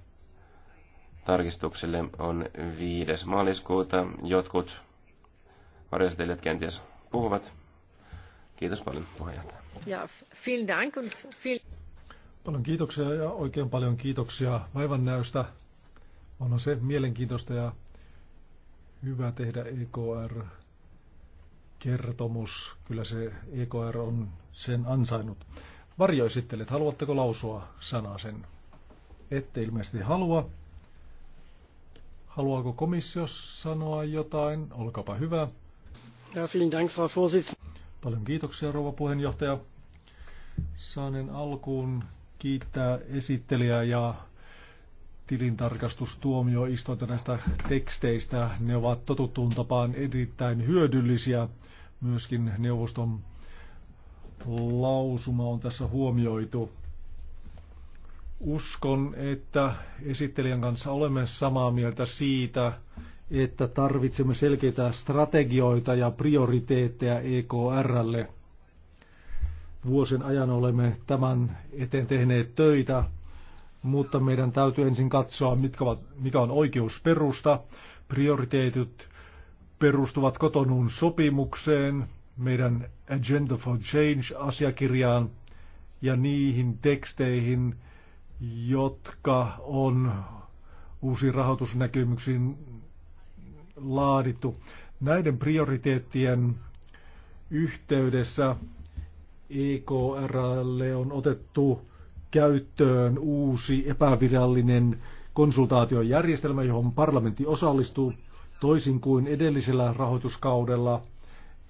[SPEAKER 4] tarkistuksille on 5. maaliskuuta. Jotkut varjoesittelijät kenties puhuvat. Kiitos paljon puheenjohtaja.
[SPEAKER 2] Ja, vielen dank und viel... Paljon kiitoksia ja oikein paljon kiitoksia vaivannäöstä. on se mielenkiintoista ja hyvä tehdä EKR-kertomus. Kyllä se EKR on sen ansainnut. Varjoesittelet, haluatteko lausua sanaa sen? Ette ilmeisesti halua. Haluaako komissio sanoa jotain? Olkaapa hyvä. Ja, vielen Dank, Frau Vorsitz. Paljon kiitoksia, rouva puheenjohtaja. Saanen alkuun kiittää esittelijää ja tilintarkastustuomioistuinta näistä teksteistä. Ne ovat totuttuun tapaan erittäin hyödyllisiä. Myöskin neuvoston lausuma on tässä huomioitu. Uskon, että esittelijän kanssa olemme samaa mieltä siitä, että tarvitsemme selkeitä strategioita ja prioriteetteja EKRlle. Vuosien ajan olemme tämän eteen tehneet töitä mutta meidän täytyy ensin katsoa, mitkä ovat, mikä on oikeusperusta. Prioriteetit perustuvat kotonuun sopimukseen, meidän Agenda for Change-asiakirjaan ja niihin teksteihin, jotka on uusiin rahoitusnäkymyksiin laadittu. Näiden prioriteettien yhteydessä EKRlle on otettu käyttöön uusi epävirallinen konsultaatiojärjestelmä, johon parlamentti osallistuu toisin kuin edellisellä rahoituskaudella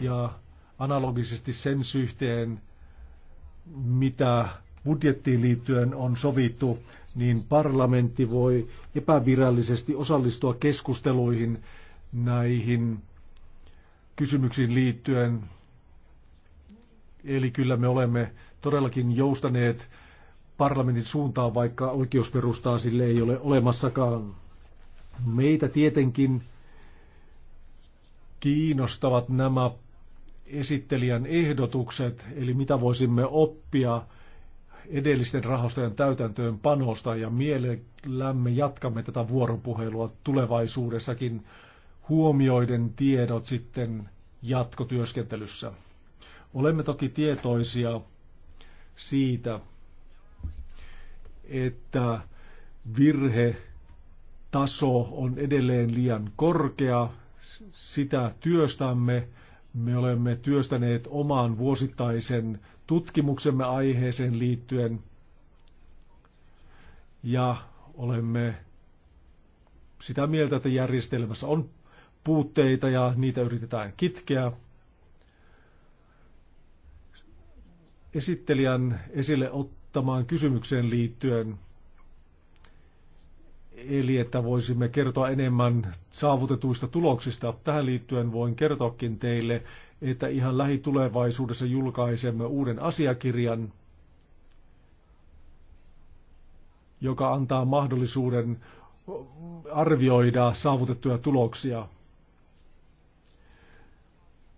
[SPEAKER 2] ja analogisesti sen syhteen, mitä budjettiin liittyen on sovittu, niin parlamentti voi epävirallisesti osallistua keskusteluihin näihin kysymyksiin liittyen. Eli kyllä me olemme todellakin joustaneet parlamentin suuntaan, vaikka oikeusperustaa sille ei ole olemassakaan. Meitä tietenkin kiinnostavat nämä esittelijän ehdotukset, eli mitä voisimme oppia edellisten rahastojen täytäntöön panosta ja mielellämme jatkamme tätä vuoropuhelua tulevaisuudessakin huomioiden tiedot sitten jatkotyöskentelyssä. Olemme toki tietoisia siitä, että virhe taso on edelleen liian korkea. Sitä työstämme. Me olemme työstäneet oman vuosittaisen tutkimuksemme aiheeseen liittyen ja olemme sitä mieltä, että järjestelmässä on puutteita ja niitä yritetään kitkeä. Esittelijän esille ottaa esittämään kysymykseen liittyen, eli että voisimme kertoa enemmän saavutetuista tuloksista. Tähän liittyen voin kertoakin teille, että ihan lähitulevaisuudessa julkaisemme uuden asiakirjan, joka antaa mahdollisuuden arvioida saavutettuja tuloksia.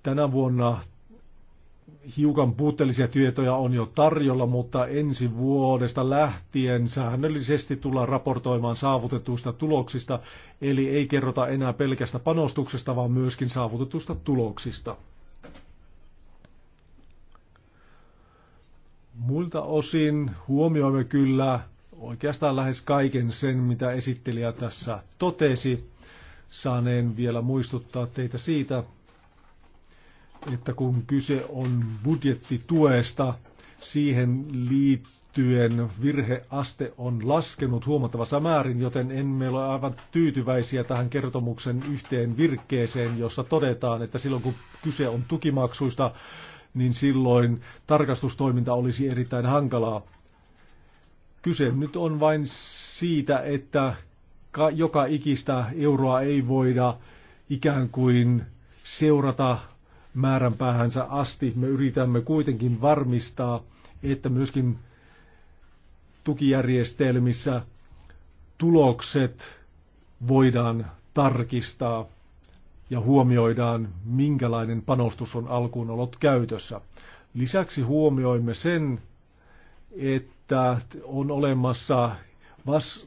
[SPEAKER 2] Tänä vuonna hiukan puutteellisia tietoja on jo tarjolla, mutta ensi vuodesta lähtien säännöllisesti tullaan raportoimaan saavutetuista tuloksista, eli ei kerrota enää pelkästä panostuksesta, vaan myöskin saavutetusta tuloksista. Muilta osin huomioimme kyllä oikeastaan lähes kaiken sen, mitä esittelijä tässä totesi. Saaneen vielä muistuttaa teitä siitä, että kun kyse on budjettituesta, siihen liittyen virheaste on laskenut huomattavassa määrin, joten emme ole aivan tyytyväisiä tähän kertomuksen yhteen virkkeeseen, jossa todetaan, että silloin kun kyse on tukimaksuista, niin silloin tarkastustoiminta olisi erittäin hankalaa. Kyse nyt on vain siitä, että joka ikistä euroa ei voida ikään kuin seurata määränpäähänsä asti. Me yritämme kuitenkin varmistaa, että myöskin tukijärjestelmissä tulokset voidaan tarkistaa ja huomioidaan, minkälainen panostus on alkuun ollut käytössä. Lisäksi huomioimme sen, että on olemassa vas-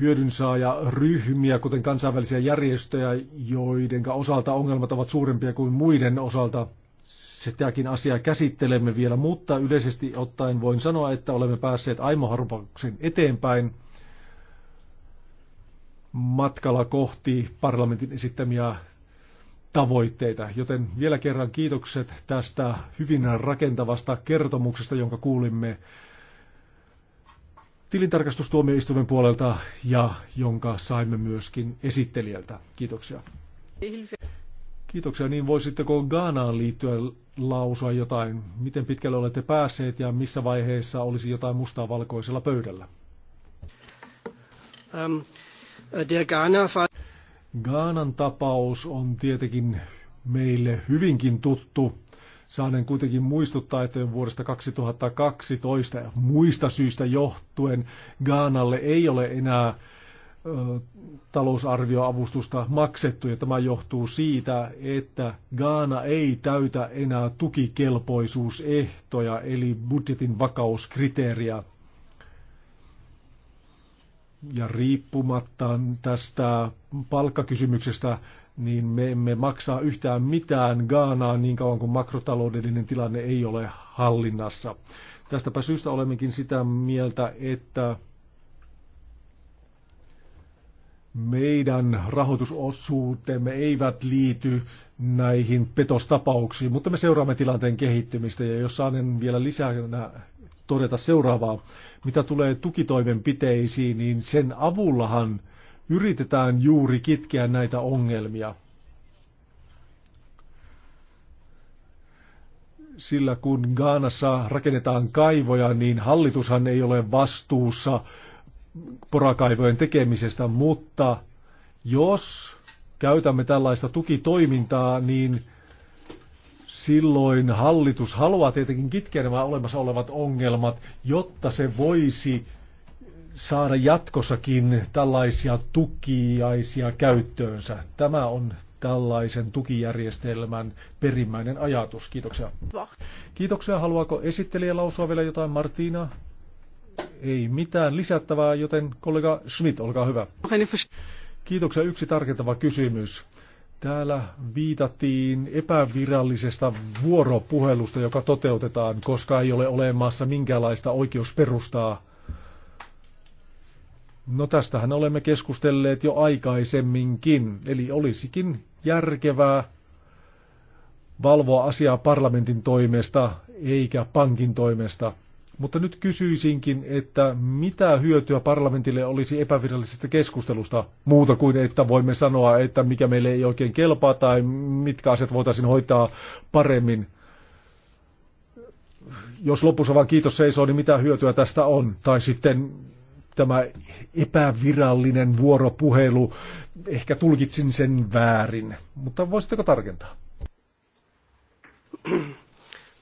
[SPEAKER 2] hyödynsaajaryhmiä, kuten kansainvälisiä järjestöjä, joiden osalta ongelmat ovat suurempia kuin muiden osalta. Sitäkin asiaa käsittelemme vielä, mutta yleisesti ottaen voin sanoa, että olemme päässeet aimoharpauksen eteenpäin matkalla kohti parlamentin esittämiä tavoitteita. Joten vielä kerran kiitokset tästä hyvin rakentavasta kertomuksesta, jonka kuulimme tilintarkastustuomioistuimen puolelta ja jonka saimme myöskin esittelijältä. Kiitoksia. Kiitoksia. Niin voisitteko Ghanaan liittyen lausua jotain? Miten pitkälle olette päässeet ja missä vaiheessa olisi jotain mustaa valkoisella pöydällä? Ähm, Ghanaan Gaanan tapaus on tietenkin meille hyvinkin tuttu. Saanen kuitenkin muistuttaa, että vuodesta 2012 ja muista syistä johtuen Gaanalle ei ole enää talousarvioavustusta maksettu ja tämä johtuu siitä, että Gaana ei täytä enää tukikelpoisuusehtoja eli budjetin vakauskriteeriä. Ja riippumatta tästä palkkakysymyksestä niin me emme maksaa yhtään mitään gaanaa niin kauan kuin makrotaloudellinen tilanne ei ole hallinnassa. Tästäpä syystä olemmekin sitä mieltä, että meidän rahoitusosuutemme eivät liity näihin petostapauksiin, mutta me seuraamme tilanteen kehittymistä ja jos saanen vielä lisää todeta seuraavaa, mitä tulee tukitoimenpiteisiin, niin sen avullahan – yritetään juuri kitkeä näitä ongelmia. Sillä kun Gaanassa rakennetaan kaivoja, niin hallitushan ei ole vastuussa porakaivojen tekemisestä, mutta jos käytämme tällaista tukitoimintaa, niin silloin hallitus haluaa tietenkin kitkeä nämä olemassa olevat ongelmat, jotta se voisi saada jatkossakin tällaisia tukiaisia käyttöönsä. Tämä on tällaisen tukijärjestelmän perimmäinen ajatus. Kiitoksia. Kiitoksia. Haluaako esittelijä lausua vielä jotain, Martina? Ei mitään lisättävää, joten kollega Schmidt, olkaa hyvä. Kiitoksia. Yksi tarkentava kysymys. Täällä viitattiin epävirallisesta vuoropuhelusta, joka toteutetaan, koska ei ole olemassa minkäänlaista oikeusperustaa No tästähän olemme keskustelleet jo aikaisemminkin, eli olisikin järkevää valvoa asiaa parlamentin toimesta eikä pankin toimesta. Mutta nyt kysyisinkin, että mitä hyötyä parlamentille olisi epävirallisesta keskustelusta muuta kuin, että voimme sanoa, että mikä meille ei oikein kelpaa tai mitkä asiat voitaisiin hoitaa paremmin. Jos lopussa vaan kiitos seisoo, niin mitä hyötyä tästä on? Tai sitten tämä epävirallinen vuoropuhelu, ehkä tulkitsin sen väärin, mutta voisitteko tarkentaa?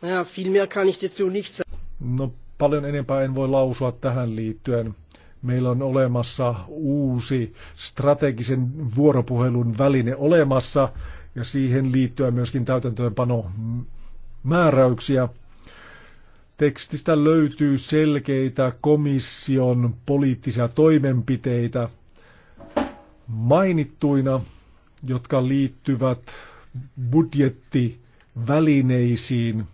[SPEAKER 2] Naja, viel mehr kann ich dazu nicht sagen. No paljon enempää en voi lausua tähän liittyen. Meillä on olemassa uusi strategisen vuoropuhelun väline olemassa ja siihen liittyen myöskin täytäntöönpano määräyksiä. Tekstistä löytyy selkeitä komission poliittisia toimenpiteitä mainittuina, jotka liittyvät budjettivälineisiin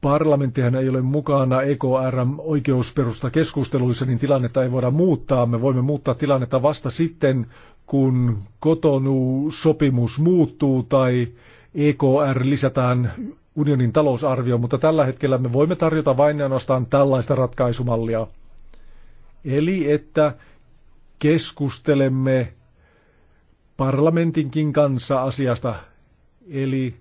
[SPEAKER 2] Parlamenttihan ei ole mukana EKRn oikeusperusta keskusteluissa, niin tilannetta ei voida muuttaa. Me voimme muuttaa tilannetta vasta sitten, kun kotonu-sopimus muuttuu tai EKR lisätään unionin talousarvioon, mutta tällä hetkellä me voimme tarjota vain ainoastaan tällaista ratkaisumallia. Eli että keskustelemme parlamentinkin kanssa asiasta, eli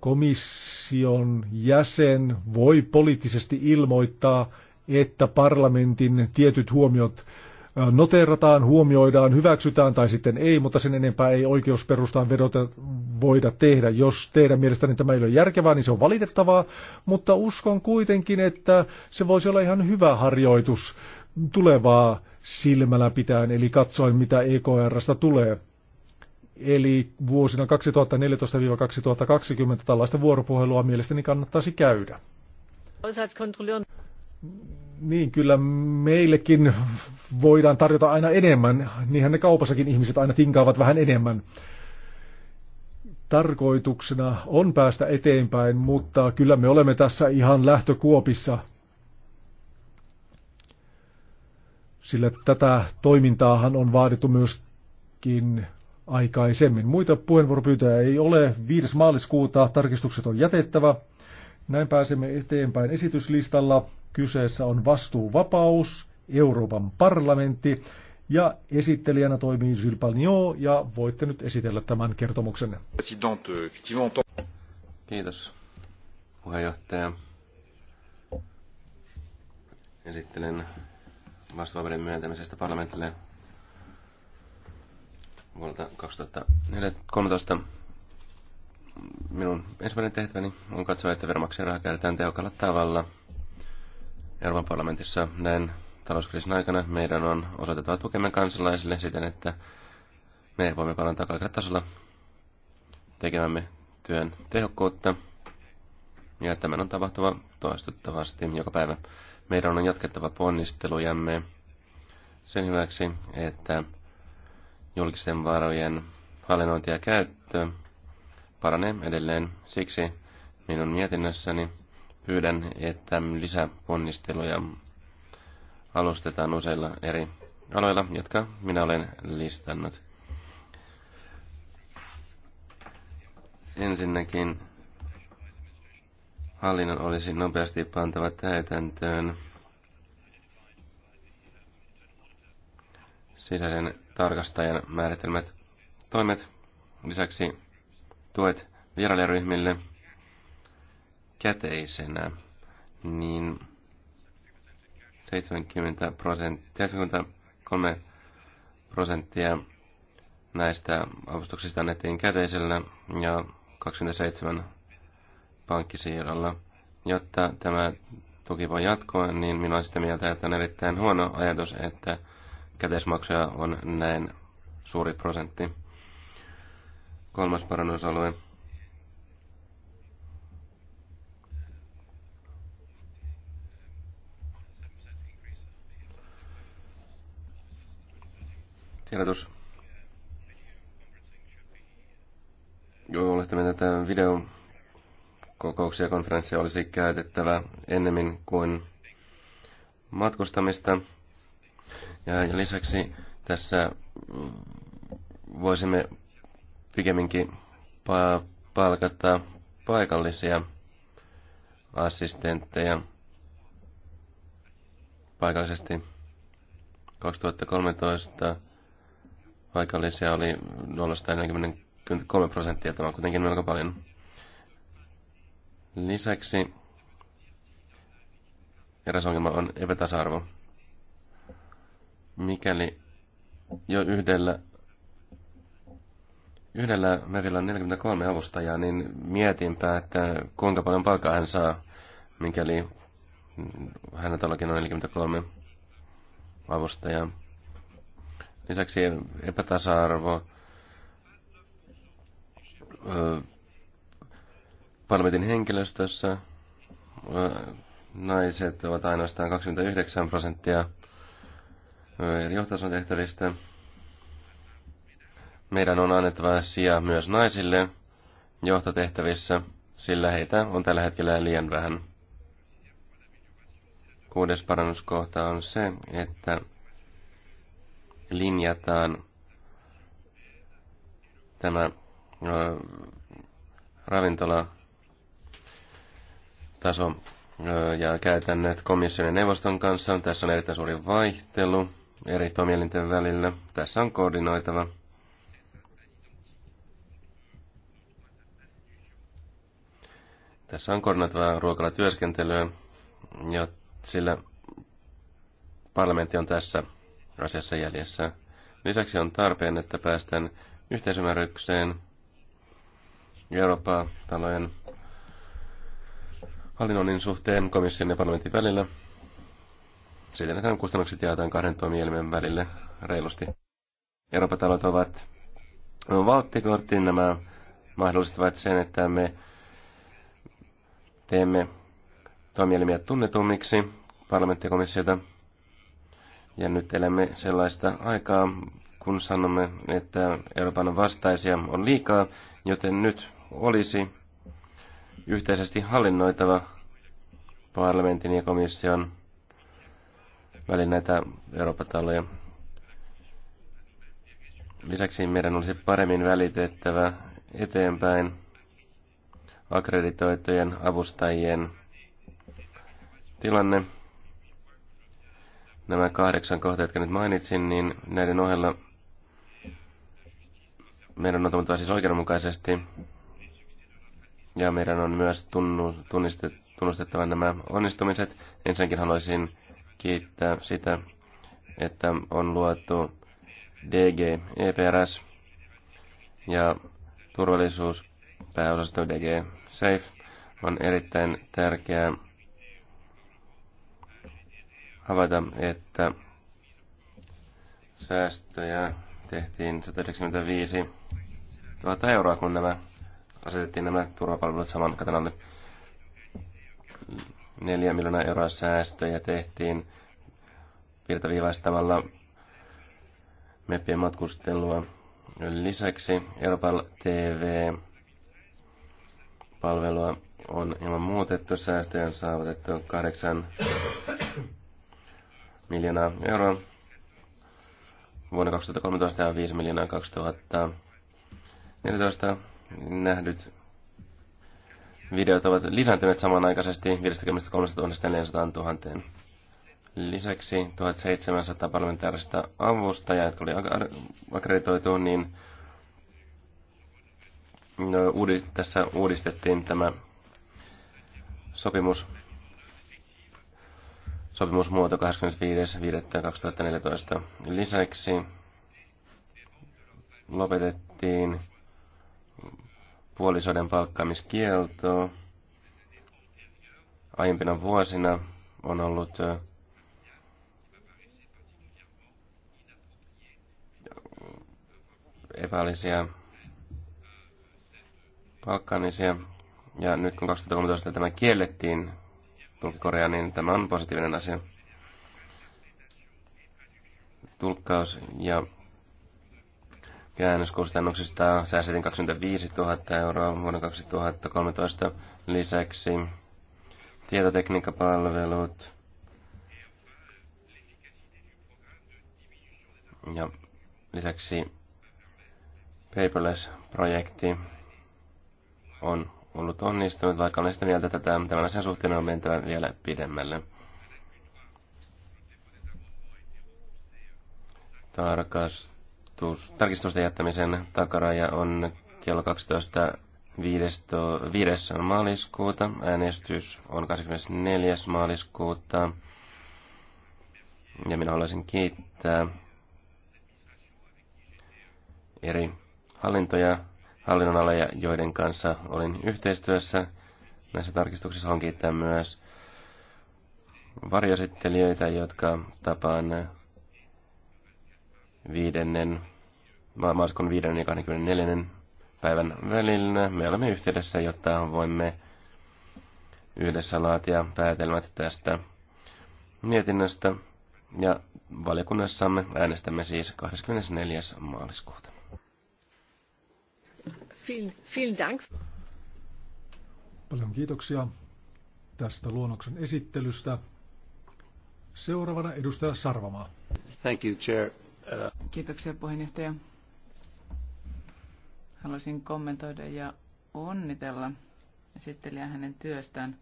[SPEAKER 2] komission jäsen voi poliittisesti ilmoittaa, että parlamentin tietyt huomiot äh, noterataan, huomioidaan, hyväksytään tai sitten ei, mutta sen enempää ei oikeusperustaan vedota voida tehdä. Jos teidän mielestäni tämä ei ole järkevää, niin se on valitettavaa, mutta uskon kuitenkin, että se voisi olla ihan hyvä harjoitus tulevaa silmällä pitäen, eli katsoen mitä EKRstä tulee. Eli vuosina 2014-2020 tällaista vuoropuhelua mielestäni kannattaisi käydä. Niin, kyllä meillekin voidaan tarjota aina enemmän. Niinhän ne kaupassakin ihmiset aina tinkaavat vähän enemmän. Tarkoituksena on päästä eteenpäin, mutta kyllä me olemme tässä ihan lähtökuopissa. Sillä tätä toimintaahan on vaadittu myöskin aikaisemmin. Muita puheenvuoropyyntöjä ei ole. 5. maaliskuuta tarkistukset on jätettävä. Näin pääsemme eteenpäin esityslistalla. Kyseessä on vastuuvapaus, Euroopan parlamentti ja esittelijänä toimii Jules Pagnot ja voitte nyt esitellä tämän kertomuksen.
[SPEAKER 4] Kiitos puheenjohtaja. Esittelen vastuuvapauden myöntämisestä parlamentille vuodelta 2013 minun ensimmäinen tehtäväni on katsoa, että veronmaksajan rahaa käytetään tehokkaalla tavalla. Euroopan parlamentissa näin talouskriisin aikana meidän on osoitettava tukemme kansalaisille siten, että me voimme parantaa kaikilla tasolla tekemämme työn tehokkuutta. Ja tämän on tapahtuva toistuttavasti joka päivä. Meidän on jatkettava ponnistelujamme sen hyväksi, että julkisten varojen hallinnointi ja käyttö paranee edelleen. Siksi minun mietinnössäni pyydän, että lisäponnisteluja alustetaan useilla eri aloilla, jotka minä olen listannut. Ensinnäkin hallinnon olisi nopeasti pantava täytäntöön sisäisen tarkastajan määritelmät toimet, lisäksi tuet vierailijaryhmille käteisenä, niin 70 prosenttia, 73 prosenttia näistä avustuksista annettiin käteisellä ja 27 pankkisiirrolla. Jotta tämä tuki voi jatkoa, niin minä olen sitä mieltä, että on erittäin huono ajatus, että Käteismaksuja on näin suuri prosentti. Kolmas parannusalue. Tiedotus. Joo, olette tätä video kokouksia ja konferenssia olisi käytettävä ennemmin kuin matkustamista. Ja lisäksi tässä mm, voisimme pikemminkin pa- palkata paikallisia assistentteja paikallisesti 2013 paikallisia oli 0,43 prosenttia, tämä on kuitenkin melko paljon. Lisäksi eräs ongelma on epätasa-arvo mikäli jo yhdellä, yhdellä merillä on 43 avustajaa, niin mietinpä, että kuinka paljon palkaa hän saa, mikäli hänellä tälläkin on 43 avustajaa. Lisäksi epätasa-arvo, Palmetin henkilöstössä naiset ovat ainoastaan 29 prosenttia eri johtason tehtävistä. Meidän on annettava sija myös naisille johtotehtävissä, sillä heitä on tällä hetkellä liian vähän. Kuudes parannuskohta on se, että linjataan tämä ravintola taso ja käytännöt komission ja neuvoston kanssa. Tässä on erittäin suuri vaihtelu eri toimielinten välillä. Tässä on koordinoitava. Tässä on koordinoitavaa työskentelyä, ja sillä parlamentti on tässä asiassa jäljessä. Lisäksi on tarpeen, että päästään yhteisymmärrykseen Euroopan talojen hallinnoinnin suhteen komission ja parlamentin välillä Siten kustannukset jaetaan kahden toimielimen välille reilusti. Euroopan talot ovat valttikortin. Nämä mahdollistavat sen, että me teemme toimielimiä tunnetummiksi parlamenttikomissiota. Ja nyt elämme sellaista aikaa, kun sanomme, että Euroopan vastaisia on liikaa, joten nyt olisi yhteisesti hallinnoitava parlamentin ja komission välillä näitä Euroopan taloja. Lisäksi meidän olisi paremmin välitettävä eteenpäin akkreditoitujen avustajien tilanne. Nämä kahdeksan kohtaa, jotka nyt mainitsin, niin näiden ohella meidän on toimittava siis oikeudenmukaisesti ja meidän on myös tunnustettava nämä onnistumiset. Ensinnäkin haluaisin kiittää sitä, että on luotu DG EPRS ja pääosasto DG Safe on erittäin tärkeää havaita, että säästöjä tehtiin 195 000 euroa, kun nämä asetettiin nämä turvapalvelut saman katon alle. 4 miljoonaa euroa säästöjä tehtiin virtaviivaistamalla meppien matkustelua. Lisäksi Euroopan TV-palvelua on ilman muutettu. Säästöjä on saavutettu 8 miljoonaa euroa vuonna 2013 ja 5 miljoonaa 2014 nähdyt videot ovat lisääntyneet samanaikaisesti 53 400 000. Lisäksi 1700 parlamentaarista avustajaa, jotka oli akkreditoitu, niin no, tässä uudistettiin tämä sopimus, sopimusmuoto 25.5.2014. Lisäksi lopetettiin puolisoiden palkkaamiskieltoa. Aiempina vuosina on ollut epäillisiä palkkaamisia. Ja nyt kun 2013 tämä kiellettiin Korea, niin tämä on positiivinen asia. Tulkkaus ja Käännöskustannuksista säästettiin 25 000 euroa vuonna 2013 lisäksi. Tietotekniikkapalvelut ja lisäksi Paperless-projekti on ollut onnistunut, vaikka olen sitä mieltä, että tämän asian suhteen on mentävä vielä pidemmälle. Tarkastus tarkistus, tarkistusten jättämisen takaraja on kello 12. 5. maaliskuuta. Äänestys on 24. maaliskuuta. Ja minä haluaisin kiittää eri hallintoja, hallinnonaloja, joiden kanssa olin yhteistyössä. Näissä tarkistuksissa haluan kiittää myös varjosittelijöitä, jotka tapaan viidennen, maaliskuun 5. ja 24. päivän välillä me olemme yhteydessä, jotta voimme yhdessä laatia päätelmät tästä mietinnöstä. Ja valiokunnassamme äänestämme siis 24. maaliskuuta.
[SPEAKER 1] Vielen Dank.
[SPEAKER 2] Paljon kiitoksia tästä luonnoksen esittelystä. Seuraavana edustaja Sarvamaa. Thank you, Chair. Uh... Kiitoksia puheenjohtaja.
[SPEAKER 3] Haluaisin kommentoida ja onnitella esittelijä hänen työstään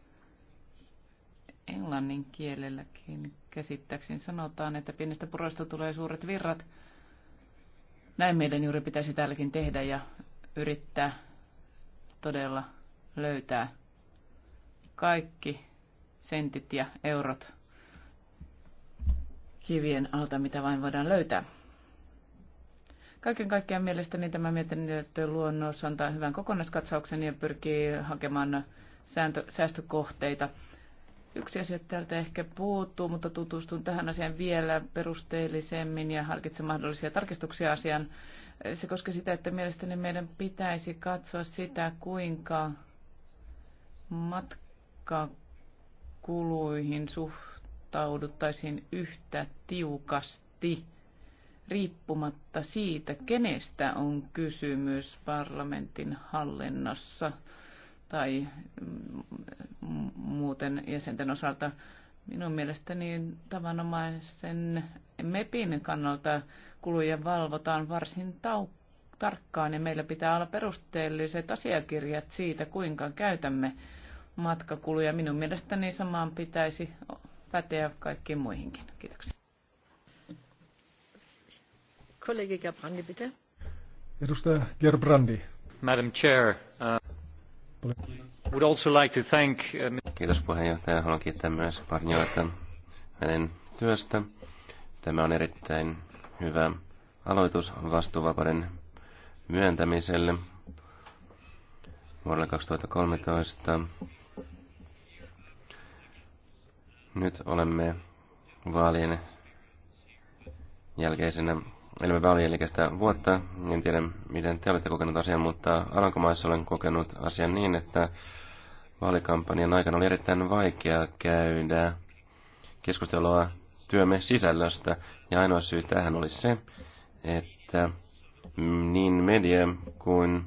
[SPEAKER 3] englannin kielelläkin. Käsittääkseni sanotaan, että pienestä puroista tulee suuret virrat. Näin meidän juuri pitäisi täälläkin tehdä ja yrittää todella löytää kaikki sentit ja eurot kivien alta, mitä vain voidaan löytää. Kaiken kaikkiaan mielestäni tämä mietintö luonnos antaa hyvän kokonaiskatsauksen ja pyrkii hakemaan sääntö, säästökohteita. Yksi asia täältä ehkä puuttuu, mutta tutustun tähän asiaan vielä perusteellisemmin ja harkitsen mahdollisia tarkistuksia asiaan. Se koskee sitä, että mielestäni meidän pitäisi katsoa sitä, kuinka matkakuluihin suhtauduttaisiin yhtä tiukasti – riippumatta siitä, kenestä on kysymys parlamentin hallinnassa tai muuten jäsenten osalta. Minun mielestäni tavanomaisen MEPin kannalta kuluja valvotaan varsin tau- tarkkaan ja meillä pitää olla perusteelliset asiakirjat siitä, kuinka käytämme matkakuluja. Minun mielestäni samaan pitäisi päteä kaikkiin muihinkin. Kiitoksia.
[SPEAKER 1] Kollega
[SPEAKER 2] Edustaja Gerbrandi.
[SPEAKER 6] Madam Chair, uh, would also like to thank... Uh,
[SPEAKER 4] Kiitos puheenjohtaja. Haluan kiittää myös Parnioita hänen työstä. Tämä on erittäin hyvä aloitus vastuuvapauden myöntämiselle vuodelle 2013. Nyt olemme vaalien jälkeisenä elämävä alijälkeistä vuotta. En tiedä, miten te olette kokenut asian, mutta Alankomaissa olen kokenut asian niin, että vaalikampanjan aikana oli erittäin vaikea käydä keskustelua työmme sisällöstä. Ja ainoa syy tähän oli se, että niin media kuin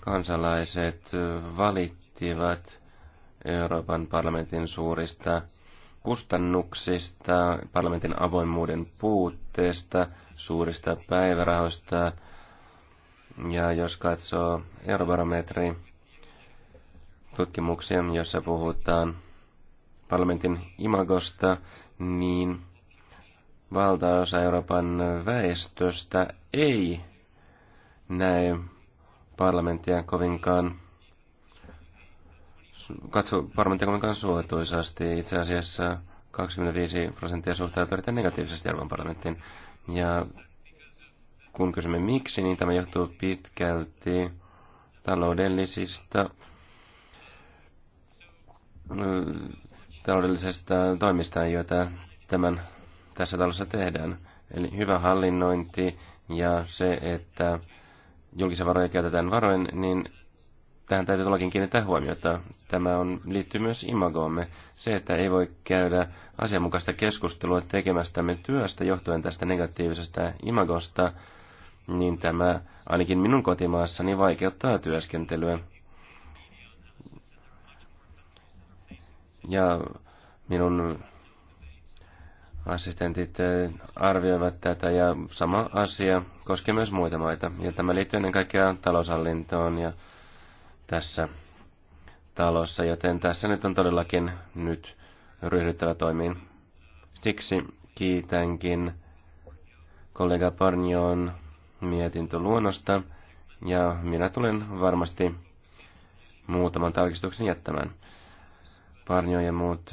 [SPEAKER 4] kansalaiset valittivat Euroopan parlamentin suurista kustannuksista, parlamentin avoimuuden puutteesta, suurista päivärahoista. Ja jos katsoo eurobarometri tutkimuksia, jossa puhutaan parlamentin imagosta, niin valtaosa Euroopan väestöstä ei näe parlamenttia kovinkaan katso parlamentin kanssa suotuisasti. Itse asiassa 25 prosenttia suhtautuu erittäin negatiivisesti Euroopan parlamenttiin. Ja kun kysymme miksi, niin tämä johtuu pitkälti taloudellisista taloudellisesta toimista, joita tämän, tässä talossa tehdään. Eli hyvä hallinnointi ja se, että julkisia varoja käytetään varoin, niin tähän täytyy todellakin kiinnittää huomiota. Tämä on, liittyy myös imagoomme. Se, että ei voi käydä asianmukaista keskustelua tekemästämme työstä johtuen tästä negatiivisesta imagosta, niin tämä ainakin minun kotimaassani vaikeuttaa työskentelyä. Ja minun assistentit eh, arvioivat tätä ja sama asia koskee myös muita maita. Ja tämä liittyy ennen kaikkea taloushallintoon ja tässä talossa, joten tässä nyt on todellakin nyt ryhdyttävä toimiin. Siksi kiitänkin kollega Parnion mietintöluonnosta ja minä tulen varmasti muutaman tarkistuksen jättämään. Parnio ja muut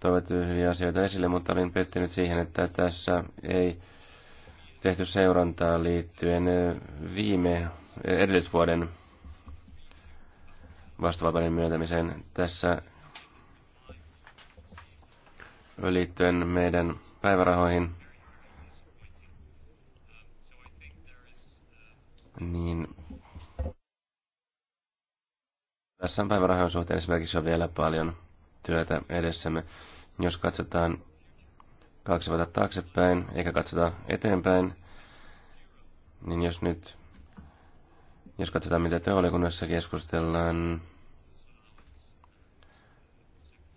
[SPEAKER 4] toivat hyviä asioita esille, mutta olin pettynyt siihen, että tässä ei tehty seurantaa liittyen viime edellisvuoden vastavapauden myöntämiseen tässä liittyen meidän päivärahoihin. Niin tässä päivärahojen suhteen esimerkiksi on vielä paljon työtä edessämme. Jos katsotaan katsota taaksepäin eikä katsota eteenpäin, niin jos nyt, jos katsotaan mitä teolikunnassa keskustellaan,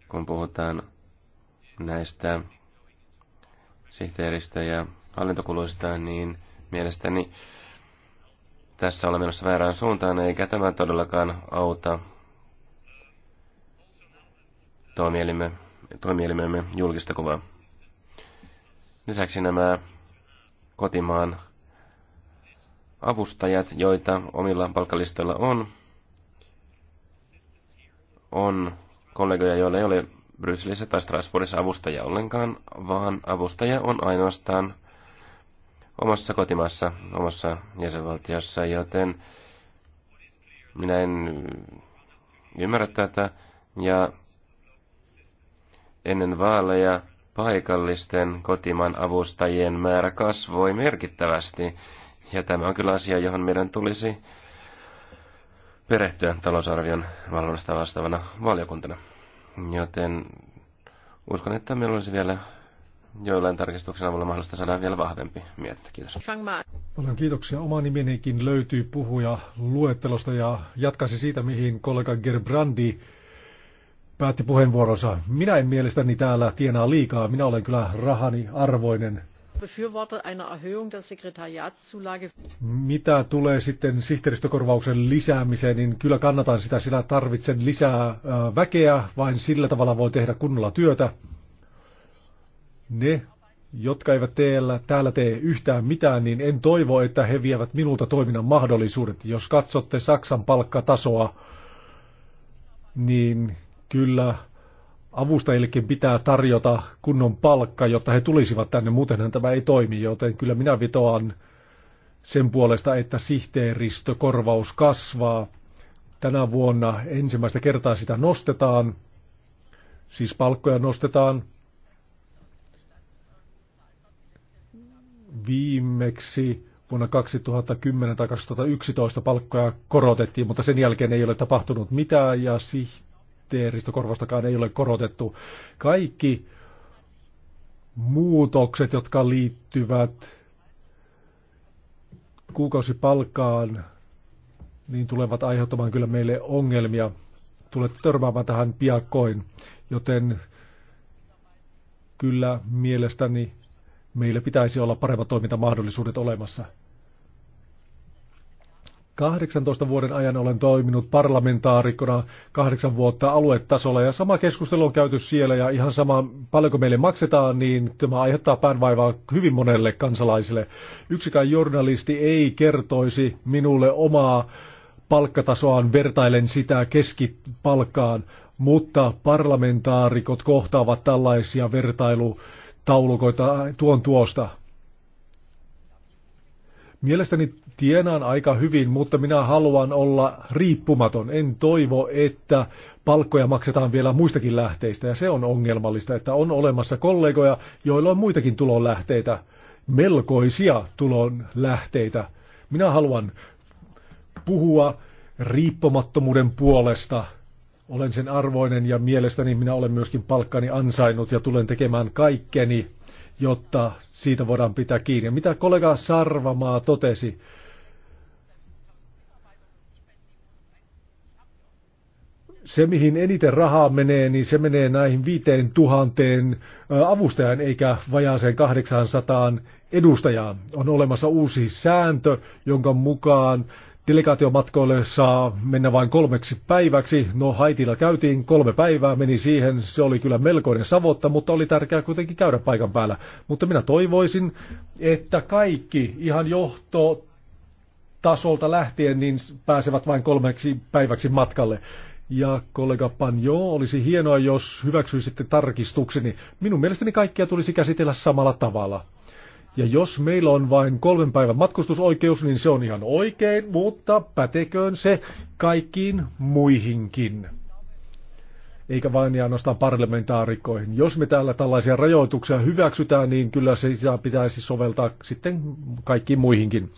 [SPEAKER 4] kun puhutaan näistä sihteeristä ja hallintokuluista, niin mielestäni tässä olemme menossa väärään suuntaan, eikä tämä todellakaan auta toimielimemme julkista kuvaa. Lisäksi nämä kotimaan avustajat, joita omilla palkkalistoilla on, on kollegoja, joilla ei ole Brysselissä tai Strasbourgissa avustaja ollenkaan, vaan avustaja on ainoastaan omassa kotimaassa, omassa jäsenvaltiossa, joten minä en ymmärrä tätä. Ja ennen vaaleja paikallisten kotimaan avustajien määrä kasvoi merkittävästi. Ja tämä on kyllä asia, johon meidän tulisi perehtyä talousarvion valvonnasta vastaavana valiokuntana. Joten uskon, että meillä olisi vielä joillain tarkistuksen avulla mahdollista saada vielä vahvempi miettä. Kiitos.
[SPEAKER 2] Paljon kiitoksia. Oma nimenikin löytyy puhuja luettelosta ja jatkaisi siitä, mihin kollega Gerbrandi päätti puheenvuoronsa. Minä en mielestäni täällä tienaa liikaa. Minä olen kyllä rahani arvoinen. Mitä tulee sitten sihteeristökorvauksen lisäämiseen, niin kyllä kannatan sitä, sillä tarvitsen lisää äh, väkeä, vain sillä tavalla voi tehdä kunnolla työtä. Ne, jotka eivät teellä, täällä tee yhtään mitään, niin en toivo, että he vievät minulta toiminnan mahdollisuudet. Jos katsotte Saksan palkkatasoa, niin kyllä avustajillekin pitää tarjota kunnon palkka, jotta he tulisivat tänne, muutenhan tämä ei toimi, joten kyllä minä vitoan sen puolesta, että sihteeristökorvaus kasvaa. Tänä vuonna ensimmäistä kertaa sitä nostetaan, siis palkkoja nostetaan. Viimeksi vuonna 2010 tai 2011 palkkoja korotettiin, mutta sen jälkeen ei ole tapahtunut mitään ja sihteeristökorvaus sihteeristökorvaustakaan ei ole korotettu. Kaikki muutokset, jotka liittyvät kuukausipalkkaan, niin tulevat aiheuttamaan kyllä meille ongelmia. Tulette törmäämään tähän piakkoin, joten kyllä mielestäni meillä pitäisi olla paremmat toimintamahdollisuudet olemassa. 18 vuoden ajan olen toiminut parlamentaarikkona kahdeksan vuotta aluetasolla ja sama keskustelu on käyty siellä ja ihan sama paljonko meille maksetaan, niin tämä aiheuttaa päänvaivaa hyvin monelle kansalaiselle. Yksikään journalisti ei kertoisi minulle omaa palkkatasoaan, vertailen sitä keskipalkkaan, mutta parlamentaarikot kohtaavat tällaisia vertailutaulukoita tuon tuosta. Mielestäni tienaan aika hyvin, mutta minä haluan olla riippumaton. En toivo, että palkkoja maksetaan vielä muistakin lähteistä ja se on ongelmallista, että on olemassa kollegoja, joilla on muitakin tulonlähteitä, melkoisia tulonlähteitä. Minä haluan puhua riippumattomuuden puolesta. Olen sen arvoinen ja mielestäni minä olen myöskin palkkani ansainnut ja tulen tekemään kaikkeni jotta siitä voidaan pitää kiinni. Mitä kollega Sarvamaa totesi, se, mihin eniten rahaa menee, niin se menee näihin viiteen tuhanteen avustajan eikä vajaaseen 800 edustajaan. On olemassa uusi sääntö, jonka mukaan delegaatiomatkoille saa mennä vain kolmeksi päiväksi. No Haitilla käytiin kolme päivää, meni siihen. Se oli kyllä melkoinen savotta, mutta oli tärkeää kuitenkin käydä paikan päällä. Mutta minä toivoisin, että kaikki ihan johto tasolta lähtien niin pääsevät vain kolmeksi päiväksi matkalle. Ja kollega Panjo, olisi hienoa, jos hyväksyisitte tarkistukseni. Minun mielestäni kaikkia tulisi käsitellä samalla tavalla. Ja jos meillä on vain kolmen päivän matkustusoikeus, niin se on ihan oikein, mutta päteköön se kaikkiin muihinkin. Eikä vain ja ainoastaan parlamentaarikoihin. Jos me täällä tällaisia rajoituksia hyväksytään, niin kyllä se sitä pitäisi soveltaa sitten kaikkiin muihinkin.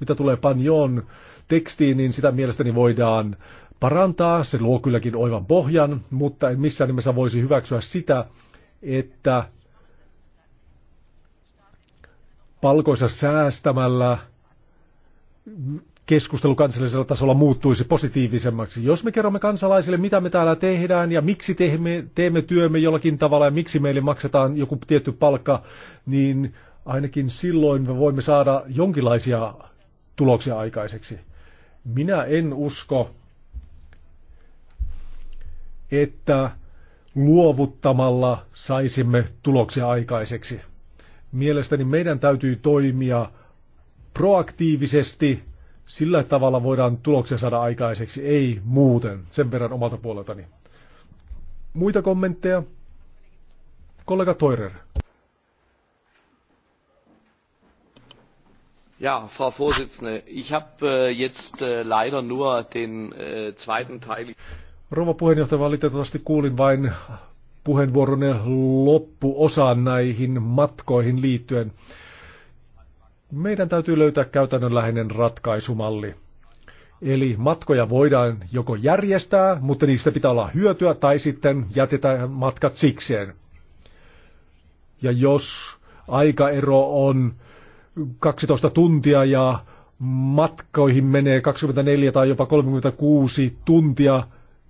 [SPEAKER 2] Mitä tulee Panjoon tekstiin, niin sitä mielestäni voidaan parantaa, se luo kylläkin oivan pohjan, mutta en missään nimessä voisi hyväksyä sitä, että palkoissa säästämällä keskustelu kansallisella tasolla muuttuisi positiivisemmaksi. Jos me kerromme kansalaisille, mitä me täällä tehdään ja miksi teemme, teemme työmme jollakin tavalla ja miksi meille maksetaan joku tietty palkka, niin ainakin silloin me voimme saada jonkinlaisia tuloksia aikaiseksi. Minä en usko, että luovuttamalla saisimme tuloksia aikaiseksi. Mielestäni meidän täytyy toimia proaktiivisesti, sillä tavalla voidaan tuloksia saada aikaiseksi, ei muuten, sen verran omalta puoleltani. Muita kommentteja? Kollega Toirer.
[SPEAKER 5] Ja, Frau Vorsitzende, ich habe äh, jetzt äh, leider nur den äh, zweiten Teil.
[SPEAKER 2] Rouva puheenjohtaja, valitettavasti kuulin vain puheenvuoronne loppuosaan näihin matkoihin liittyen. Meidän täytyy löytää käytännönläheinen ratkaisumalli. Eli matkoja voidaan joko järjestää, mutta niistä pitää olla hyötyä, tai sitten jätetään matkat sikseen. Ja jos aikaero on 12 tuntia ja matkoihin menee 24 tai jopa 36 tuntia,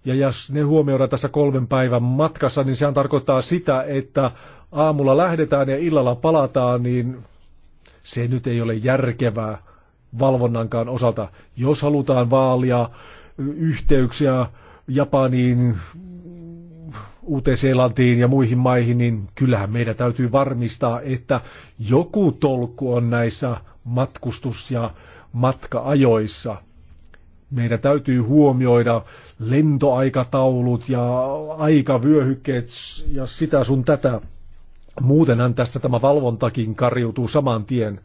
[SPEAKER 2] ja jos ne huomioidaan tässä kolmen päivän matkassa, niin sehän tarkoittaa sitä, että aamulla lähdetään ja illalla palataan, niin se nyt ei ole järkevää valvonnankaan osalta. Jos halutaan vaalia yhteyksiä Japaniin, Uuteen-Seelantiin ja muihin maihin, niin kyllähän meidän täytyy varmistaa, että joku tolku on näissä matkustus- ja matkaajoissa. Meidän täytyy huomioida lentoaikataulut ja aikavyöhykkeet ja sitä sun tätä. Muutenhan tässä tämä valvontakin karjutuu saman tien.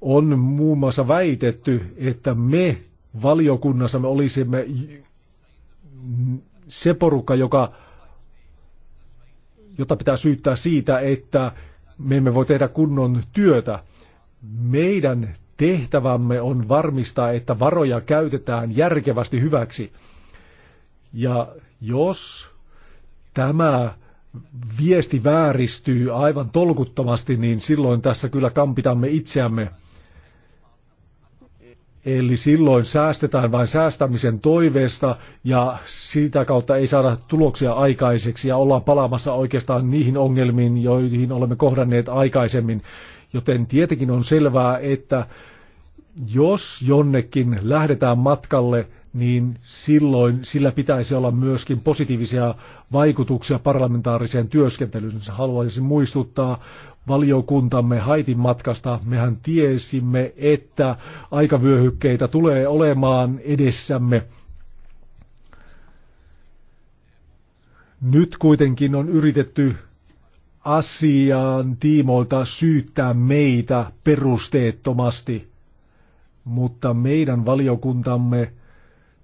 [SPEAKER 2] On muun muassa väitetty, että me valiokunnassa me olisimme se porukka, joka, jota pitää syyttää siitä, että me emme voi tehdä kunnon työtä. Meidän Tehtävämme on varmistaa, että varoja käytetään järkevästi hyväksi. Ja jos tämä viesti vääristyy aivan tolkuttomasti, niin silloin tässä kyllä kampitamme itseämme. Eli silloin säästetään vain säästämisen toiveesta ja sitä kautta ei saada tuloksia aikaiseksi ja ollaan palaamassa oikeastaan niihin ongelmiin, joihin olemme kohdanneet aikaisemmin. Joten tietenkin on selvää, että jos jonnekin lähdetään matkalle, niin silloin sillä pitäisi olla myöskin positiivisia vaikutuksia parlamentaariseen työskentelyyn. Haluaisin muistuttaa valiokuntamme Haitin matkasta. Mehän tiesimme, että aikavyöhykkeitä tulee olemaan edessämme. Nyt kuitenkin on yritetty asian tiimoilta syyttää meitä perusteettomasti, mutta meidän valiokuntamme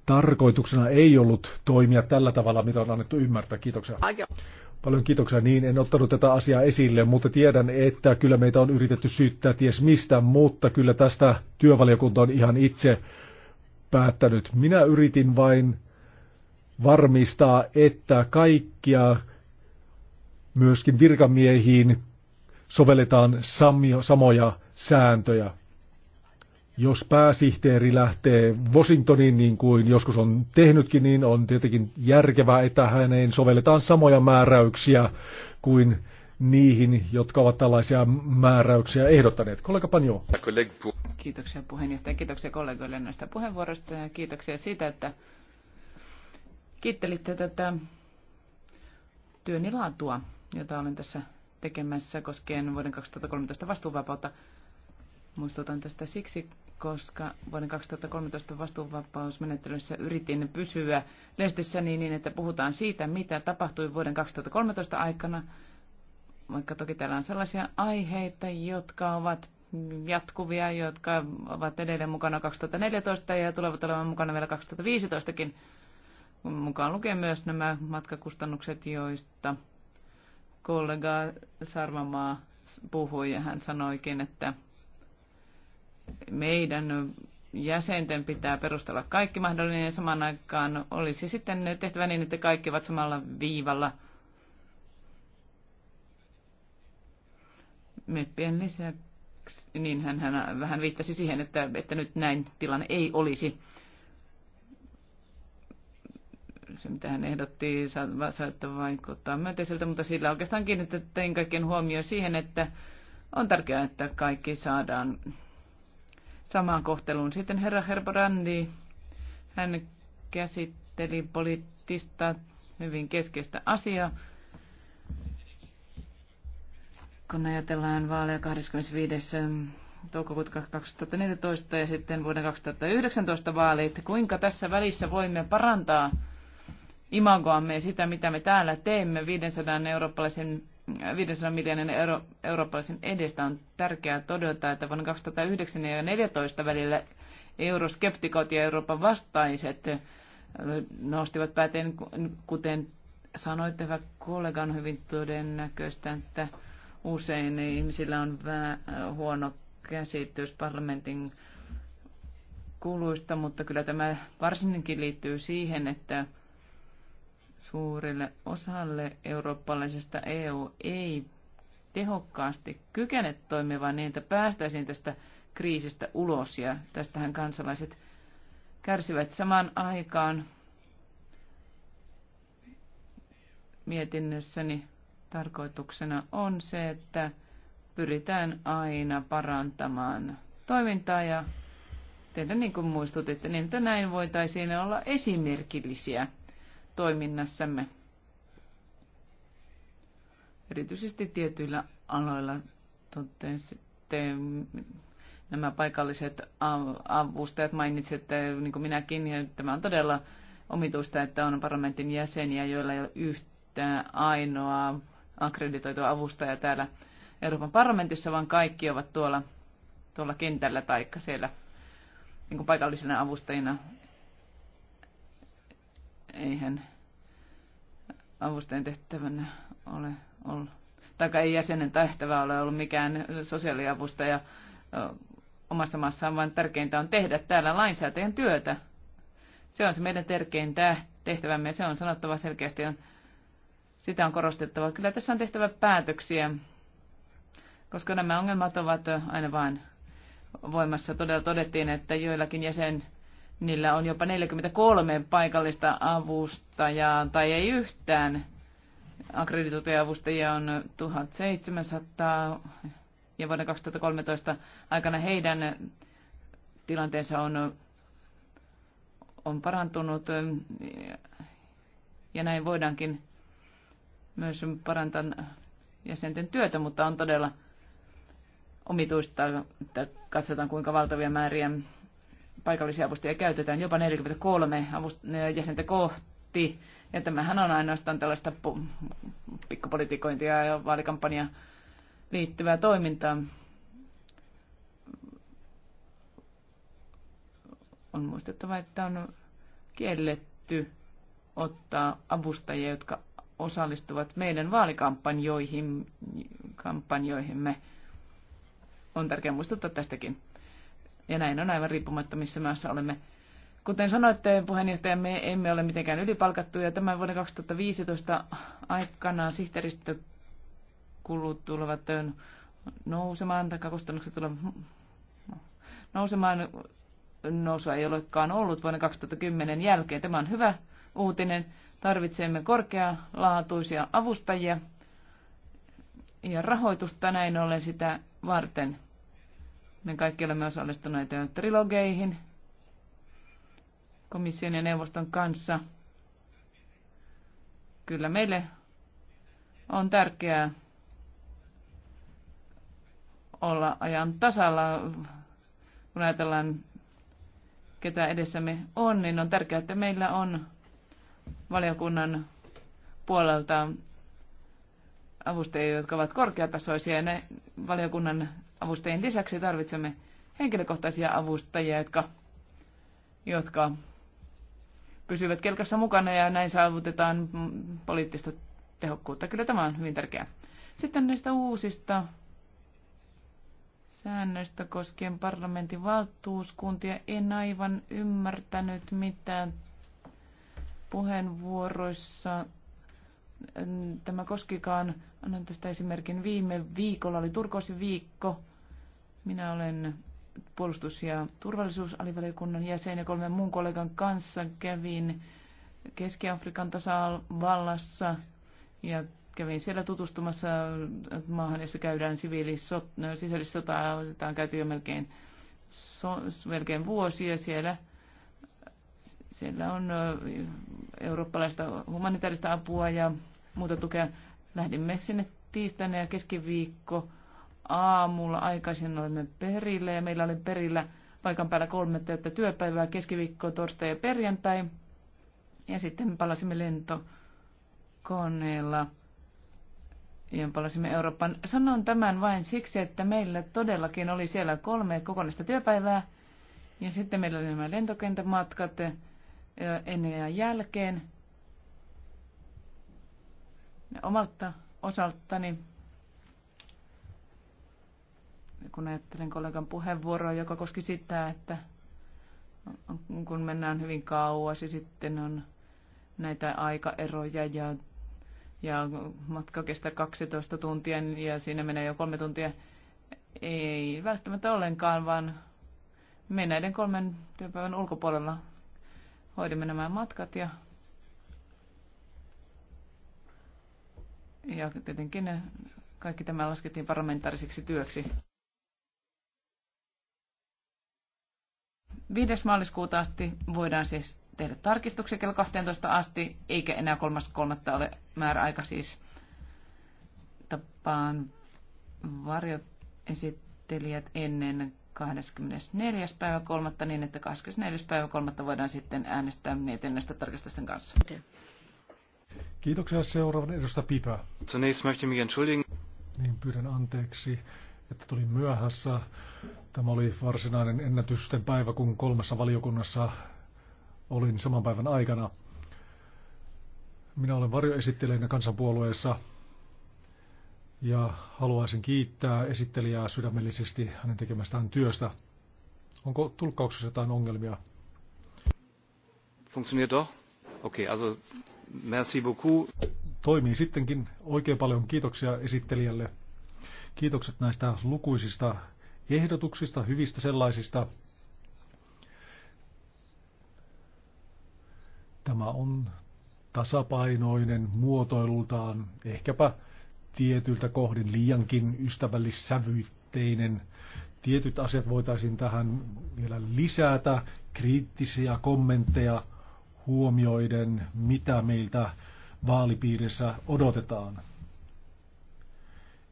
[SPEAKER 2] tarkoituksena ei ollut toimia tällä tavalla, mitä on annettu ymmärtää. Kiitoksia. Paljon kiitoksia. Niin, en ottanut tätä asiaa esille, mutta tiedän, että kyllä meitä on yritetty syyttää ties mistä, mutta kyllä tästä työvaliokunta on ihan itse päättänyt. Minä yritin vain varmistaa, että kaikkia myöskin virkamiehiin sovelletaan samio, samoja sääntöjä. Jos pääsihteeri lähtee Washingtoniin niin kuin joskus on tehnytkin, niin on tietenkin järkevää, että häneen sovelletaan samoja määräyksiä kuin niihin, jotka ovat tällaisia määräyksiä ehdottaneet. Kollega Panjo.
[SPEAKER 3] Kiitoksia puheenjohtaja, kiitoksia kollegoille näistä puheenvuoroista ja kiitoksia siitä, että kiittelitte tätä työni laatua jota olen tässä tekemässä koskien vuoden 2013 vastuuvapautta. Muistutan tästä siksi, koska vuoden 2013 vastuunvapausmenettelyssä yritin pysyä lehdessäni niin, että puhutaan siitä, mitä tapahtui vuoden 2013 aikana, vaikka toki täällä on sellaisia aiheita, jotka ovat jatkuvia, jotka ovat edelleen mukana 2014 ja tulevat olemaan mukana vielä 2015kin, mukaan lukee myös nämä matkakustannukset, joista kollega Sarvamaa puhui ja hän sanoikin, että meidän jäsenten pitää perustella kaikki mahdollinen ja samaan aikaan olisi sitten tehtävä niin, että kaikki ovat samalla viivalla. Meppien lisäksi, niin hän, hän vähän viittasi siihen, että, että nyt näin tilanne ei olisi se, mitä hän ehdotti, saattaa vaikuttaa myönteiseltä, mutta sillä oikeastaan kiinnitettiin kaikkien huomioon siihen, että on tärkeää, että kaikki saadaan samaan kohteluun. Sitten herra Herbrandi hän käsitteli poliittista hyvin keskeistä asiaa. Kun ajatellaan vaaleja 25 ähm, toukokuuta 2014 ja sitten vuoden 2019 vaaleita, Kuinka tässä välissä voimme parantaa imagoamme ja sitä, mitä me täällä teemme 500 eurooppalaisen 500 miljoonan euro, eurooppalaisen edestä on tärkeää todeta, että vuonna 2009 ja 2014 välillä euroskeptikot ja Euroopan vastaiset nostivat pääteen, kuten sanoitte, hyvä kollega, on hyvin todennäköistä, että usein ihmisillä on vähän huono käsitys parlamentin kuluista, mutta kyllä tämä varsinkin liittyy siihen, että Suurille osalle eurooppalaisesta EU ei tehokkaasti kykene toimimaan niin, että päästäisiin tästä kriisistä ulos ja tästähän kansalaiset kärsivät samaan aikaan. Mietinnössäni tarkoituksena on se, että pyritään aina parantamaan toimintaa ja tehdä niin kuin muistutitte, niin että näin voitaisiin olla esimerkillisiä toiminnassamme. Erityisesti tietyillä aloilla totesitte nämä paikalliset avustajat mainitsette, niin kuin minäkin, ja tämä on todella omituista, että on parlamentin jäseniä, joilla ei ole yhtä ainoa akkreditoitua avustajaa täällä Euroopan parlamentissa, vaan kaikki ovat tuolla, tuolla kentällä tai siellä niin paikallisena avustajina eihän avustajan tehtävänä ole ollut, tai ei jäsenen tehtävä ole ollut mikään sosiaaliavustaja omassa maassaan, vaan tärkeintä on tehdä täällä lainsäätäjän työtä. Se on se meidän tärkein tehtävämme ja se on sanottava selkeästi, on, sitä on korostettava. Kyllä tässä on tehtävä päätöksiä, koska nämä ongelmat ovat aina vain voimassa. Todella todettiin, että joillakin jäsen Niillä on jopa 43 paikallista avustajaa tai ei yhtään. Akkreditoituja avustajia on 1700 ja vuoden 2013 aikana heidän tilanteensa on, on parantunut ja näin voidaankin myös parantaa jäsenten työtä, mutta on todella omituista, että katsotaan kuinka valtavia määriä paikallisia avustajia käytetään jopa 43 avust- jäsentä kohti. Ja tämähän on ainoastaan tällaista pikkupolitikointia ja vaalikampanja liittyvää toimintaa. On muistettava, että on kielletty ottaa avustajia, jotka osallistuvat meidän vaalikampanjoihimme. On tärkeää muistuttaa tästäkin. Ja näin on aivan riippumatta, missä maassa olemme. Kuten sanoitte, puheenjohtaja, me emme ole mitenkään ylipalkattuja. Tämän vuoden 2015 aikana sihteeristökulut tulevat nousemaan, tai kustannukset tulevat nousemaan. Nousua ei olekaan ollut vuonna 2010 jälkeen. Tämä on hyvä uutinen. Tarvitsemme korkealaatuisia avustajia ja rahoitusta näin ollen sitä varten. Me kaikki olemme osallistuneet trilogeihin komission ja neuvoston kanssa. Kyllä meille on tärkeää olla ajan tasalla, kun ajatellaan ketä edessämme on, niin on tärkeää, että meillä on valiokunnan puolelta avustajia, jotka ovat korkeatasoisia. Ja ne valiokunnan avustajien lisäksi tarvitsemme henkilökohtaisia avustajia, jotka, jotka pysyvät kelkassa mukana ja näin saavutetaan poliittista tehokkuutta. Kyllä tämä on hyvin tärkeää. Sitten näistä uusista säännöistä koskien parlamentin valtuuskuntia. En aivan ymmärtänyt, mitään puheenvuoroissa tämä koskikaan. Annan tästä esimerkin. Viime viikolla oli Turkoosin viikko. Minä olen puolustus- ja turvallisuusalivaliokunnan jäsen ja kolmen muun kollegan kanssa kävin Keski-Afrikan tasavallassa ja kävin siellä tutustumassa maahan, jossa käydään sisällissotaa, sitä on käyty jo melkein, so, melkein vuosia siellä – siellä on eurooppalaista humanitaarista apua ja muuta tukea. Lähdimme sinne tiistaina ja keskiviikko aamulla aikaisin olimme perillä ja meillä oli perillä paikan päällä kolme täyttä työpäivää, keskiviikko, torstai ja perjantai. Ja sitten me palasimme lentokoneella ja palasimme Euroopan. Sanon tämän vain siksi, että meillä todellakin oli siellä kolme kokonaista työpäivää. Ja sitten meillä oli nämä lentokentämatkat ennen ja jälkeen. Omalta osaltani, kun ajattelen kollegan puheenvuoroa, joka koski sitä, että kun mennään hyvin kauas ja sitten on näitä aikaeroja ja, ja matka kestää 12 tuntia ja siinä menee jo kolme tuntia. Ei välttämättä ollenkaan, vaan me näiden kolmen työpäivän ulkopuolella hoidimme nämä matkat ja, ja tietenkin kaikki tämä laskettiin parlamentaariseksi työksi. 5. maaliskuuta asti voidaan siis tehdä tarkistuksia kello 12 asti, eikä enää 3.3. ole määräaika siis tapaan varjoesittelijät ennen 24. päivä kolmatta niin, että 24. päivä kolmatta voidaan sitten äänestää mietinnöstä tarkistusten kanssa.
[SPEAKER 2] Kiitoksia. Seuraavan edustaja Pipä.
[SPEAKER 5] Zunächst möchte mich entschuldigen. Niin,
[SPEAKER 2] pyydän anteeksi, että tulin myöhässä. Tämä oli varsinainen ennätysten päivä, kun kolmessa valiokunnassa olin saman päivän aikana. Minä olen varjoesittelijänä kansanpuolueessa ja haluaisin kiittää esittelijää sydämellisesti hänen tekemästään työstä. Onko tulkkauksessa jotain ongelmia?
[SPEAKER 6] Funktioniert doch? Okei, okay, also merci beaucoup.
[SPEAKER 2] Toimii sittenkin. Oikein paljon kiitoksia esittelijälle. Kiitokset näistä lukuisista ehdotuksista, hyvistä sellaisista. Tämä on tasapainoinen muotoilultaan, ehkäpä tietyiltä kohdin liiankin ystävällissävyytteinen. Tietyt asiat voitaisiin tähän vielä lisätä, kriittisiä kommentteja huomioiden, mitä meiltä vaalipiirissä odotetaan.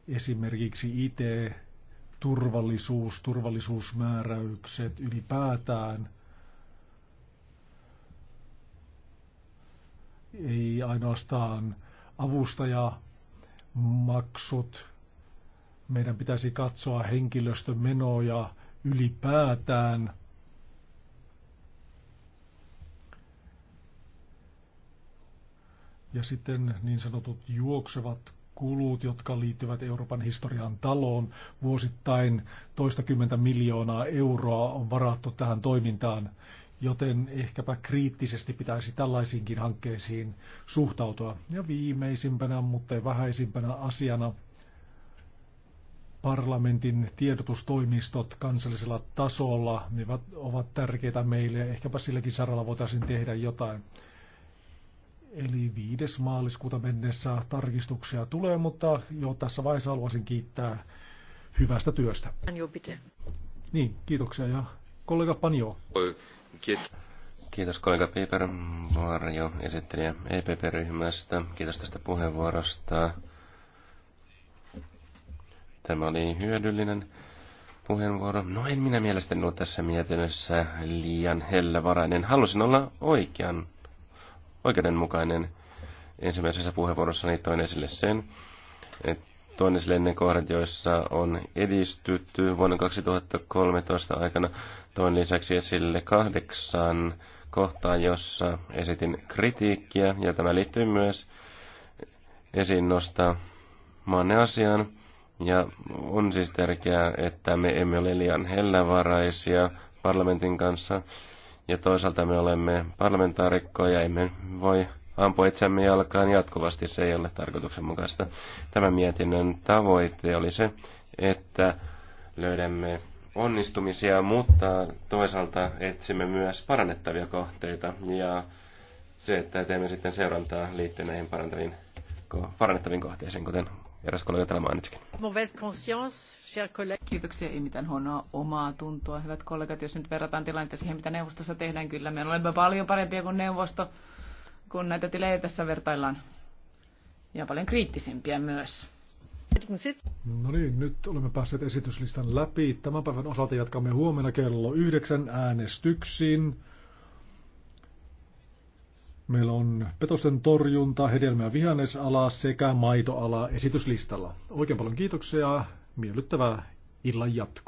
[SPEAKER 2] Esimerkiksi IT, turvallisuus, turvallisuusmääräykset ylipäätään – ei ainoastaan avustaja maksut. Meidän pitäisi katsoa henkilöstömenoja ylipäätään. Ja sitten niin sanotut juoksevat kulut, jotka liittyvät Euroopan historian taloon. Vuosittain toistakymmentä miljoonaa euroa on varattu tähän toimintaan joten ehkäpä kriittisesti pitäisi tällaisiinkin hankkeisiin suhtautua. Ja viimeisimpänä, mutta ei vähäisimpänä asiana parlamentin tiedotustoimistot kansallisella tasolla ne ovat tärkeitä meille ja ehkäpä silläkin saralla voitaisiin tehdä jotain. Eli 5. maaliskuuta mennessä tarkistuksia tulee, mutta jo tässä vaiheessa haluaisin kiittää hyvästä työstä. Panjo, Niin, kiitoksia ja kollega Panjo.
[SPEAKER 4] Kiitos. Kiitos kollega Piper, varjo esittelijä EPP-ryhmästä. Kiitos tästä puheenvuorosta. Tämä oli hyödyllinen puheenvuoro. No en minä mielestäni ole tässä mietinnössä liian hellävarainen. Halusin olla oikean, oikeudenmukainen. Ensimmäisessä puheenvuorossani toin esille sen, että tuon kohdat, joissa on edistytty vuonna 2013 aikana. Toin lisäksi esille kahdeksan kohtaa, jossa esitin kritiikkiä, ja tämä liittyy myös esiin nostaa maanne asiaan. Ja on siis tärkeää, että me emme ole liian hellävaraisia parlamentin kanssa, ja toisaalta me olemme parlamentaarikkoja, emme voi ampua itseämme jalkaan jatkuvasti, se ei ole tarkoituksenmukaista. Tämän mietinnön tavoite oli se, että löydämme onnistumisia, mutta toisaalta etsimme myös parannettavia kohteita ja se, että teemme sitten seurantaa liittyen näihin parantaviin, parannettaviin kohteisiin, kuten eräs kollega täällä mainitsikin.
[SPEAKER 3] Kiitoksia, ei mitään huonoa omaa tuntua, hyvät kollegat. Jos nyt verrataan tilannetta siihen, mitä neuvostossa tehdään, kyllä me olemme paljon parempia kuin neuvosto kun näitä tilejä tässä vertaillaan. Ja paljon kriittisempiä myös.
[SPEAKER 2] No niin, nyt olemme päässeet esityslistan läpi. Tämän päivän osalta jatkamme huomenna kello yhdeksän äänestyksiin. Meillä on petosten torjunta, hedelmä- ja vihannesala sekä maitoala esityslistalla. Oikein paljon kiitoksia ja miellyttävää illan jatkoa.